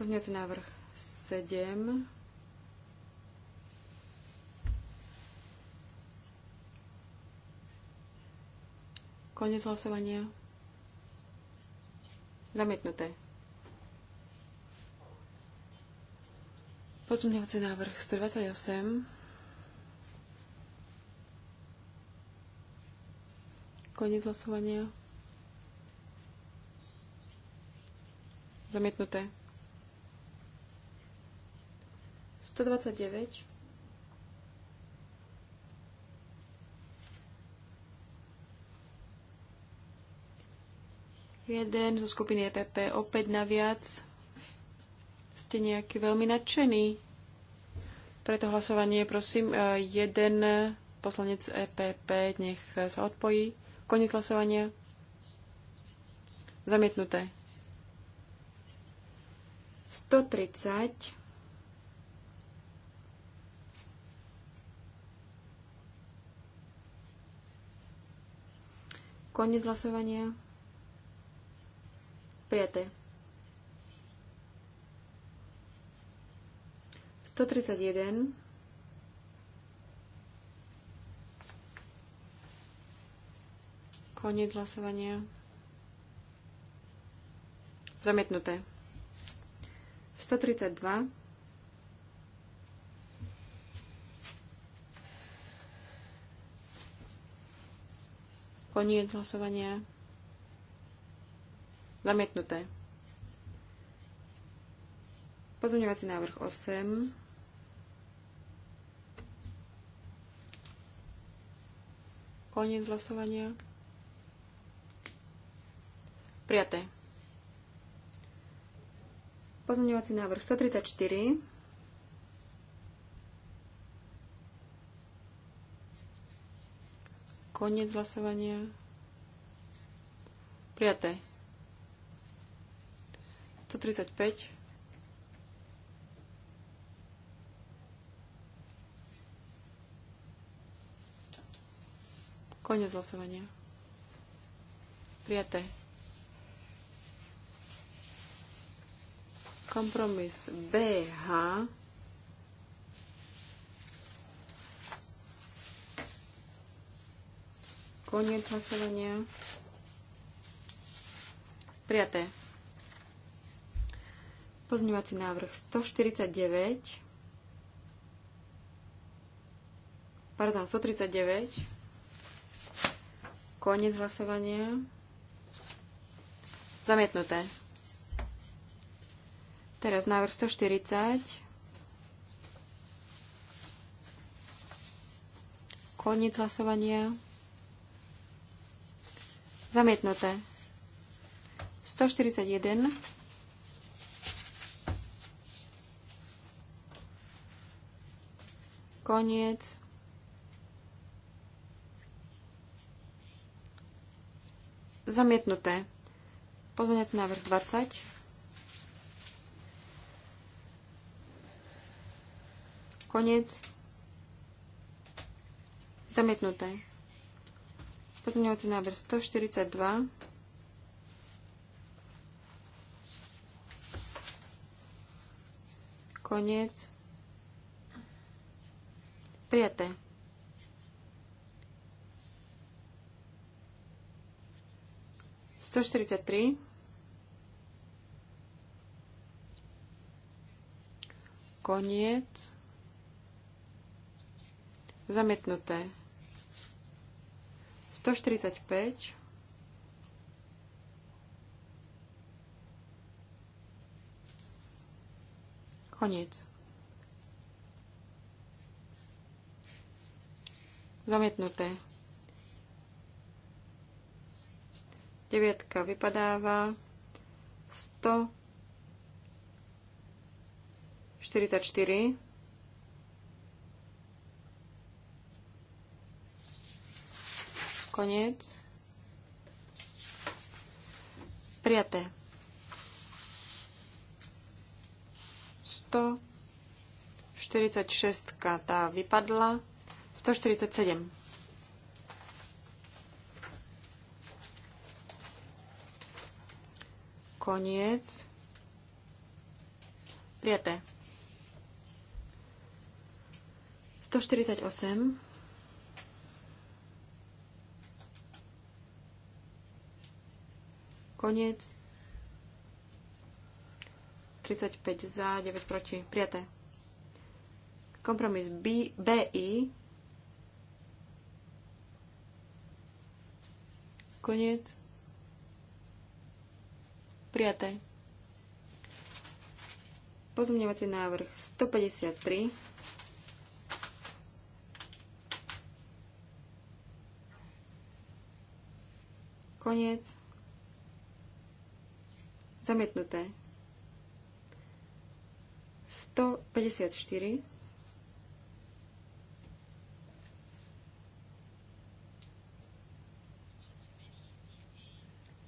Pozňujúci návrh 7. Konec hlasovania. Zamietnuté. Pozmeňovací návrh 128. Konec hlasovania. Zamietnuté. 129. Jeden zo skupiny EPP opäť naviac. Ste nejaký veľmi nadšený. to hlasovanie, prosím, e, jeden poslanec EPP nech sa odpojí. Koniec hlasovania. Zamietnuté. 130. Koniec hlasovania. Prijaté. 131. Koniec hlasovania. Zamietnuté. 132. Koniec hlasovania. Zamietnuté. Pozmeňovací návrh 8. Koniec hlasovania. Prijaté. Pozmeňovací návrh 134. Koniec hlasovania. Prijaté. 135. Koniec hlasovania. Prijaté. Kompromis BH Koniec hlasovania. Prijaté. Pozňovací návrh 149. Pardon, 139. Koniec hlasovania. Zamietnuté. Teraz návrh 140. Koniec hlasovania. Zamietnuté. 141. Koniec. Zamietnuté. Pozmeňací návrh 20. Koniec. Zamietnuté. Pozmeňovací návrh 142. Koniec. Prijaté. Sto štyridsať tri. Koniec zametnuté. 145. Koniec. Zamietnuté. Deviatka vypadáva. 144. Koniec. Prijaté. 146 tá vypadla. 147. Koniec. Prijaté. 148. Koniec. 35 za, 9 proti. Prijaté. Kompromis B, BI. Koniec. Prijaté. Pozmeňovací návrh 153. Koniec. Zamietnuté. 154.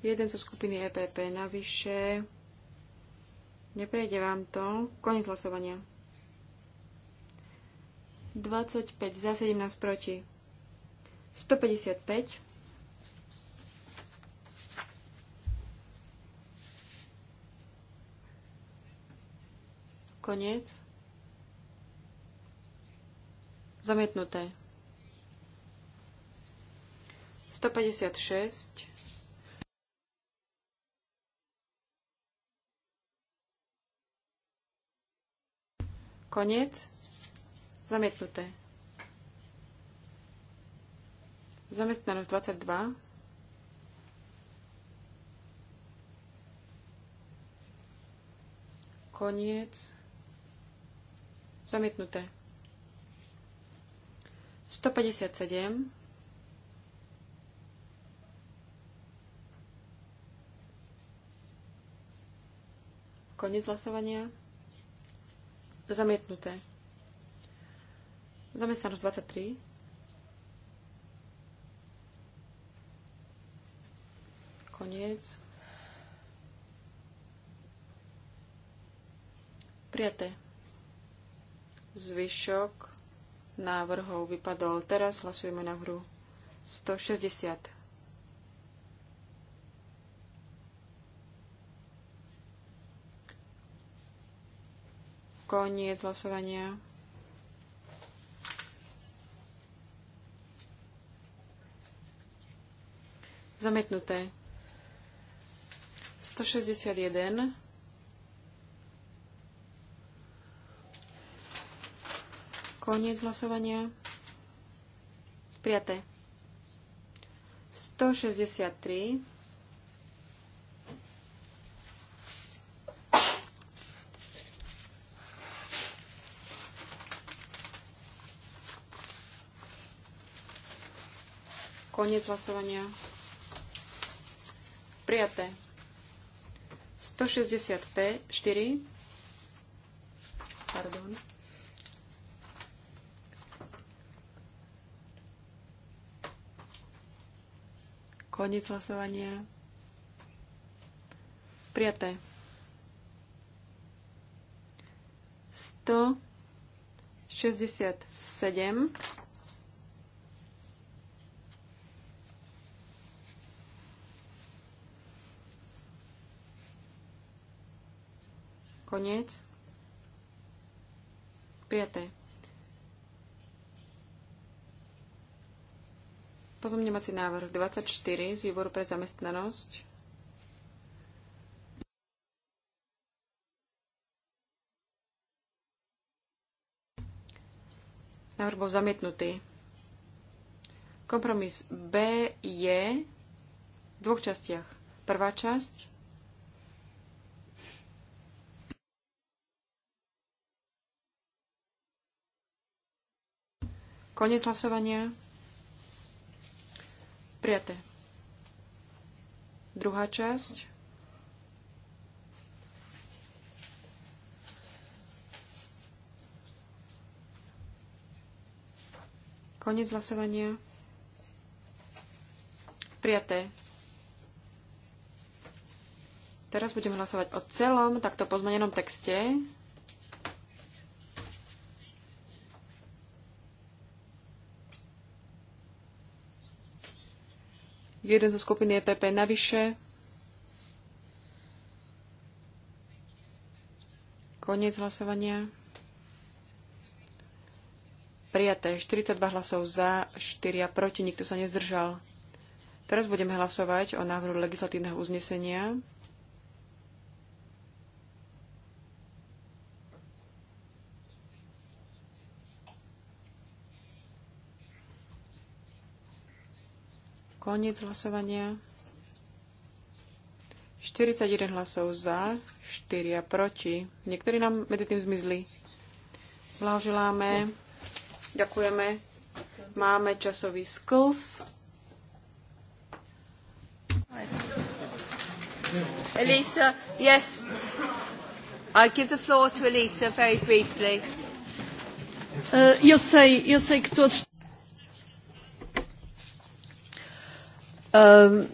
Jeden zo skupiny EPP navyše. Neprejde vám to. Koniec hlasovania. 25 za 17 proti. 155. Koniec. Zamietnuté. 156. Koniec. Zamietnuté. Zamestnanosť 22. Koniec. Zamietnuté. 157. Koniec hlasovania. Zamietnuté. Zamestnanosť 23. Koniec. Prijaté. Zvyšok návrhov vypadol. Teraz hlasujeme na hru 160. Koniec hlasovania. Zamietnuté. 161 Koniec hlasovania. Prijaté. 163. Koniec hlasovania. Prijaté. 165, 4. Pardon. Koniec hlasovania. Prijaté. 167. Koniec. Prijaté. Pozmeňovací návrh 24 z výboru pre zamestnanosť. Návrh bol zamietnutý. Kompromis B je v dvoch častiach. Prvá časť Konec hlasovania. Prijaté. Druhá časť. Koniec hlasovania. Prijaté. Teraz budeme hlasovať o celom takto pozmenenom texte. Jeden zo skupiny EPP navyše. Koniec hlasovania. Prijaté. 42 hlasov za, 4 proti, nikto sa nezdržal. Teraz budeme hlasovať o návrhu legislatívneho uznesenia. Koniec hlasovania. 41 hlasov za, 4 a proti. Niektorí nám medzi tým zmizli. Blahoželáme. Ďakujeme. Máme časový skls. Elisa, yes. I give the floor to Elisa very briefly. Uh, you'll say, you'll say, Ehm,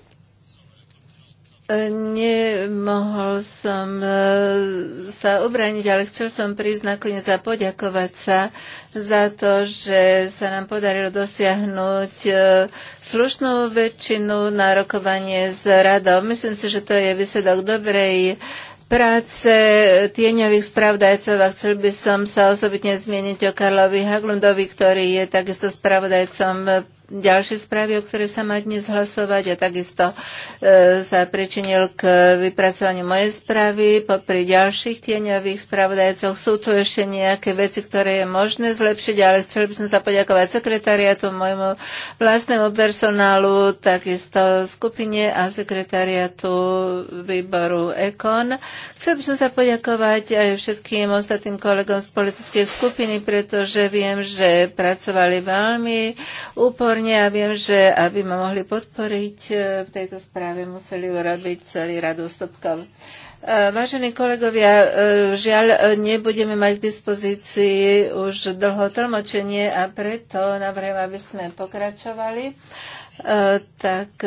nemohol som eh, sa obraniť, ale chcel som prísť nakoniec a poďakovať sa za to, že sa nám podarilo dosiahnuť eh, slušnú väčšinu na rokovanie s radou. Myslím si, že to je výsledok dobrej práce tieňových spravodajcov a chcel by som sa osobitne zmieniť o Karlovi Haglundovi, ktorý je takisto spravodajcom ďalšie správy, o ktoré sa má dnes hlasovať a takisto e, sa prečinil k vypracovaniu mojej správy. Popri ďalších tieňových spravodajcoch sú tu ešte nejaké veci, ktoré je možné zlepšiť, ale chcel by som sa poďakovať sekretariatu, môjmu vlastnému personálu, takisto skupine a sekretariatu výboru EKON. Chcel by som sa poďakovať aj všetkým ostatným kolegom z politickej skupiny, pretože viem, že pracovali veľmi úporne pozorne a viem, že aby ma mohli podporiť e, v tejto správe, museli urobiť celý rad ústupkov. E, vážení kolegovia, e, žiaľ, nebudeme mať k dispozícii už dlho tlmočenie a preto navrhujem, aby sme pokračovali. Tak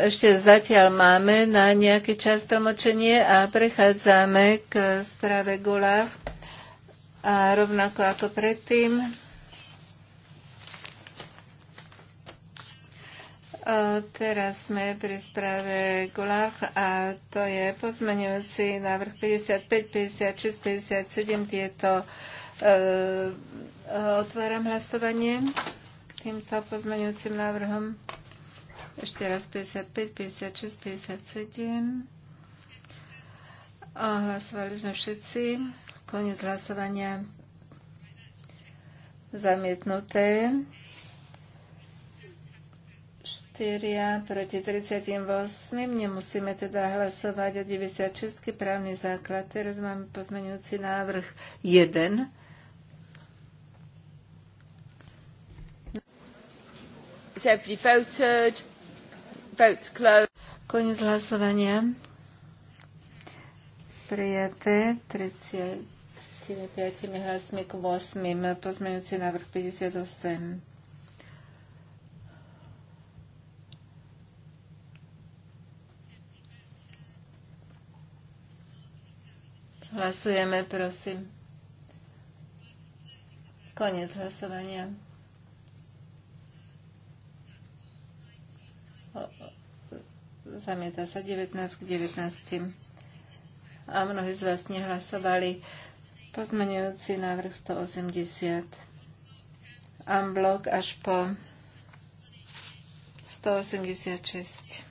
ešte zatiaľ máme na nejaký čas tlmočenie a prechádzame k správe Gulách. A rovnako ako predtým, Teraz sme pri správe Gulach a to je pozmeňujúci návrh 55, 56, 57. Tieto e, e, otváram hlasovanie k týmto pozmeňujúcim návrhom. Ešte raz 55, 56, 57. A hlasovali sme všetci. Koniec hlasovania. Zamietnuté. 4 proti 38. Nemusíme teda hlasovať o 96. právny základ. Teraz máme pozmeňujúci návrh 1. Konec hlasovania. Prijaté 35 hlasmi k 8. Pozmeňujúci návrh 58. Hlasujeme, prosím. Konec hlasovania. Zamieta sa 19 k 19. A mnohí z vás nehlasovali. Pozmenujúci návrh 180. Amblok až po 186. 180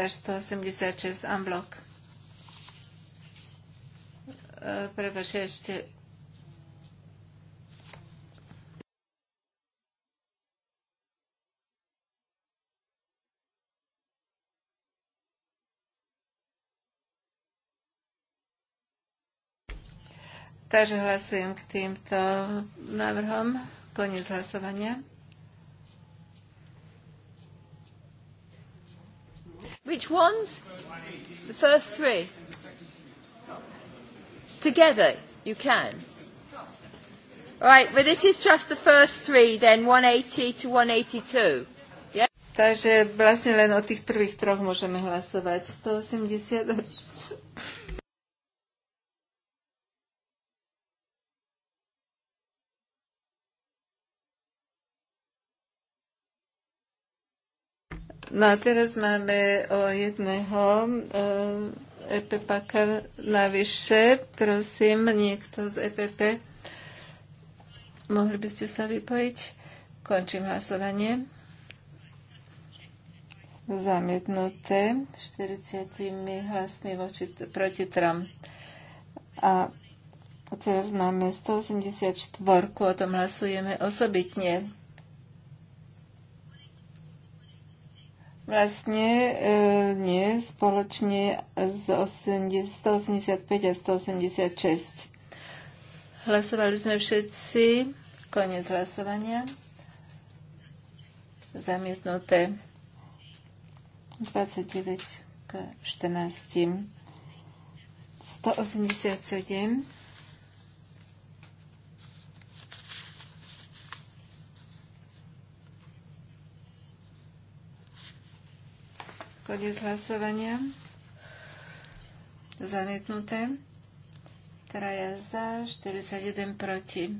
až 186 amblok. Eh, prepačte, Takže hlasujem k týmto návrhom. Koniec hlasovania. Which ones? The first three. Together, you can. Right, but this is just the first three, then 180 to 182. Yeah? Takže vlastne len o tých prvých troch môžeme hlasovať. 180 No a teraz máme o jedného e, EPP navyše. Prosím, niekto z EPP. Mohli by ste sa vypojiť? Končím hlasovanie. Zamietnuté 40 hlasmi voči, proti Trump. A teraz máme 184, o tom hlasujeme osobitne. Vlastne e, nie, spoločne z 80, 185 a 186. Hlasovali sme všetci. Konec hlasovania. Zamietnuté. 29 k 14. 187. Konec hlasovania. Zamietnuté. Traja za, 41 proti.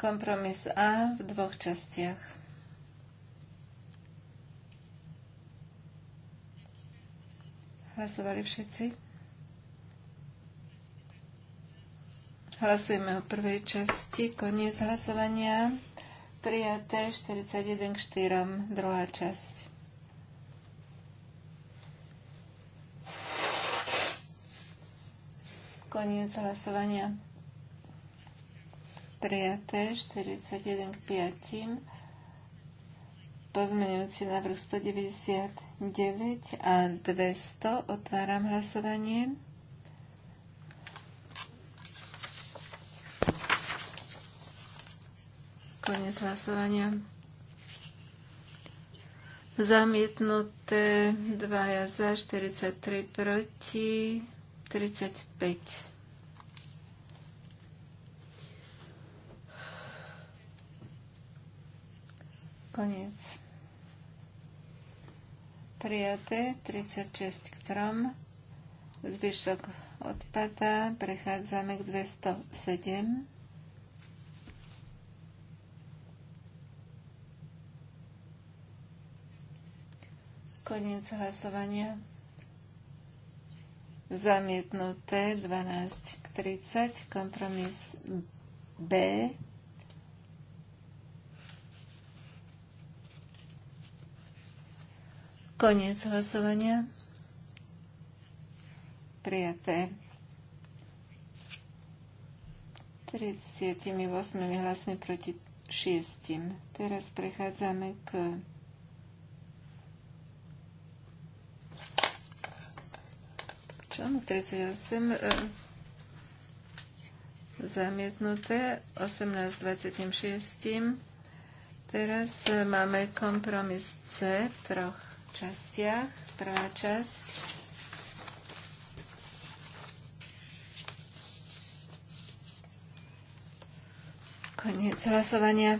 Kompromis A v dvoch častiach. Hlasovali všetci? Hlasujeme o prvej časti. Koniec hlasovania. Prijaté 41 k 4. Druhá časť. Koniec hlasovania. Prijaté 41 k 5. Pozmeňujúci návrh 199 a 200. Otváram hlasovanie. Koniec hlasovania. Zamietnuté 2 za, 43 proti. 35. Koniec. Prijaté 36 k 3. Zvyšok odpadá. Prechádzame k 207. Koniec hlasovania zamietnuté 12 k 30, kompromis B. Koniec hlasovania. Prijaté. 38 hlasmi proti 6. Teraz prechádzame k článok 38 e, zamietnuté 18 26. Teraz e, máme kompromis C v troch častiach. Prvá časť Koniec hlasovania.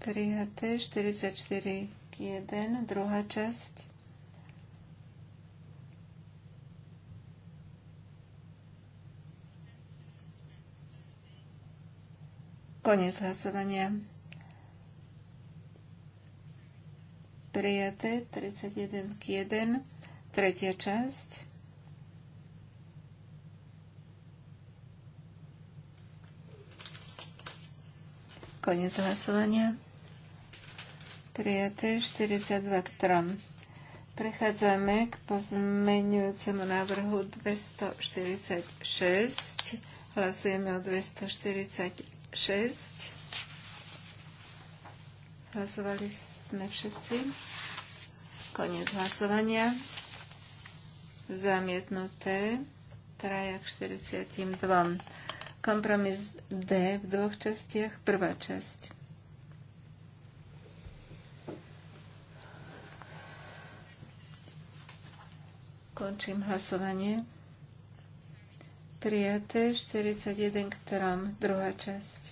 Prijaté 44 1, druhá časť. Koniec hlasovania. Prijaté 31 k 1, tretia časť. Koniec hlasovania prijaté 42 k 3. Prechádzame k pozmeňujúcemu návrhu 246. Hlasujeme o 246. Hlasovali sme všetci. Koniec hlasovania. Zamietnuté. Traja k 42. Kompromis D v dvoch častiach. Prvá časť Končím hlasovanie. Prijaté 41 k trom, druhá časť.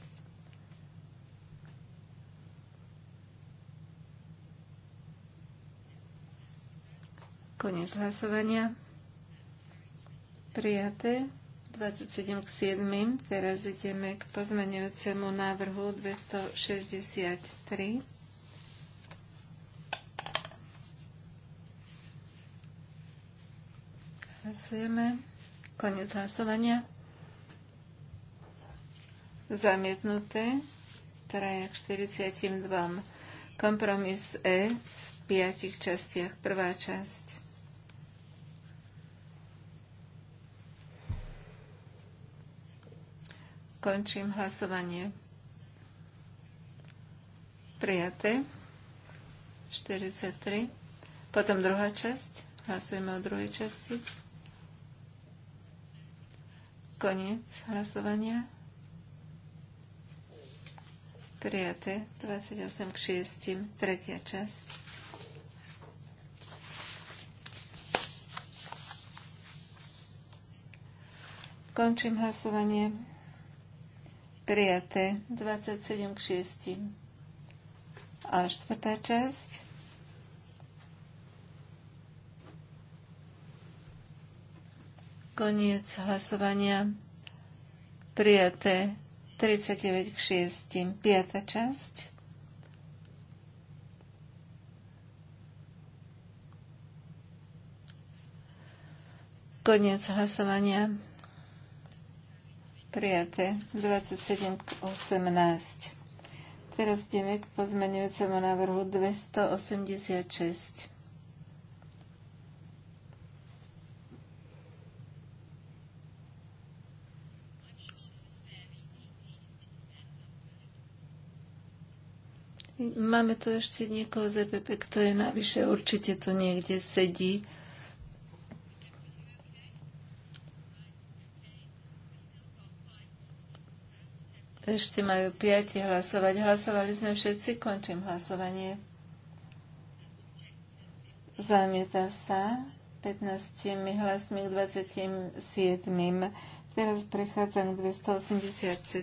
Konec hlasovania. Prijaté 27 k 7. Teraz ideme k pozmeňujúcemu návrhu 263. Hlasujeme. Konec hlasovania. Zamietnuté. Traja k 42. Kompromis E v piatich častiach. Prvá časť. Končím hlasovanie. Prijaté. 43. Potom druhá časť. Hlasujeme o druhej časti. Koniec hlasovania. Prijaté 28 k 6. Tretia časť. Končím hlasovanie. Prijaté 27 k 6. A štvrtá časť. Koniec hlasovania. Prijaté 39 k 6. Piatá časť. Koniec hlasovania. Prijaté 27 k 18. Teraz ideme k pozmenujúcemu návrhu 286. Máme tu ešte niekoho z EPP, kto je navyše, určite tu niekde sedí. Ešte majú piati hlasovať. Hlasovali sme všetci, končím hlasovanie. Zamieta sa 15 hlasmi k 27. Teraz prechádzam k 287.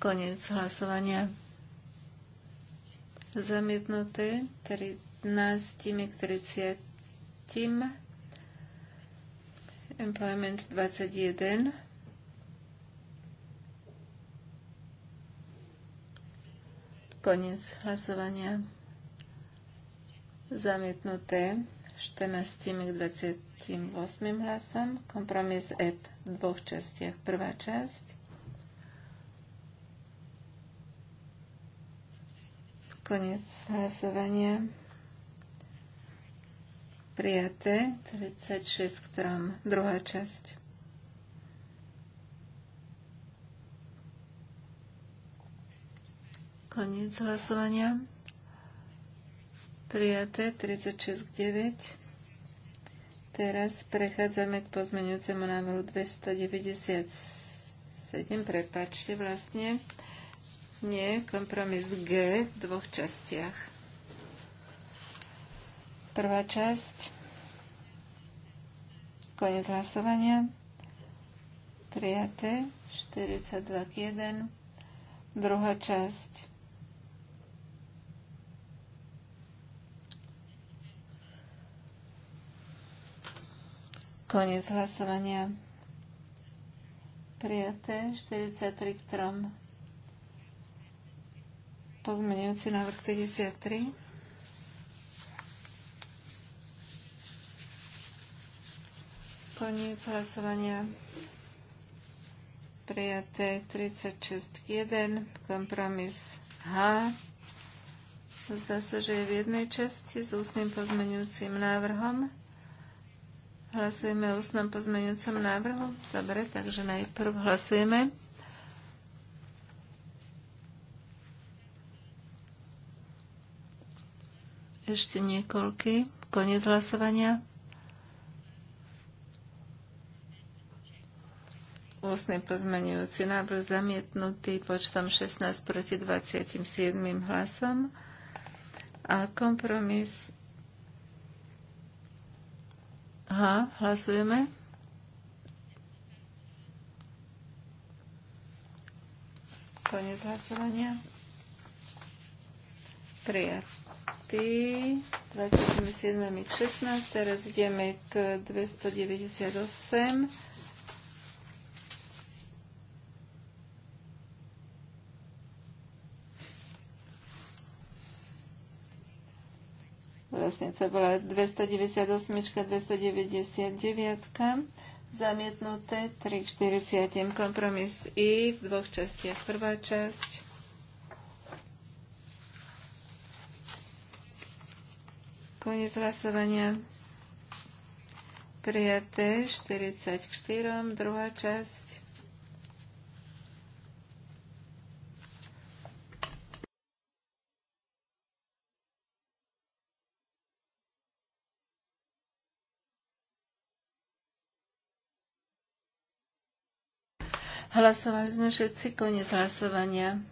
Konec hlasovania. Zamietnuté 13 30. Employment 21. Konec hlasovania. Zamietnuté 14 k 28 hlasom. Kompromis F v dvoch častiach. Prvá časť Konec hlasovania. Prijaté 36, ktorom druhá časť. Koniec hlasovania. Prijaté 36 k 9. Teraz prechádzame k pozmeňujúcemu návrhu 297, prepačte vlastne. Nie, kompromis G v dvoch častiach. Prvá časť. Konec hlasovania. Prijaté. 42 k 1. Druhá časť. Konec hlasovania. Prijaté 43 k 3 pozmeňujúci návrh 53. Koniec hlasovania. Prijaté 36 k 1. Kompromis H. Zdá sa, že je v jednej časti s ústnym pozmeňujúcim návrhom. Hlasujeme o ústnom pozmeňujúcom návrhu. Dobre, takže najprv hlasujeme. Ešte niekoľky. Konec hlasovania. Ústny pozmenujúci návrh zamietnutý počtom 16 proti 27 hlasom a kompromis Aha, hlasujeme. Konec hlasovania. Prijat prijatý 27 16. Teraz ideme k 298. Vlastne to bola 298, 299 zamietnuté 3,40. kompromis I v dvoch častiach. Prvá časť Koniec hlasovania. Prijaté 40 k 4, druhá časť. Hlasovali sme všetci, koniec hlasovania.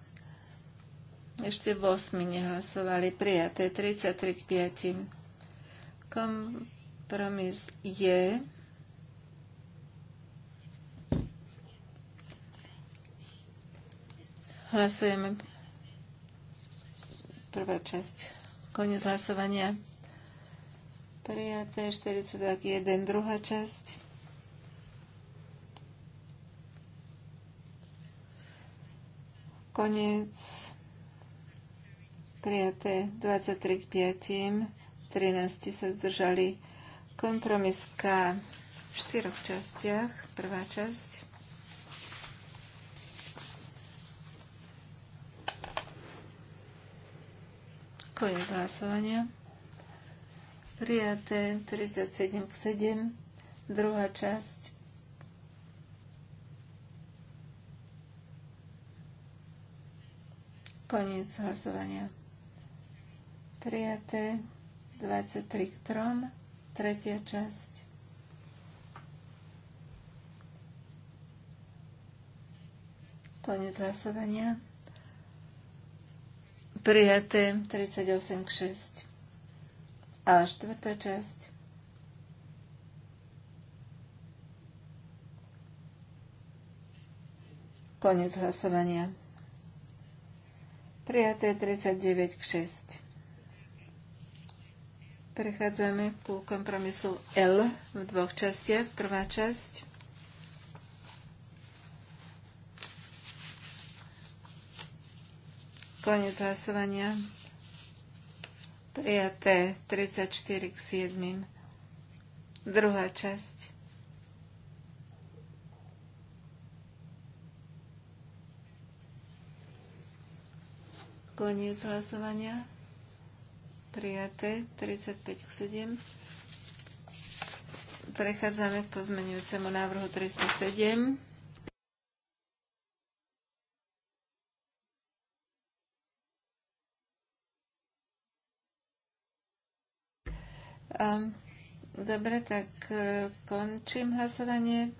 Ešte v 8 nehlasovali, prijaté 33 k 5. Kompromis je Hlasujeme. Prvá časť. Koniec hlasovania. Prijaté 42 1. Druhá časť. Koniec. Prijaté 23 k 5. 13 sa zdržali. kompromiska v štyroch častiach. Prvá časť. Koniec hlasovania. Prijaté 37 k 7. Druhá časť. Koniec hlasovania. Prijaté 23 k trom, tretia časť. Konec hlasovania. Prijaté 38 k 6. A štvrtá časť. Konec hlasovania. Prijaté 39 k 6. Prechádzame ku kompromisu L v dvoch častiach. Prvá časť. Konec hlasovania. Prijaté 34 k 7. Druhá časť. Koniec hlasovania prijaté 35 k 7. Prechádzame k pozmenujúcemu návrhu 307. Ehm, dobre, tak e, končím hlasovanie.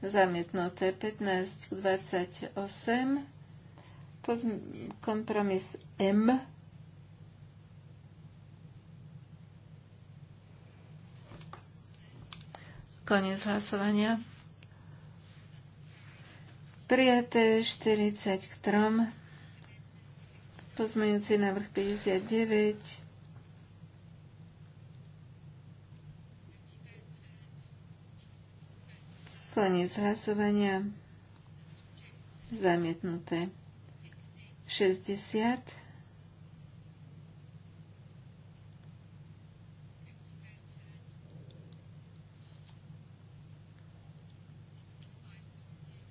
Zamietnuté 15 k 28. Kompromis M Konec hlasovania. Prijaté 40 k 3. Pozmeňujúci návrh 59. Koniec hlasovania. Zamietnuté. 60.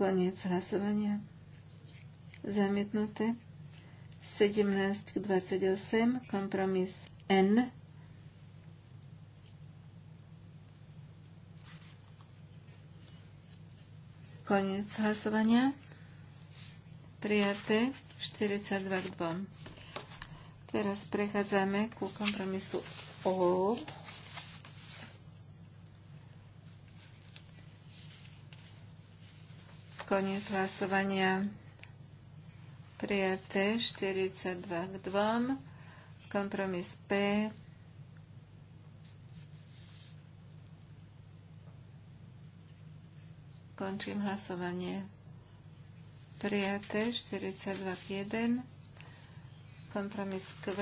Koniec hlasovania. Zamietnuté. 17 k 28. Kompromis N. Koniec hlasovania. Prijaté 42 k 2. Teraz prechádzame ku kompromisu O. Koniec hlasovania. Prijaté 42 k 2. Kompromis P. Končím hlasovanie. Prijaté 42 k 1. Kompromis Q.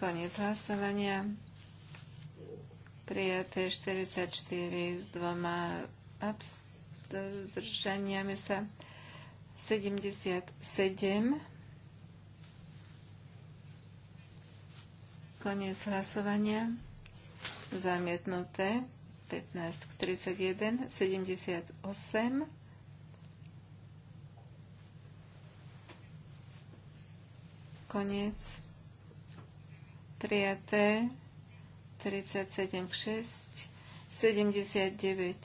Koniec hlasovania prijaté 44 s dvoma zdržaniami sa 77 koniec hlasovania zamietnuté 15 k 31 78 koniec prijaté 37 k 6, 79.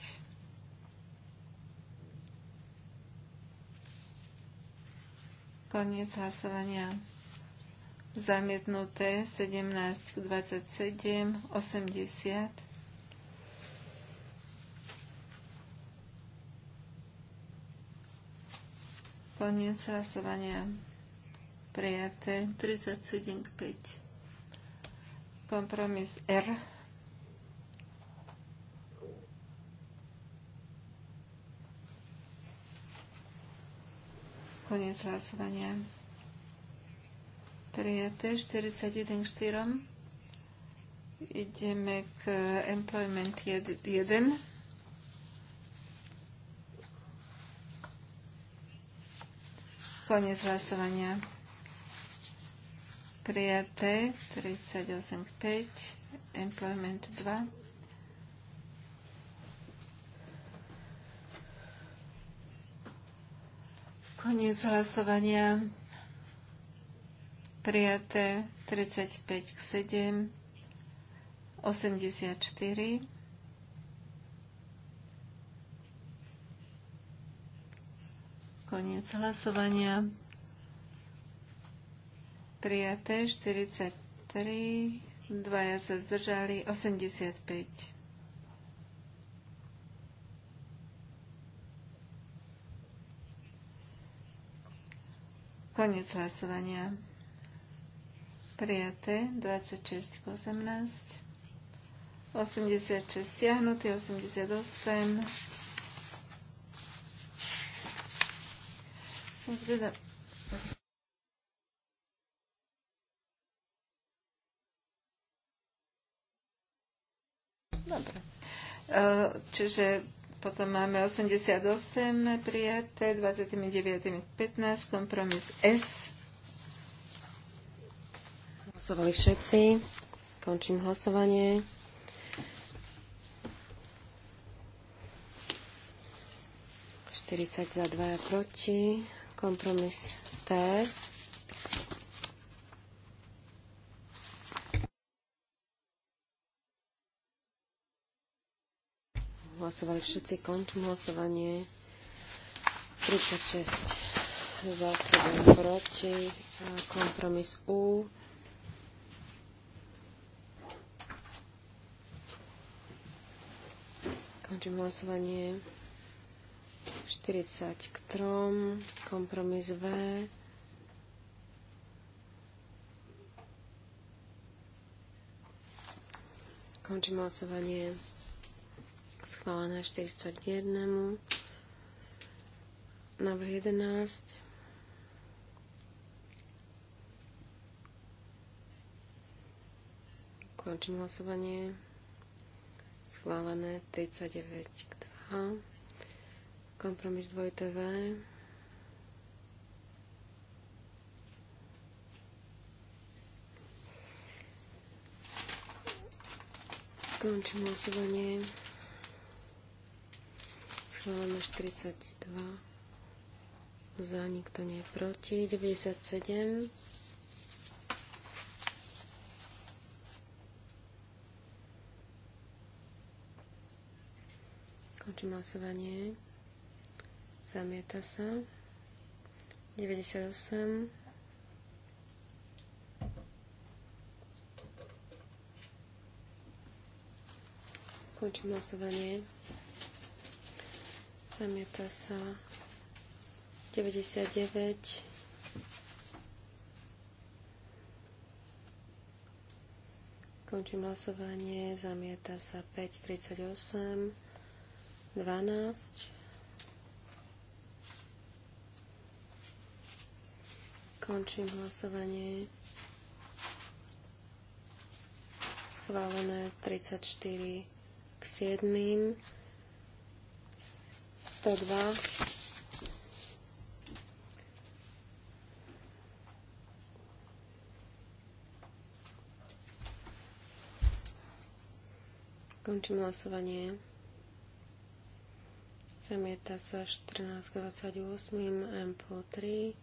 Koniec hlasovania. Zamietnuté 17 k 27, 80. Koniec hlasovania. Prijaté 37 k 5. Kompromis R. Koniec hlasovania. Prijaté 41 k 4. Ideme k employment 1. Koniec hlasovania prijaté 38.5 employment 2. Koniec hlasovania prijaté 35 k 7, 84. Koniec hlasovania prijaté 43, dvaja sa zdržali 85. Konec hlasovania. Prijaté 26 18. 86 stiahnutý, 88. Zvedom, Dobre. E, čiže potom máme 88 prijaté, 29 15, kompromis S. Hlasovali všetci. Končím hlasovanie. Štyridsať za, 2 proti. Kompromis T. Hlasovali všetci. Končím hlasovanie. 36 za 7 proti. Kompromis U. Končím hlasovanie. 40 k 3. Kompromis V. Končím hlasovanie schválené 41. Návrh 11. Končím hlasovanie. Schválené 39 k 2. Kompromis 2 TV. Končím hlasovanie máme 42. Za, nikto nie je proti. 97. Končím hlasovanie. Zamieta sa. 98. Končím hlasovanie. Zamieta sa 99. Končím hlasovanie. Zamieta sa 5, 38, 12. Končím hlasovanie. Schválené 34 k 7. 102. Končím hlasovanie. Zamieta sa 14.28 M po 3.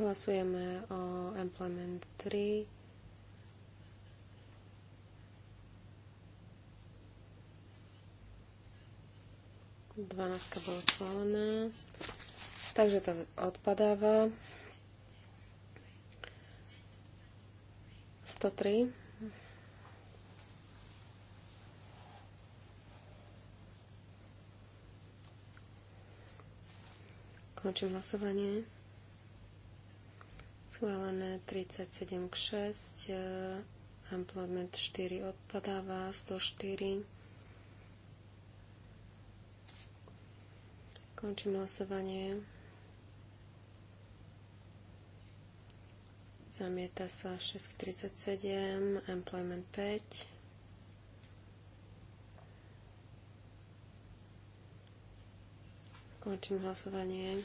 Hlasujeme o Employment 3. 12 bola schválená. Takže to odpadáva. 103. Končím hlasovanie. Schválené 37 k 6. Employment 4 odpadáva. 104. Končím hlasovanie. Zamieta sa 637, employment 5. Končím hlasovanie.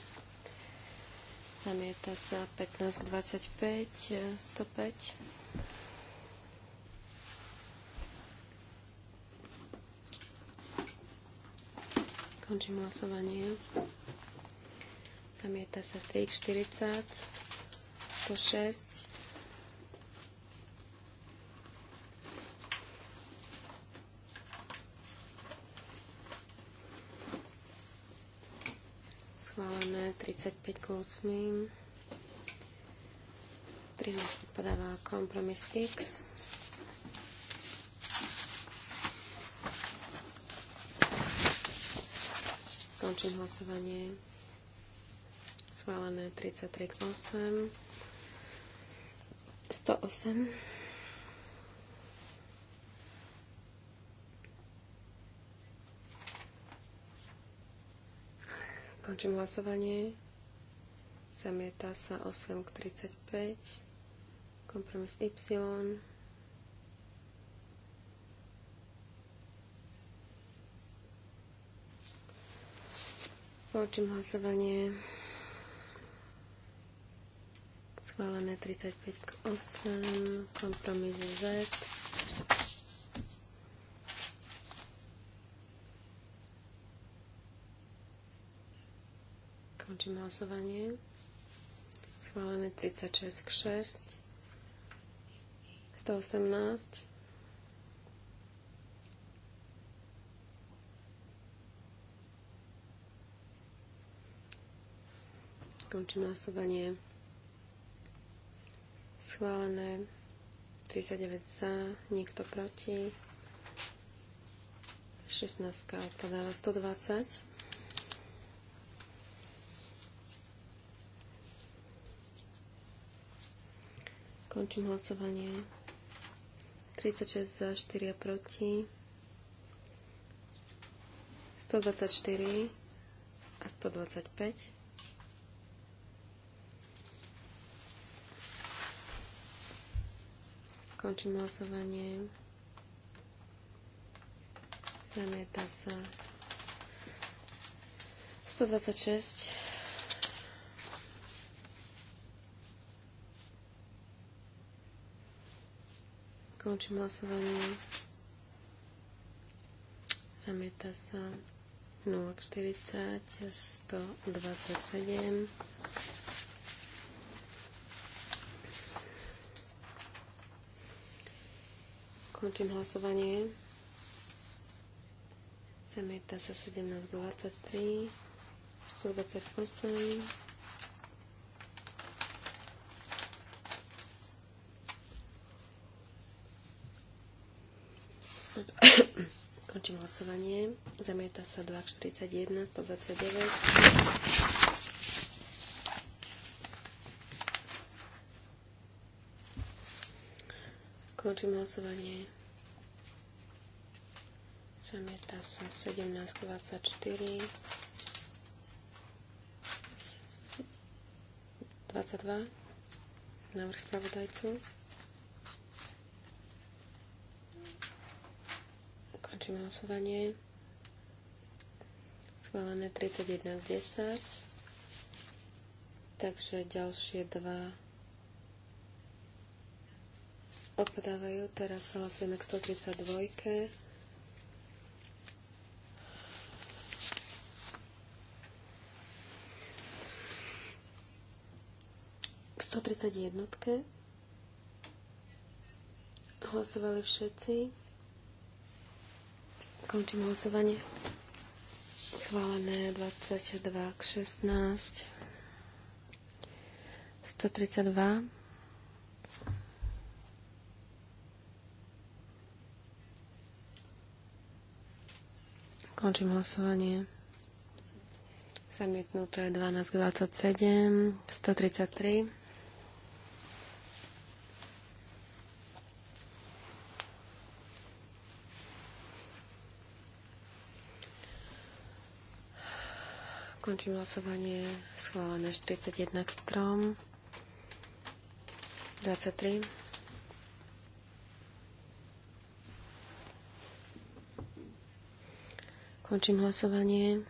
Zamieta sa 15.25, 105. Končím hlasovanie. Zamieta sa 3, 40, 106. Schválené 35 k 8. 13 podáva kompromis X. Končím hlasovanie. Schválené 33 k 8. 108. Končím hlasovanie. Zamieta sa 8 k 35. Kompromis Y. Končím hlasovanie. Schválené 35 k 8. Kompromis Z. Končím hlasovanie. Schválené 36 k 6. 118. Končím hlasovanie. Schválené. 39 za, nikto proti. 16 odpadáva 120. Končím hlasovanie. 36 za, 4 proti. 124 a 125. Končím hlasovanie. Zamieta sa. 126. Končím hlasovanie. Zamieta sa. 040 127 Končím hlasovanie. Zamieta sa 1723, 128. Končím hlasovanie. Zamieta sa 241, 129. Končím hlasovanie. Zamieta sa 17.24. 22. Návrh spravodajcu. Končím hlasovanie. Schválené 31 k 10. Takže ďalšie dva opadávajú. Teraz sa hlasujeme k 132. K 131. Hlasovali všetci. Končím hlasovanie. Schválené 22 k 16. 132. Končím hlasovanie. Zamietnuté 12.27, 133. Končím hlasovanie schválené 41 k 3, 23. Končím hlasovanie.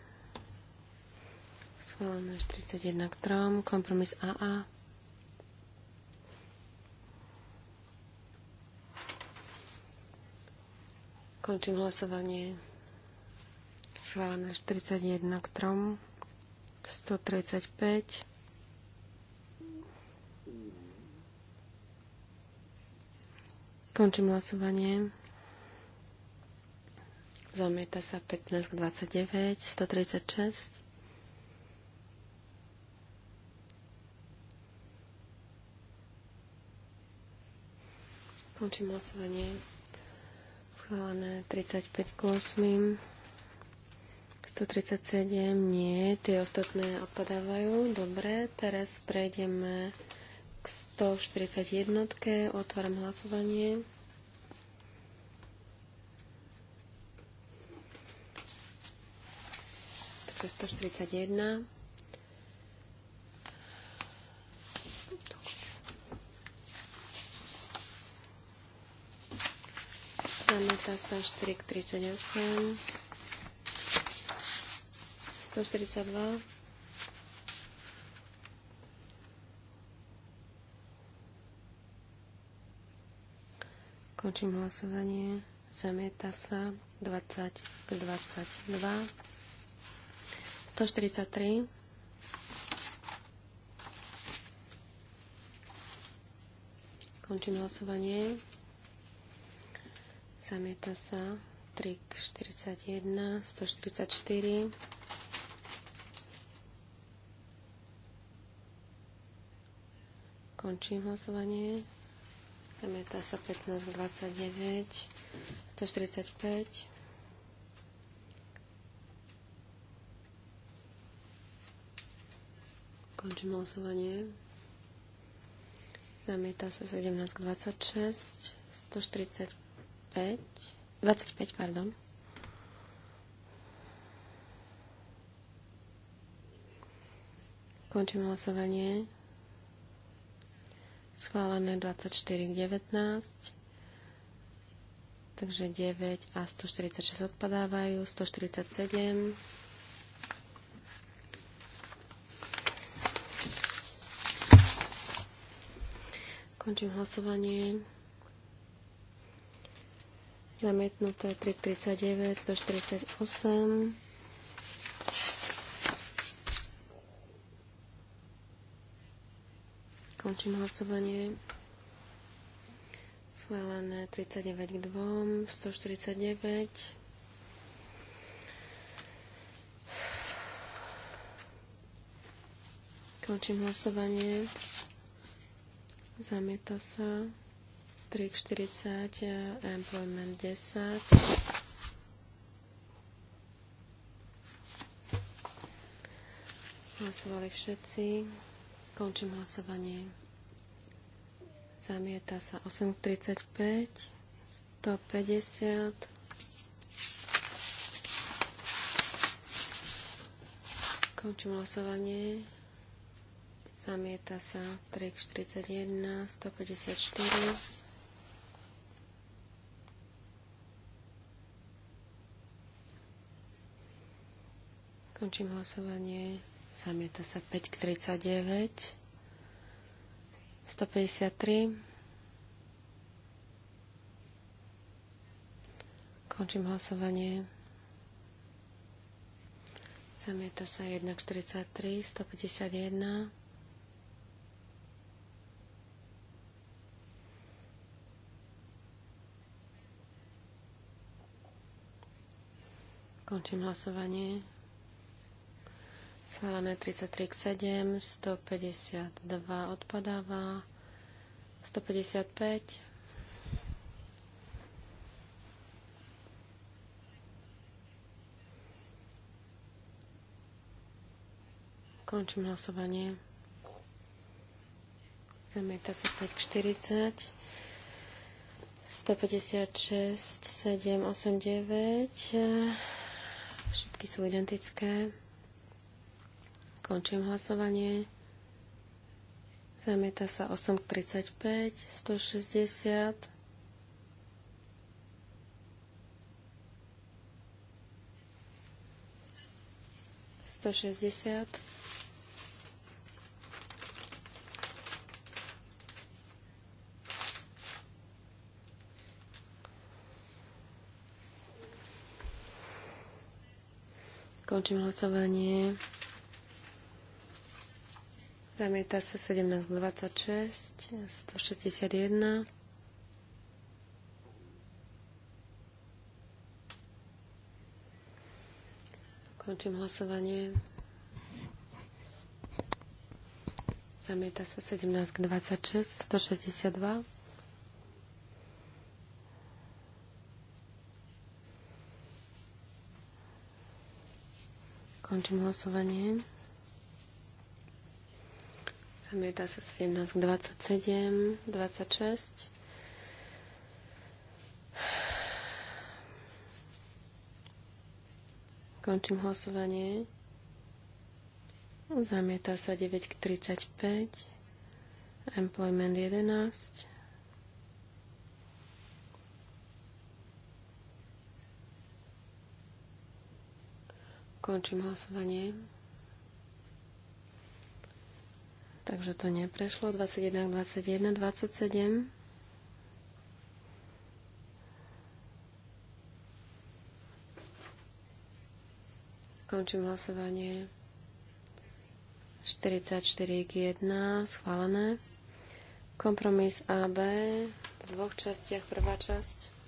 Schválené 31 k 3. Kompromis AA. Končím hlasovanie. Schválené 41 k 3. 135. Končím hlasovanie. Zamieta sa 15 k 29, 136. Končím hlasovanie. Schválené 35 k 8. 137 nie, tie ostatné odpadávajú. Dobre, teraz prejdeme k 141. Otváram hlasovanie. 141. Zamieta sa 4 k 38. 142. Končím hlasovanie. Zamieta sa 20 k 22. 143. Končím hlasovanie. Zamieta sa 3 k 41, 144. Končím hlasovanie. Zamieta sa 15 29, 145. Končím hlasovanie. Zamieta sa 17 k 26, 145, 25, pardon. Končím hlasovanie. Schválené 24 k 19. Takže 9 a 146 odpadávajú. 147. Končím hlasovanie. Zamietnuté 339, 148. Končím hlasovanie. Schválené 39 k 2, 149. Končím hlasovanie. Zamieta sa. 3.40, employment 10. Hlasovali všetci. Končím hlasovanie. Zamieta sa 8.35, 150, Končím hlasovanie. Zamieta sa trik 41, 154. Končím hlasovanie. Zamieta sa 5 k 39. 153. Končím hlasovanie. Zamieta sa 1 k 43, 151. Končím hlasovanie. Schválené 33 k 7, 152 odpadáva, 155. Končím hlasovanie. Zamieta sa 5 k 40. 156, 7, 8, 9. Všetky sú identické. Končím hlasovanie. Zamieta sa 8 k 35, 160. Сто шестьдесят. Končím hlasovanie. Zamieta sa 1726, 161. Končím hlasovanie. Zamieta sa 17 k 26, 162. Končím hlasovanie. Zamieta sa 17 k 27, 26. Končím hlasovanie. Zamieta sa 9 k 35. Employment 11. Končím hlasovanie. Takže to neprešlo. 21, 21, 27. Končím hlasovanie. 44 k 1, schválené. Kompromis AB v dvoch častiach. Prvá časť.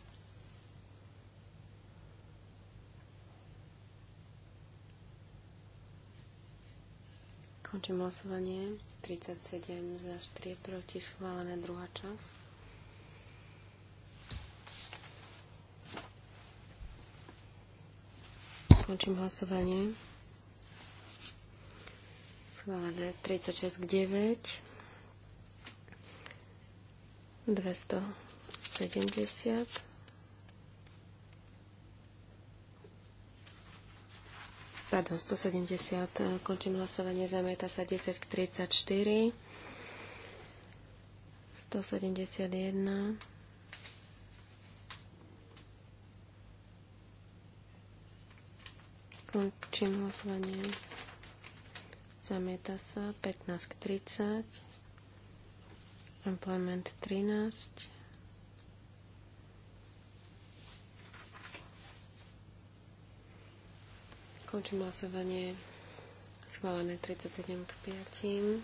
Končím hlasovanie. 37 za 4 proti schválené druhá časť. Končím hlasovanie. Schválené 36 k 9. 270. Pardon, 170. Končím hlasovanie. Zamieta sa 10 k 34. 171. Končím hlasovanie. Zamieta sa 15 k 30. Employment 13. Končím hlasovanie. Schválené 37 k 5.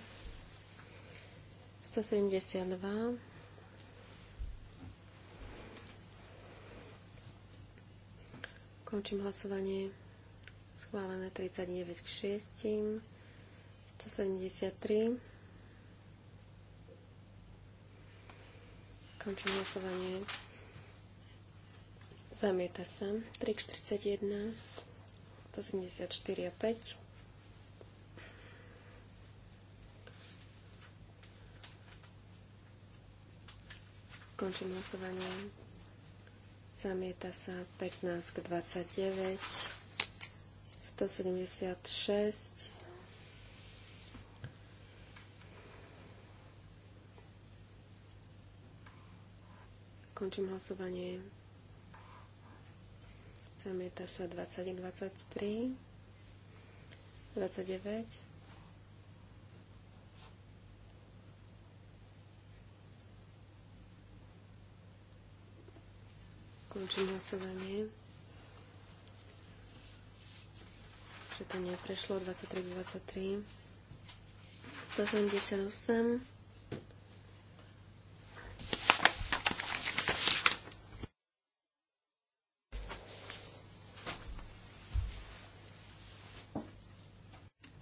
172. Končím hlasovanie. Schválené 39 k 6. 173. Končím hlasovanie. Zamieta sa. 3 41. 174 Končím hlasovanie. Zamieta sa 15 k 29. 176. Končím hlasovanie Zamieta sa 20, 23, 29. Končím hlasovanie. Že to neprešlo 23, 23. 178.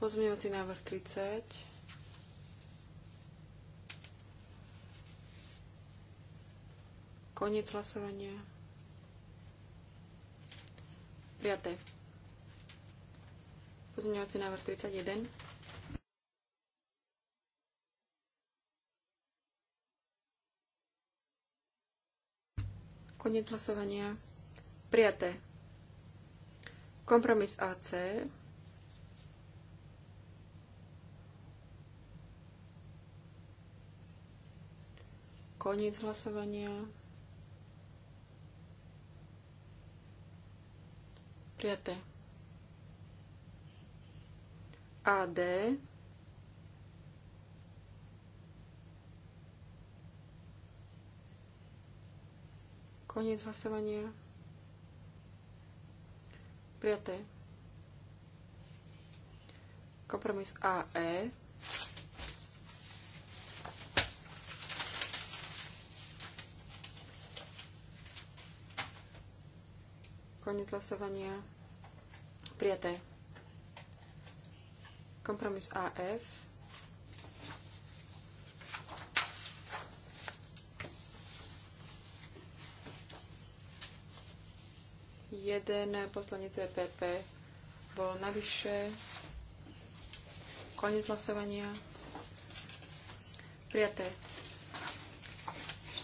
Pozmeňovací návrh 30. Koniec hlasovania. Prijaté. Pozmeňovací návrh 31. Koniec hlasovania. Prijaté. Kompromis AC. Koniec hlasovania. Prijaté. AD. Koniec hlasovania. Prijaté. Kompromis AE. Koniec hlasovania. Prijaté. Kompromis AF. Jeden poslanec EPP bol navyše. Koniec hlasovania. Prijaté.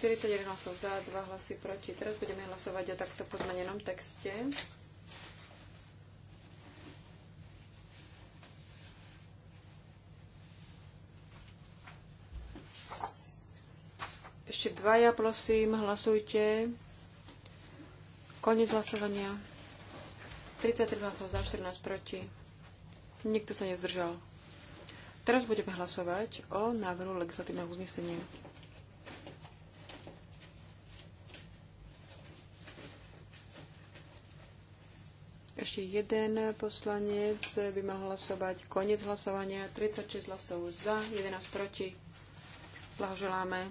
41 hlasov za, 2 hlasy proti. Teraz budeme hlasovať o takto pozmenenom texte. Ešte dvaja, prosím, hlasujte. Koniec hlasovania. 33 hlasov za, 14 proti. Nikto sa nezdržal. Teraz budeme hlasovať o návrhu legislatívneho uznesenia. Ešte jeden poslanec by mal hlasovať. Konec hlasovania. 36 hlasov za, 11 proti. Blahoželáme.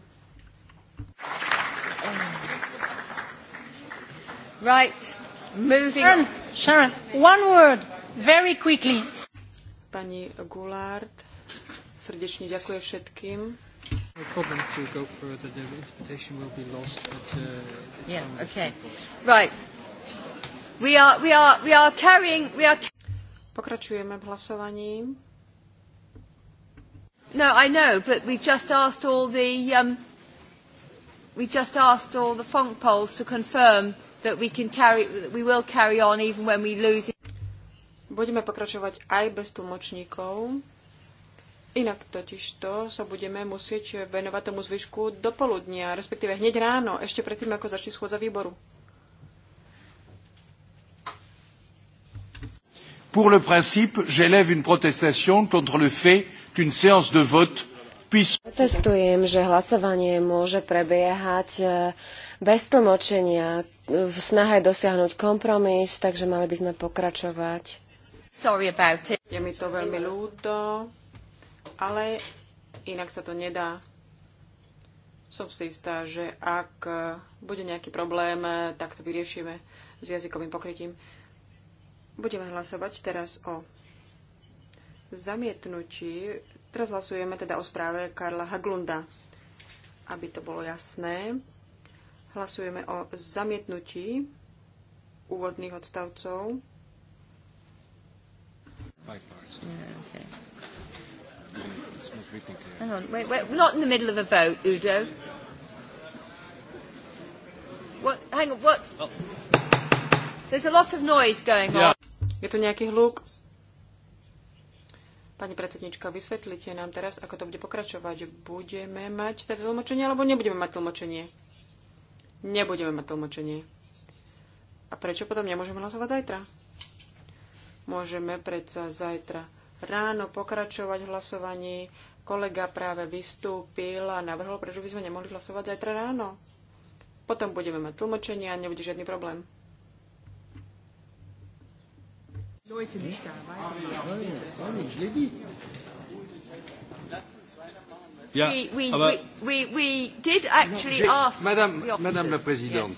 Right. Moving on. Sharon, one word, very quickly. Pani Goulart, srdečne ďakujem všetkým. No problem to go further. The interpretation will be lost. But, uh, yeah, okay. Right. We are, we are, we are carrying, we are... Pokračujeme v hlasovaní. No, I know, but we've just asked all the um, we just asked all the funk polls to confirm that we can carry that we will carry on even when we lose. it. Budeme pokračovať aj bez tlmočníkov. Inak totiž to sa budeme musieť venovať tomu zvyšku do poludnia, respektíve hneď ráno, ešte predtým, ako začne schôdza výboru. Pour le principe, j'élève une protestation contre le fait qu'une séance de vote puisse... Protestujem, že hlasovanie môže prebiehať e, bez tlmočenia e, v snahe dosiahnuť kompromis, takže mali by sme pokračovať. Sorry about it. Je mi to veľmi ľúto, ale inak sa to nedá. Som si istá, že ak e, bude nejaký problém, tak to vyriešime s jazykovým pokrytím. Budeme hlasovať teraz o zamietnutí. Teraz hlasujeme teda o správe Karla Haglunda. Aby to bolo jasné, hlasujeme o zamietnutí úvodných odstavcov. There's a lot of noise going on. Yeah. Je tu nejaký hluk? Pani predsednička, vysvetlite nám teraz, ako to bude pokračovať. Budeme mať teda tlmočenie, alebo nebudeme mať tlmočenie? Nebudeme mať tlmočenie. A prečo potom nemôžeme hlasovať zajtra? Môžeme predsa zajtra ráno pokračovať v hlasovaní. Kolega práve vystúpil a navrhol, prečo by sme nemohli hlasovať zajtra ráno. Potom budeme mať tlmočenie a nebude žiadny problém. Leute nicht da, weiß ich nicht. Ja, we, we, aber we, we, we did actually ask Madame, Madame la Présidente,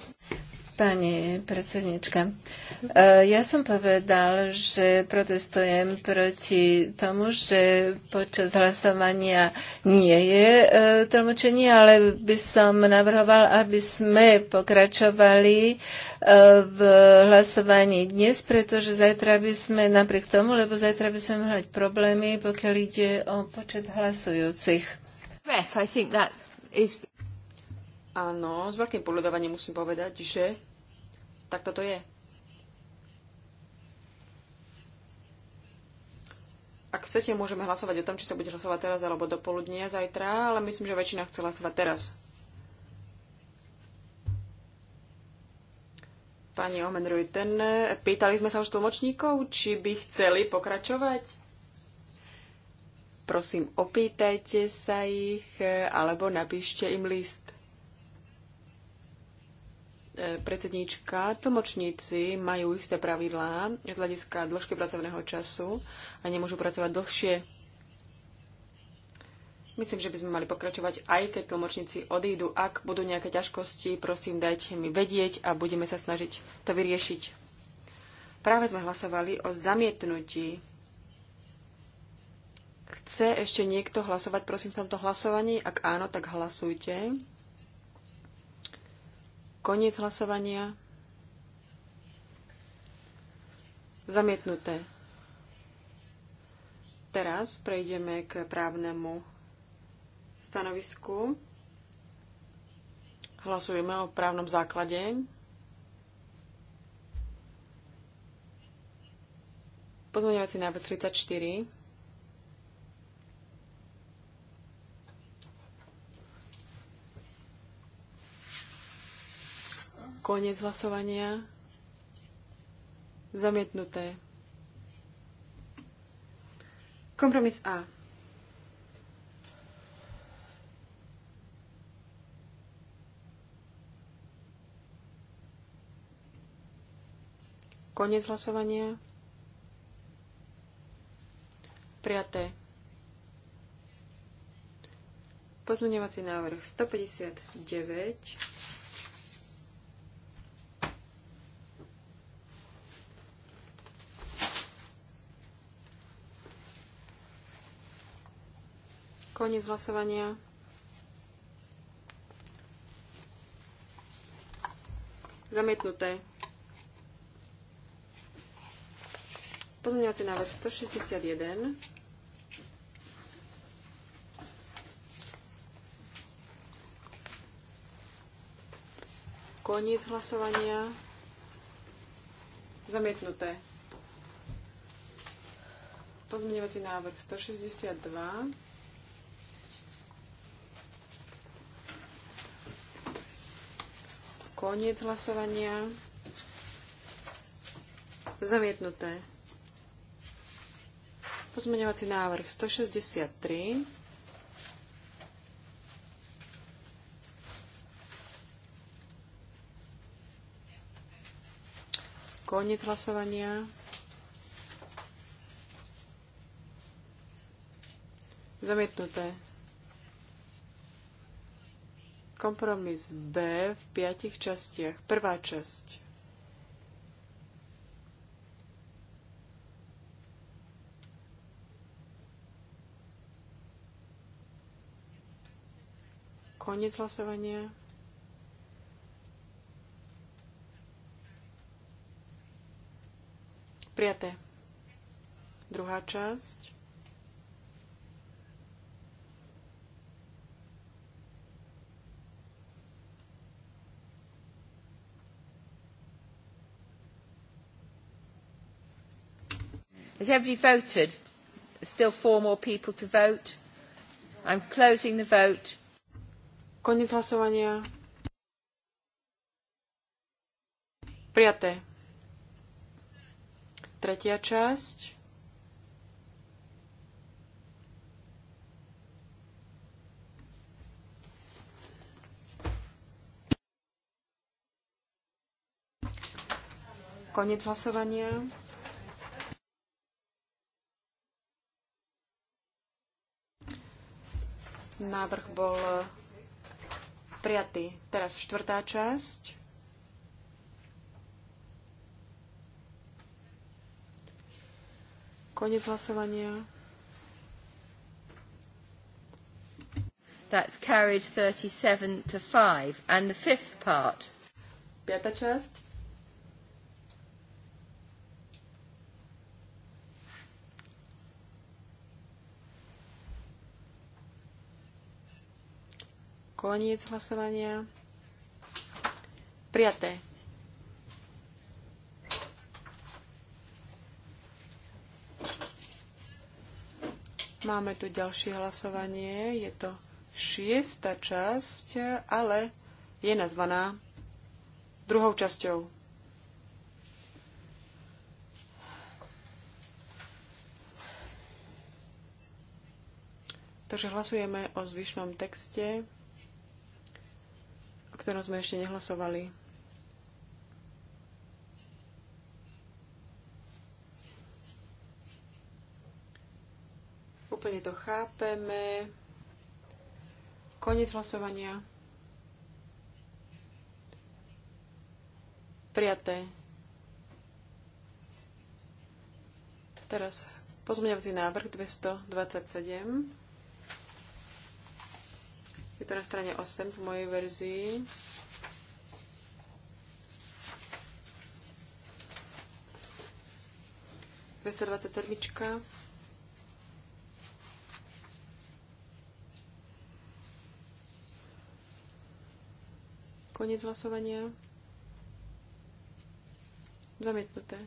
Pani predsednička, e, ja som povedal, že protestujem proti tomu, že počas hlasovania nie je e, tlmočenie, ale by som navrhoval, aby sme pokračovali e, v hlasovaní dnes, pretože zajtra by sme, napriek tomu, lebo zajtra by sme mali problémy, pokiaľ ide o počet hlasujúcich. Áno, s veľkým poľudovaním musím povedať, že tak toto je. Ak chcete, môžeme hlasovať o tom, či sa bude hlasovať teraz alebo do poludnia zajtra, ale myslím, že väčšina chce hlasovať teraz. Pani Omenruj, ten, pýtali sme sa už tlmočníkov, či by chceli pokračovať. Prosím, opýtajte sa ich, alebo napíšte im list. E, predsedníčka, tlmočníci majú isté pravidlá z hľadiska dĺžky pracovného času a nemôžu pracovať dlhšie. Myslím, že by sme mali pokračovať, aj keď tlmočníci odídu. Ak budú nejaké ťažkosti, prosím, dajte mi vedieť a budeme sa snažiť to vyriešiť. Práve sme hlasovali o zamietnutí. Chce ešte niekto hlasovať, prosím, v tomto hlasovaní? Ak áno, tak hlasujte. Koniec hlasovania. Zamietnuté. Teraz prejdeme k právnemu stanovisku. Hlasujeme o právnom základe. Pozmeňovací návrh 34. Koniec hlasovania. Zamietnuté. Kompromis A. Koniec hlasovania. Prijaté. Pozmeňovací návrh 159. Koniec hlasovania. Zamietnuté. Pozmeňovací návrh 161. Koniec hlasovania. Zamietnuté. Pozmeňovací návrh 162. Koniec hlasovania. Zamietnuté. Pozmeňovací návrh 163. Koniec hlasovania. Zamietnuté. Kompromis B v piatich častiach. Prvá časť. Koniec hlasovania. Prijaté. Druhá časť. Has everybody voted? Still four more people to vote. I'm closing the vote. Koniec hlasovania. Prijaté. Tretia časť. Koniec hlasovania. Návrh bol prijatý. Teraz štvrtá časť. Konec hlasovania. That's carried 37 to 5. And the fifth part. Piata časť. Koniec hlasovania. Prijaté. Máme tu ďalšie hlasovanie. Je to šiesta časť, ale je nazvaná druhou časťou. Takže hlasujeme o zvyšnom texte ktorom sme ešte nehlasovali. Úplne to chápeme. Koniec hlasovania. Prijaté. Teraz pozmeňovací návrh 227 to na strane 8 v mojej verzii. sedmička. Koniec hlasovania. Zamietnuté.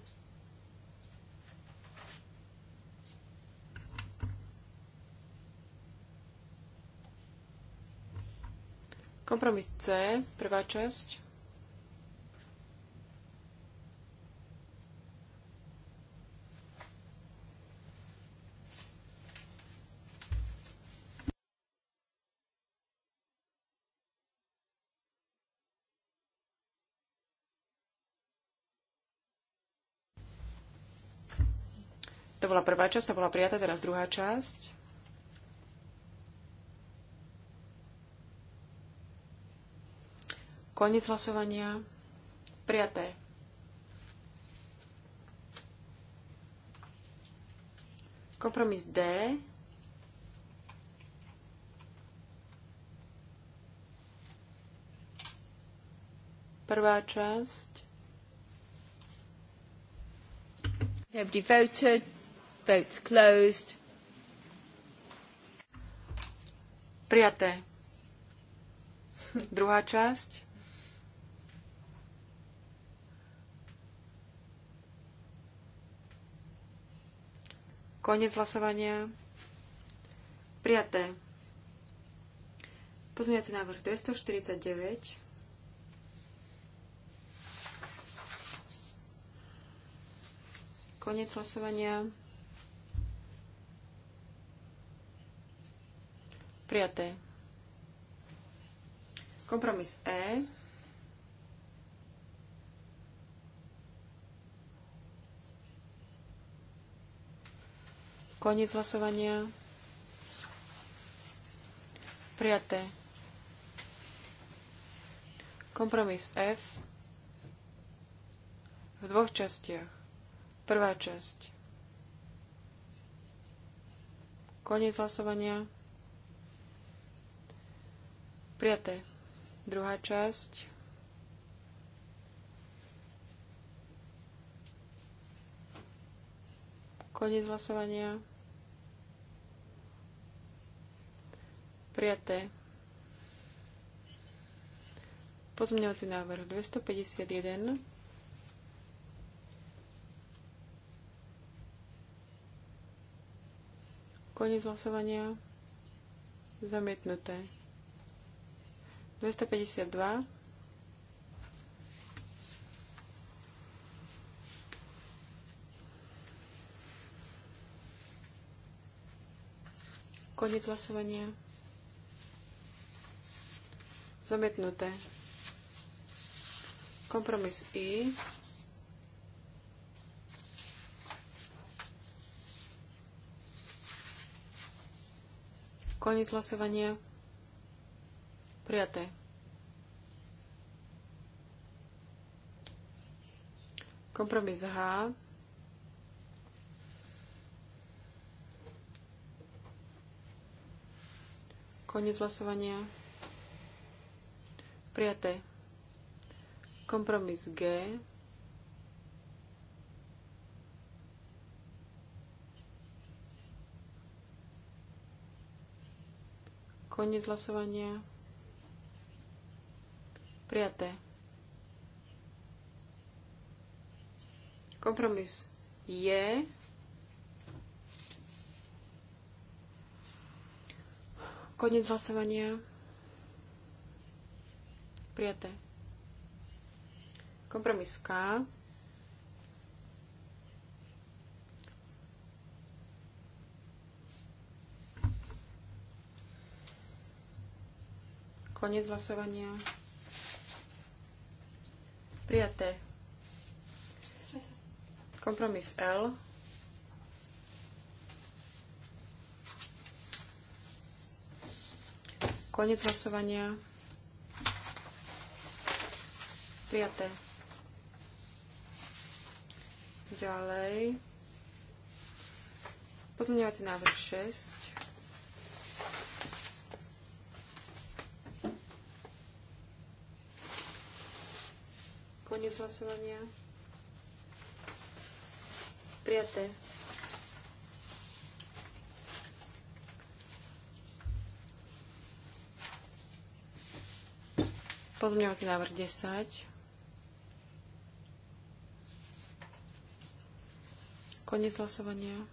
Kompromis C, prvá časť. To bola prvá časť, to bola prijatá, teraz druhá časť. Koniec hlasovania. Prijaté. Kompromis D. Prvá časť. Nobody voted. Votes closed. Prijaté. Druhá časť. Konec hlasovania. Prijaté. Pozmiňací návrh 249. Konec hlasovania. Prijaté. Kompromis E. Koniec hlasovania. Prijaté. Kompromis F v dvoch častiach. Prvá časť. Koniec hlasovania. Prijaté. Druhá časť. Koniec hlasovania. Prijaté. Pozmeňovací návrh 251. Koniec hlasovania. Zamietnuté. 252. Koniec hlasovania. Zamietnuté. Kompromis I. Koniec hlasovania. Prijaté. Kompromis H. Koniec hlasovania. Prijaté. Kompromis G. Koniec hlasovania. Prijaté. Kompromis je. Koniec hlasovania. Prijaté. Kompromis K. Konec hlasovania. Prijaté. Kompromis L. Konec hlasovania. Prijaté. Ďalej. Pozmeňovací návrh 6. Koniec hlasovania. Prijaté. Pozmeňovací návrh 10. Konec hlasovania.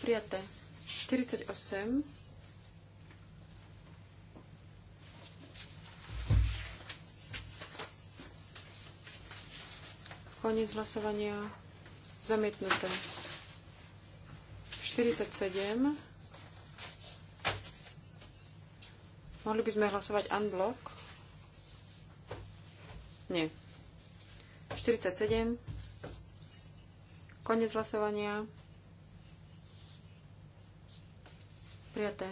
Prijaté. 48. Konec hlasovania. Zamietnuté. 47. Mohli by sme hlasovať unblock? Nie. 47. Konec hlasovania. Prijaté.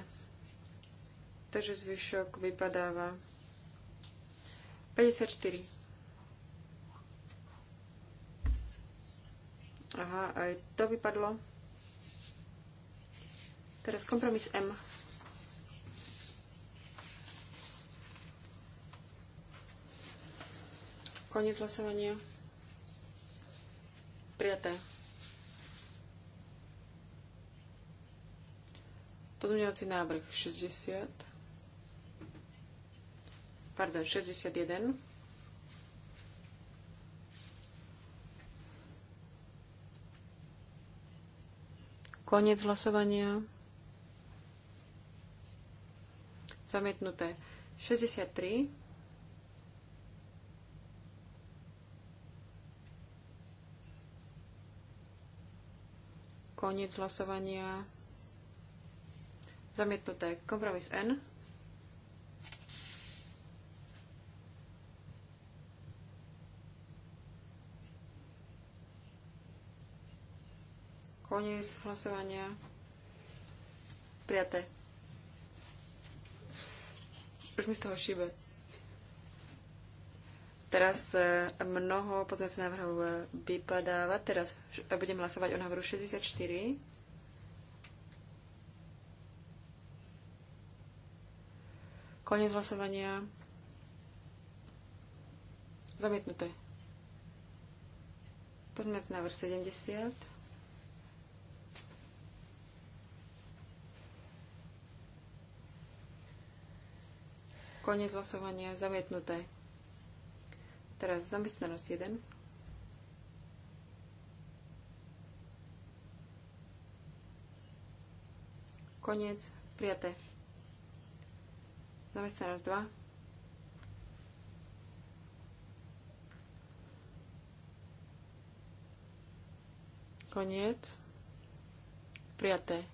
Takže zvyšok vypadáva. 54. Aha, aj to vypadlo. Teraz kompromis M. Koniec hlasovania. Prijaté. Pozmeňovací návrh 60. Pardon, 61. Koniec hlasovania. Zamietnuté. 63. Koniec hlasovania. Zamietnuté. Kompromis N. Koniec hlasovania. Prijaté. Už mi z toho šíbe. Teraz e, mnoho pozmeňovacích návrhov e, vypadáva. Teraz e, budem hlasovať o návrhu 64. Koniec hlasovania. Zamietnuté. Pozmeňovací návrh 70. Koniec hlasovania. Zamietnuté. Teraz zamestnanosť 1. Koniec. Prijaté. Zamestnanosť 2. koniec. Prijaté.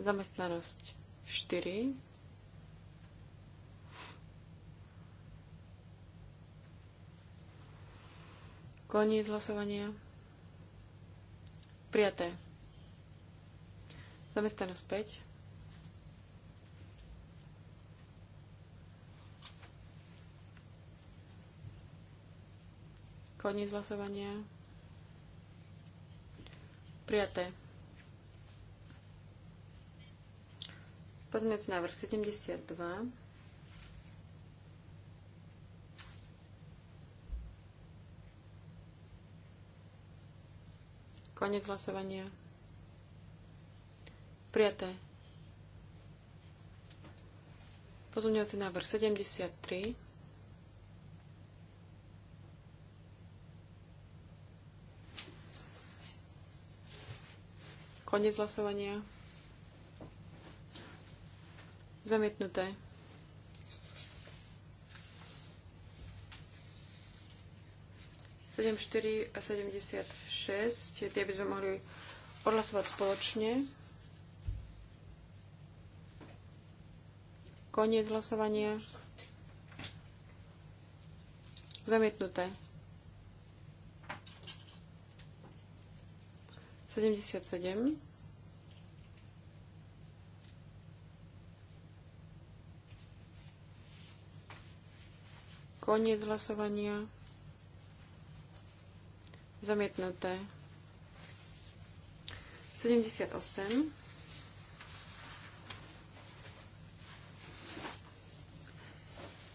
Zamestnanosť 4. Koniec hlasovania. Prijaté. Zamestnanosť 5. Koniec hlasovania. Prijaté. Pozmeňujúci návrh 72. Konec hlasovania. Prijaté. Pozumňovací návrh 73. Konec hlasovania. Zamietnuté. 74 a 76, tie by sme mohli odhlasovať spoločne. Koniec hlasovania. Zamietnuté. 77. Koniec hlasovania. Zamietnuté. 78.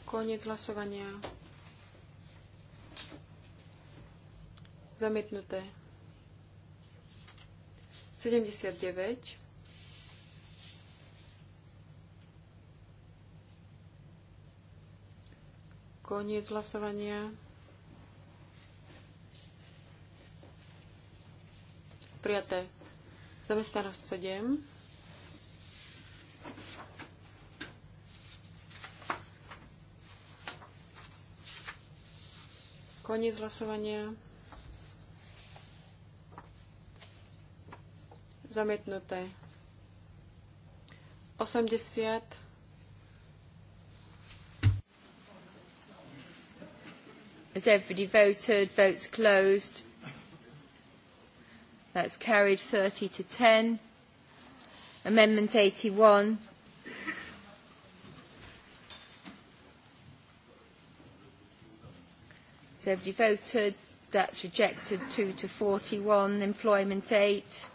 Koniec hlasovania. Zamietnuté. 79. Koniec hlasovania. prijaté. Zamestnanosť 7. Koniec hlasovania. Zamietnuté. 80. As everybody voted? Votes closed. That's carried 30 to 10. Amendment 81. So if you voted, that's rejected 2 to 41. Employment 8.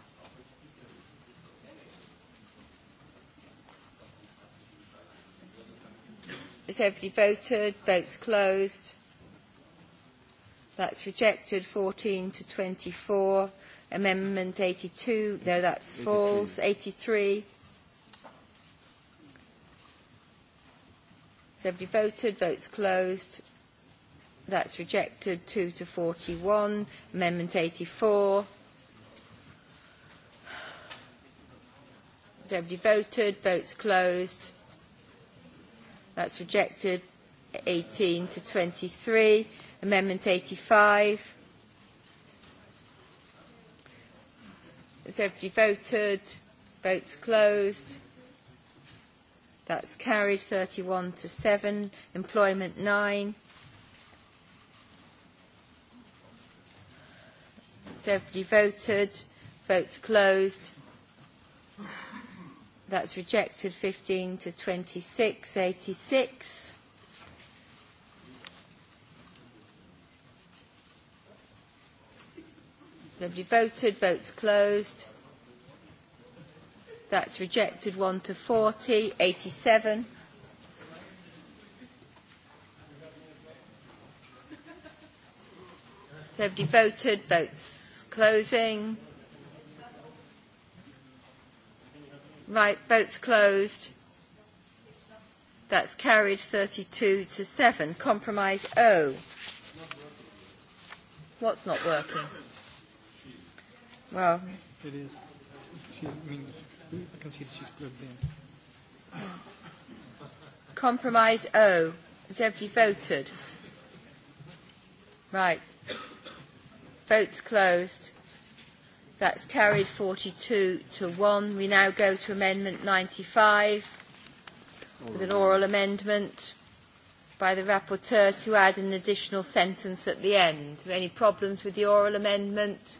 Has everybody voted? Votes closed. That's rejected 14 to 24. Amendment 82, no, that's 83. false. 83. Somebody voted, votes closed. That's rejected. 2 to 41. Amendment 84. Somebody voted, votes closed. That's rejected. 18 to 23. Amendment 85. Has everybody voted? Votes closed. That's carried 31 to 7. Employment 9. Has everybody voted? Votes closed. That's rejected 15 to 26, 86. Nobody voted. Votes closed. That's rejected. 1 to 40. 87. Nobody voted. Votes closing. Right. Votes closed. That's carried 32 to 7. Compromise O. What's not working? Well, it is. She, I mean, I can see that she's plugged in. Compromise O. Has everybody voted? Right. Votes closed. That's carried 42 to 1. We now go to Amendment 95 oral with an oral amendment by the rapporteur to add an additional sentence at the end. Any problems with the oral amendment?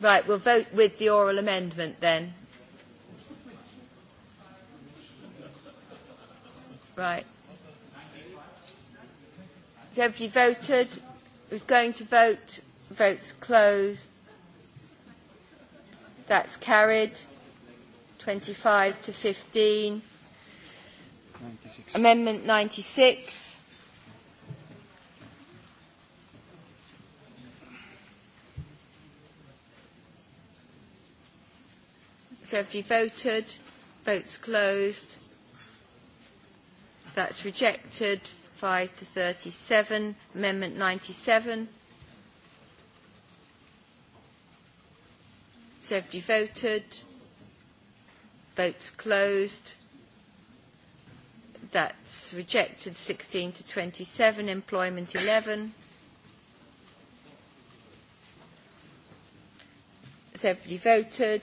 Right, we'll vote with the oral amendment then. Right. Has everybody voted? Who's going to vote? Votes closed. That's carried. 25 to 15. 96. Amendment 96. have you voted? Votes closed. That's rejected. 5 to 37. Amendment 97. Has everybody voted? Votes closed. That's rejected. 16 to 27. Employment 11. Has everybody voted?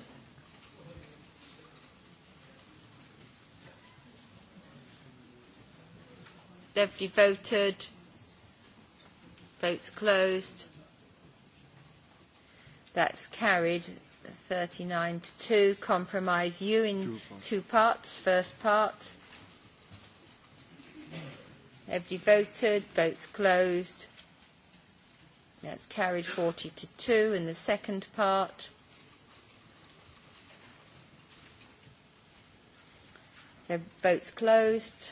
Deputy voted. Votes closed. That's carried 39 to 2. Compromise you in two parts. Two parts first part. Everybody voted. Votes closed. That's carried 40 to 2 in the second part. The vote's closed.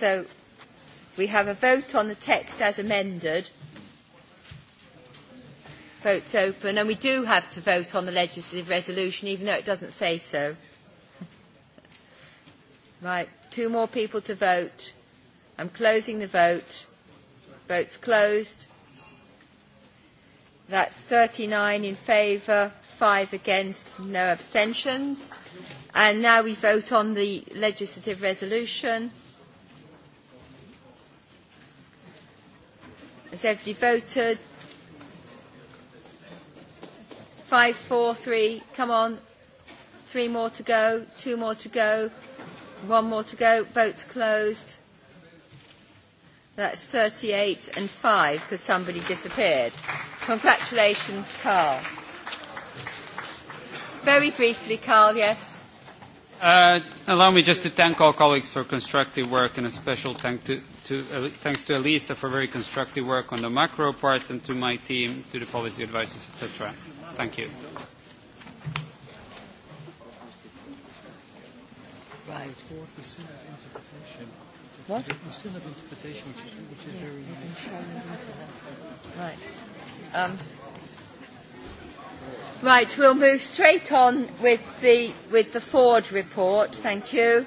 So we have a vote on the text as amended. Vote's open, and we do have to vote on the legislative resolution, even though it doesn't say so. Right, two more people to vote. I'm closing the vote. Vote's closed. That's 39 in favour, five against, no abstentions. And now we vote on the legislative resolution. Has everybody voted? Five, four, three. Come on. Three more to go. Two more to go. One more to go. Votes closed. That's 38 and five, because somebody disappeared. Congratulations, Carl. Very briefly, Carl, yes. Uh, allow me just to thank all colleagues for constructive work and a special thank to, Uh, thanks to Elisa for very constructive work on the macro part and to my team, to the policy advisors, etc. Thank you. Right. What? The sin of interpretation, which is, which is yeah. very Right. Um, right, we'll move straight on with the, with the Ford report. Thank you.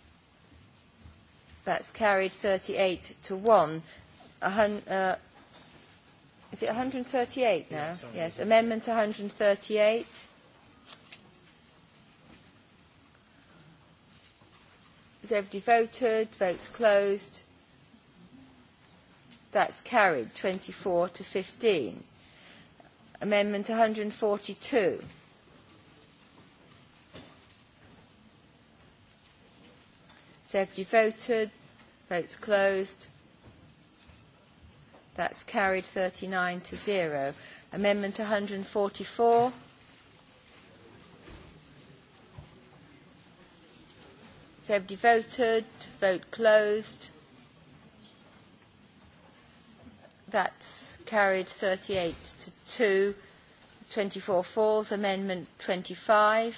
That's carried 38 to 1. A hun, uh, is it 138 now? Yeah, sorry. yes. Amendment 138. Has everybody voted? Votes closed. That's carried 24 to 15. Amendment 142. So have you voted? Votes closed. That's carried 39 to 0. Amendment 144. So have you voted? Vote closed. That's carried 38 to 2. 24 falls. Amendment 25.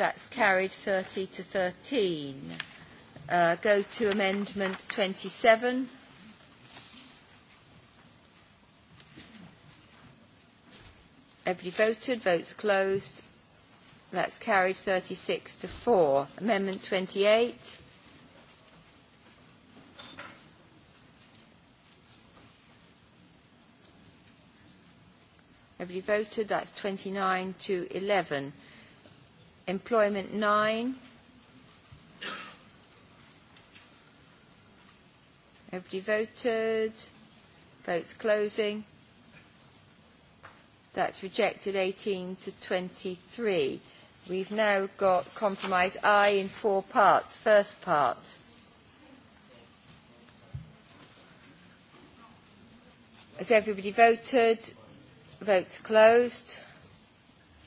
That's carried 30 to 13. Uh, go to amendment 27. Everybody voted. Votes closed. That's carried 36 to 4. Amendment 28. Everybody voted. That's 29 to 11. Employment nine. Everybody voted. Votes closing. That's rejected 18 to 23. We've now got compromise I in four parts. First part. Has everybody voted? Votes closed.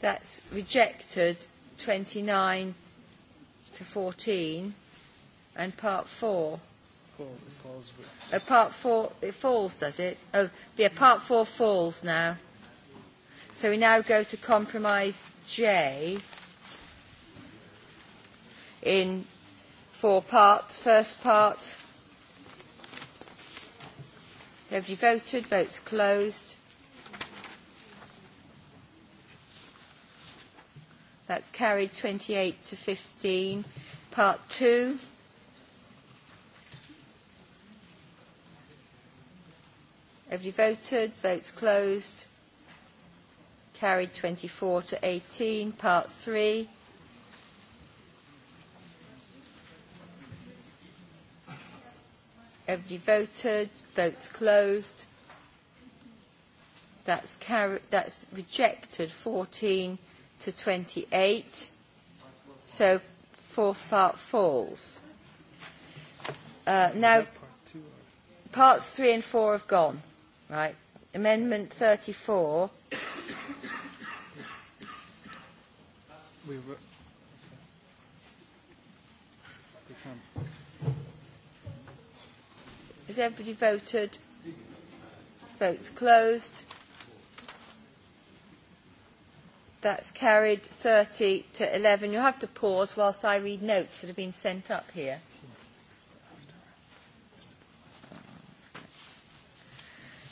That's rejected 29 to 14 and part 4. Uh, part 4, it falls, does it? Oh, yeah, part 4 falls now. So we now go to compromise J in four parts. First part, have you voted? Votes closed. That's carried 28 to 15. Part 2. Have you voted? Votes closed. Carried 24 to 18. Part 3. Everybody voted. Votes closed. That's, carried, that's rejected 14 to to 28. So fourth part falls. Uh, now, parts three and four have gone, right? Amendment 34. Has everybody voted? Votes closed. That's carried 30 to 11. You'll have to pause whilst I read notes that have been sent up here.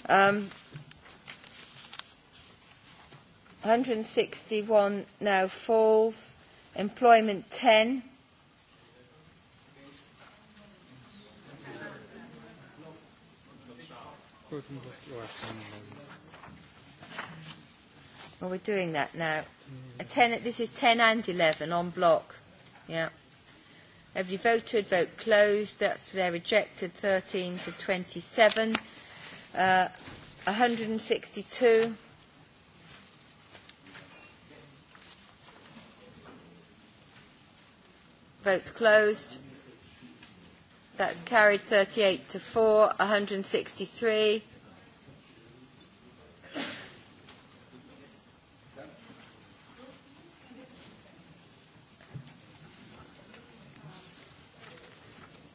Um, 161 now falls. Employment 10. Well, we're doing that now. A ten, this is 10 and 11 on block. Yeah. Have you voted? Vote closed. That's they're rejected. 13 to 27. Uh, 162. Votes closed. That's carried 38 to 4. 163.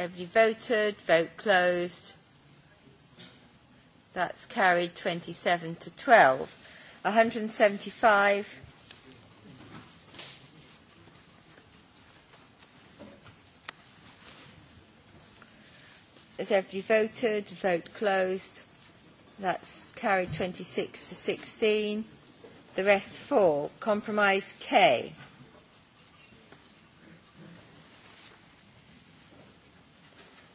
Everybody voted. Vote closed. That's carried 27 to 12. 175. Has everybody voted? Vote closed. That's carried 26 to 16. The rest four. Compromise K.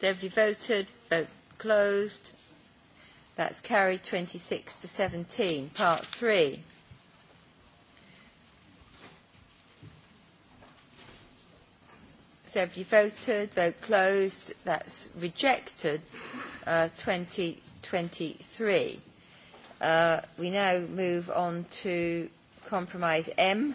be voted. Vote closed. That's carried 26 to 17. Part 3. So have you voted? Vote closed. That's rejected. Uh, 2023. uh, we now move on to compromise M.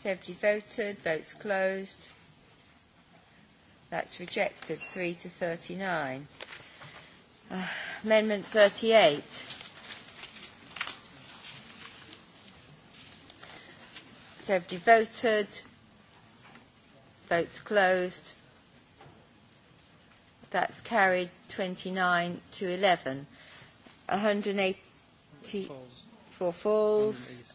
70 voted? Votes closed. That's rejected. 3 to 39. Uh, ah, amendment 38. Seventy voted? Votes closed. That's carried 29 to 11. 184 falls.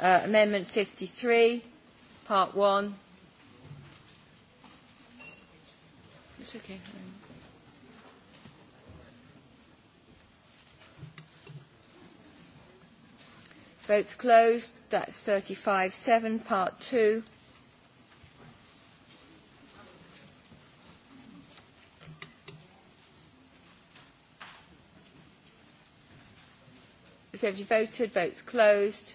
Uh, Amendment 53, Part 1. It's okay. Votes closed. That's 35-7, Part 2. So if you voted? Votes closed.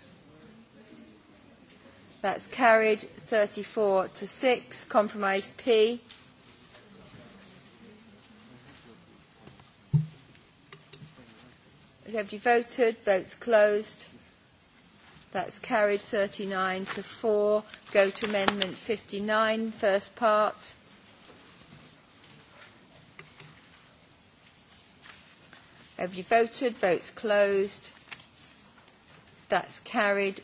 That's carried 34 to 6. Compromise P. Has everybody voted? Votes closed. That's carried 39 to 4. Go to Amendment 59, first part. Have you voted? Votes closed. That's carried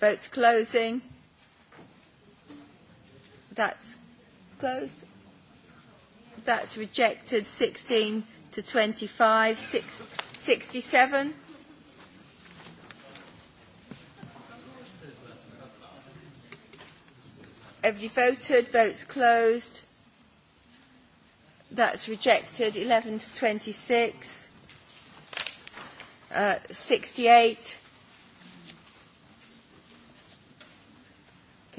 Vote's closing. That's closed. That's rejected 16 to 25. Six, 67. Everybody voted. Vote's closed. That's rejected 11 to 26. Uh, 68.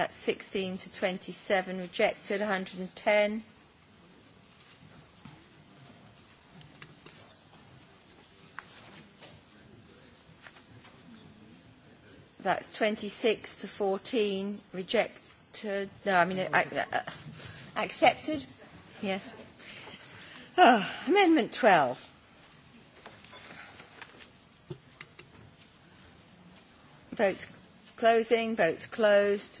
That's 16 to 27 rejected, 110. That's 26 to 14 rejected. No, I mean, uh, uh, accepted. Yes. Oh, amendment 12. Votes closing, votes closed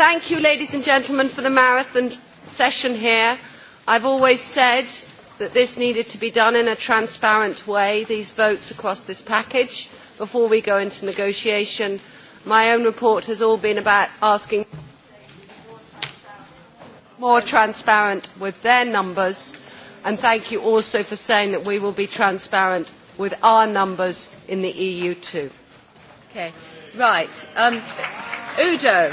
thank you, ladies and gentlemen, for the marathon session here. I have always said that this needed to be done in a transparent way, these votes across this package, before we go into negotiation. My own report has all been about asking more transparent with their numbers, and thank you also for saying that we will be transparent with our numbers in the EU too. Okay. Right. Um, Udo.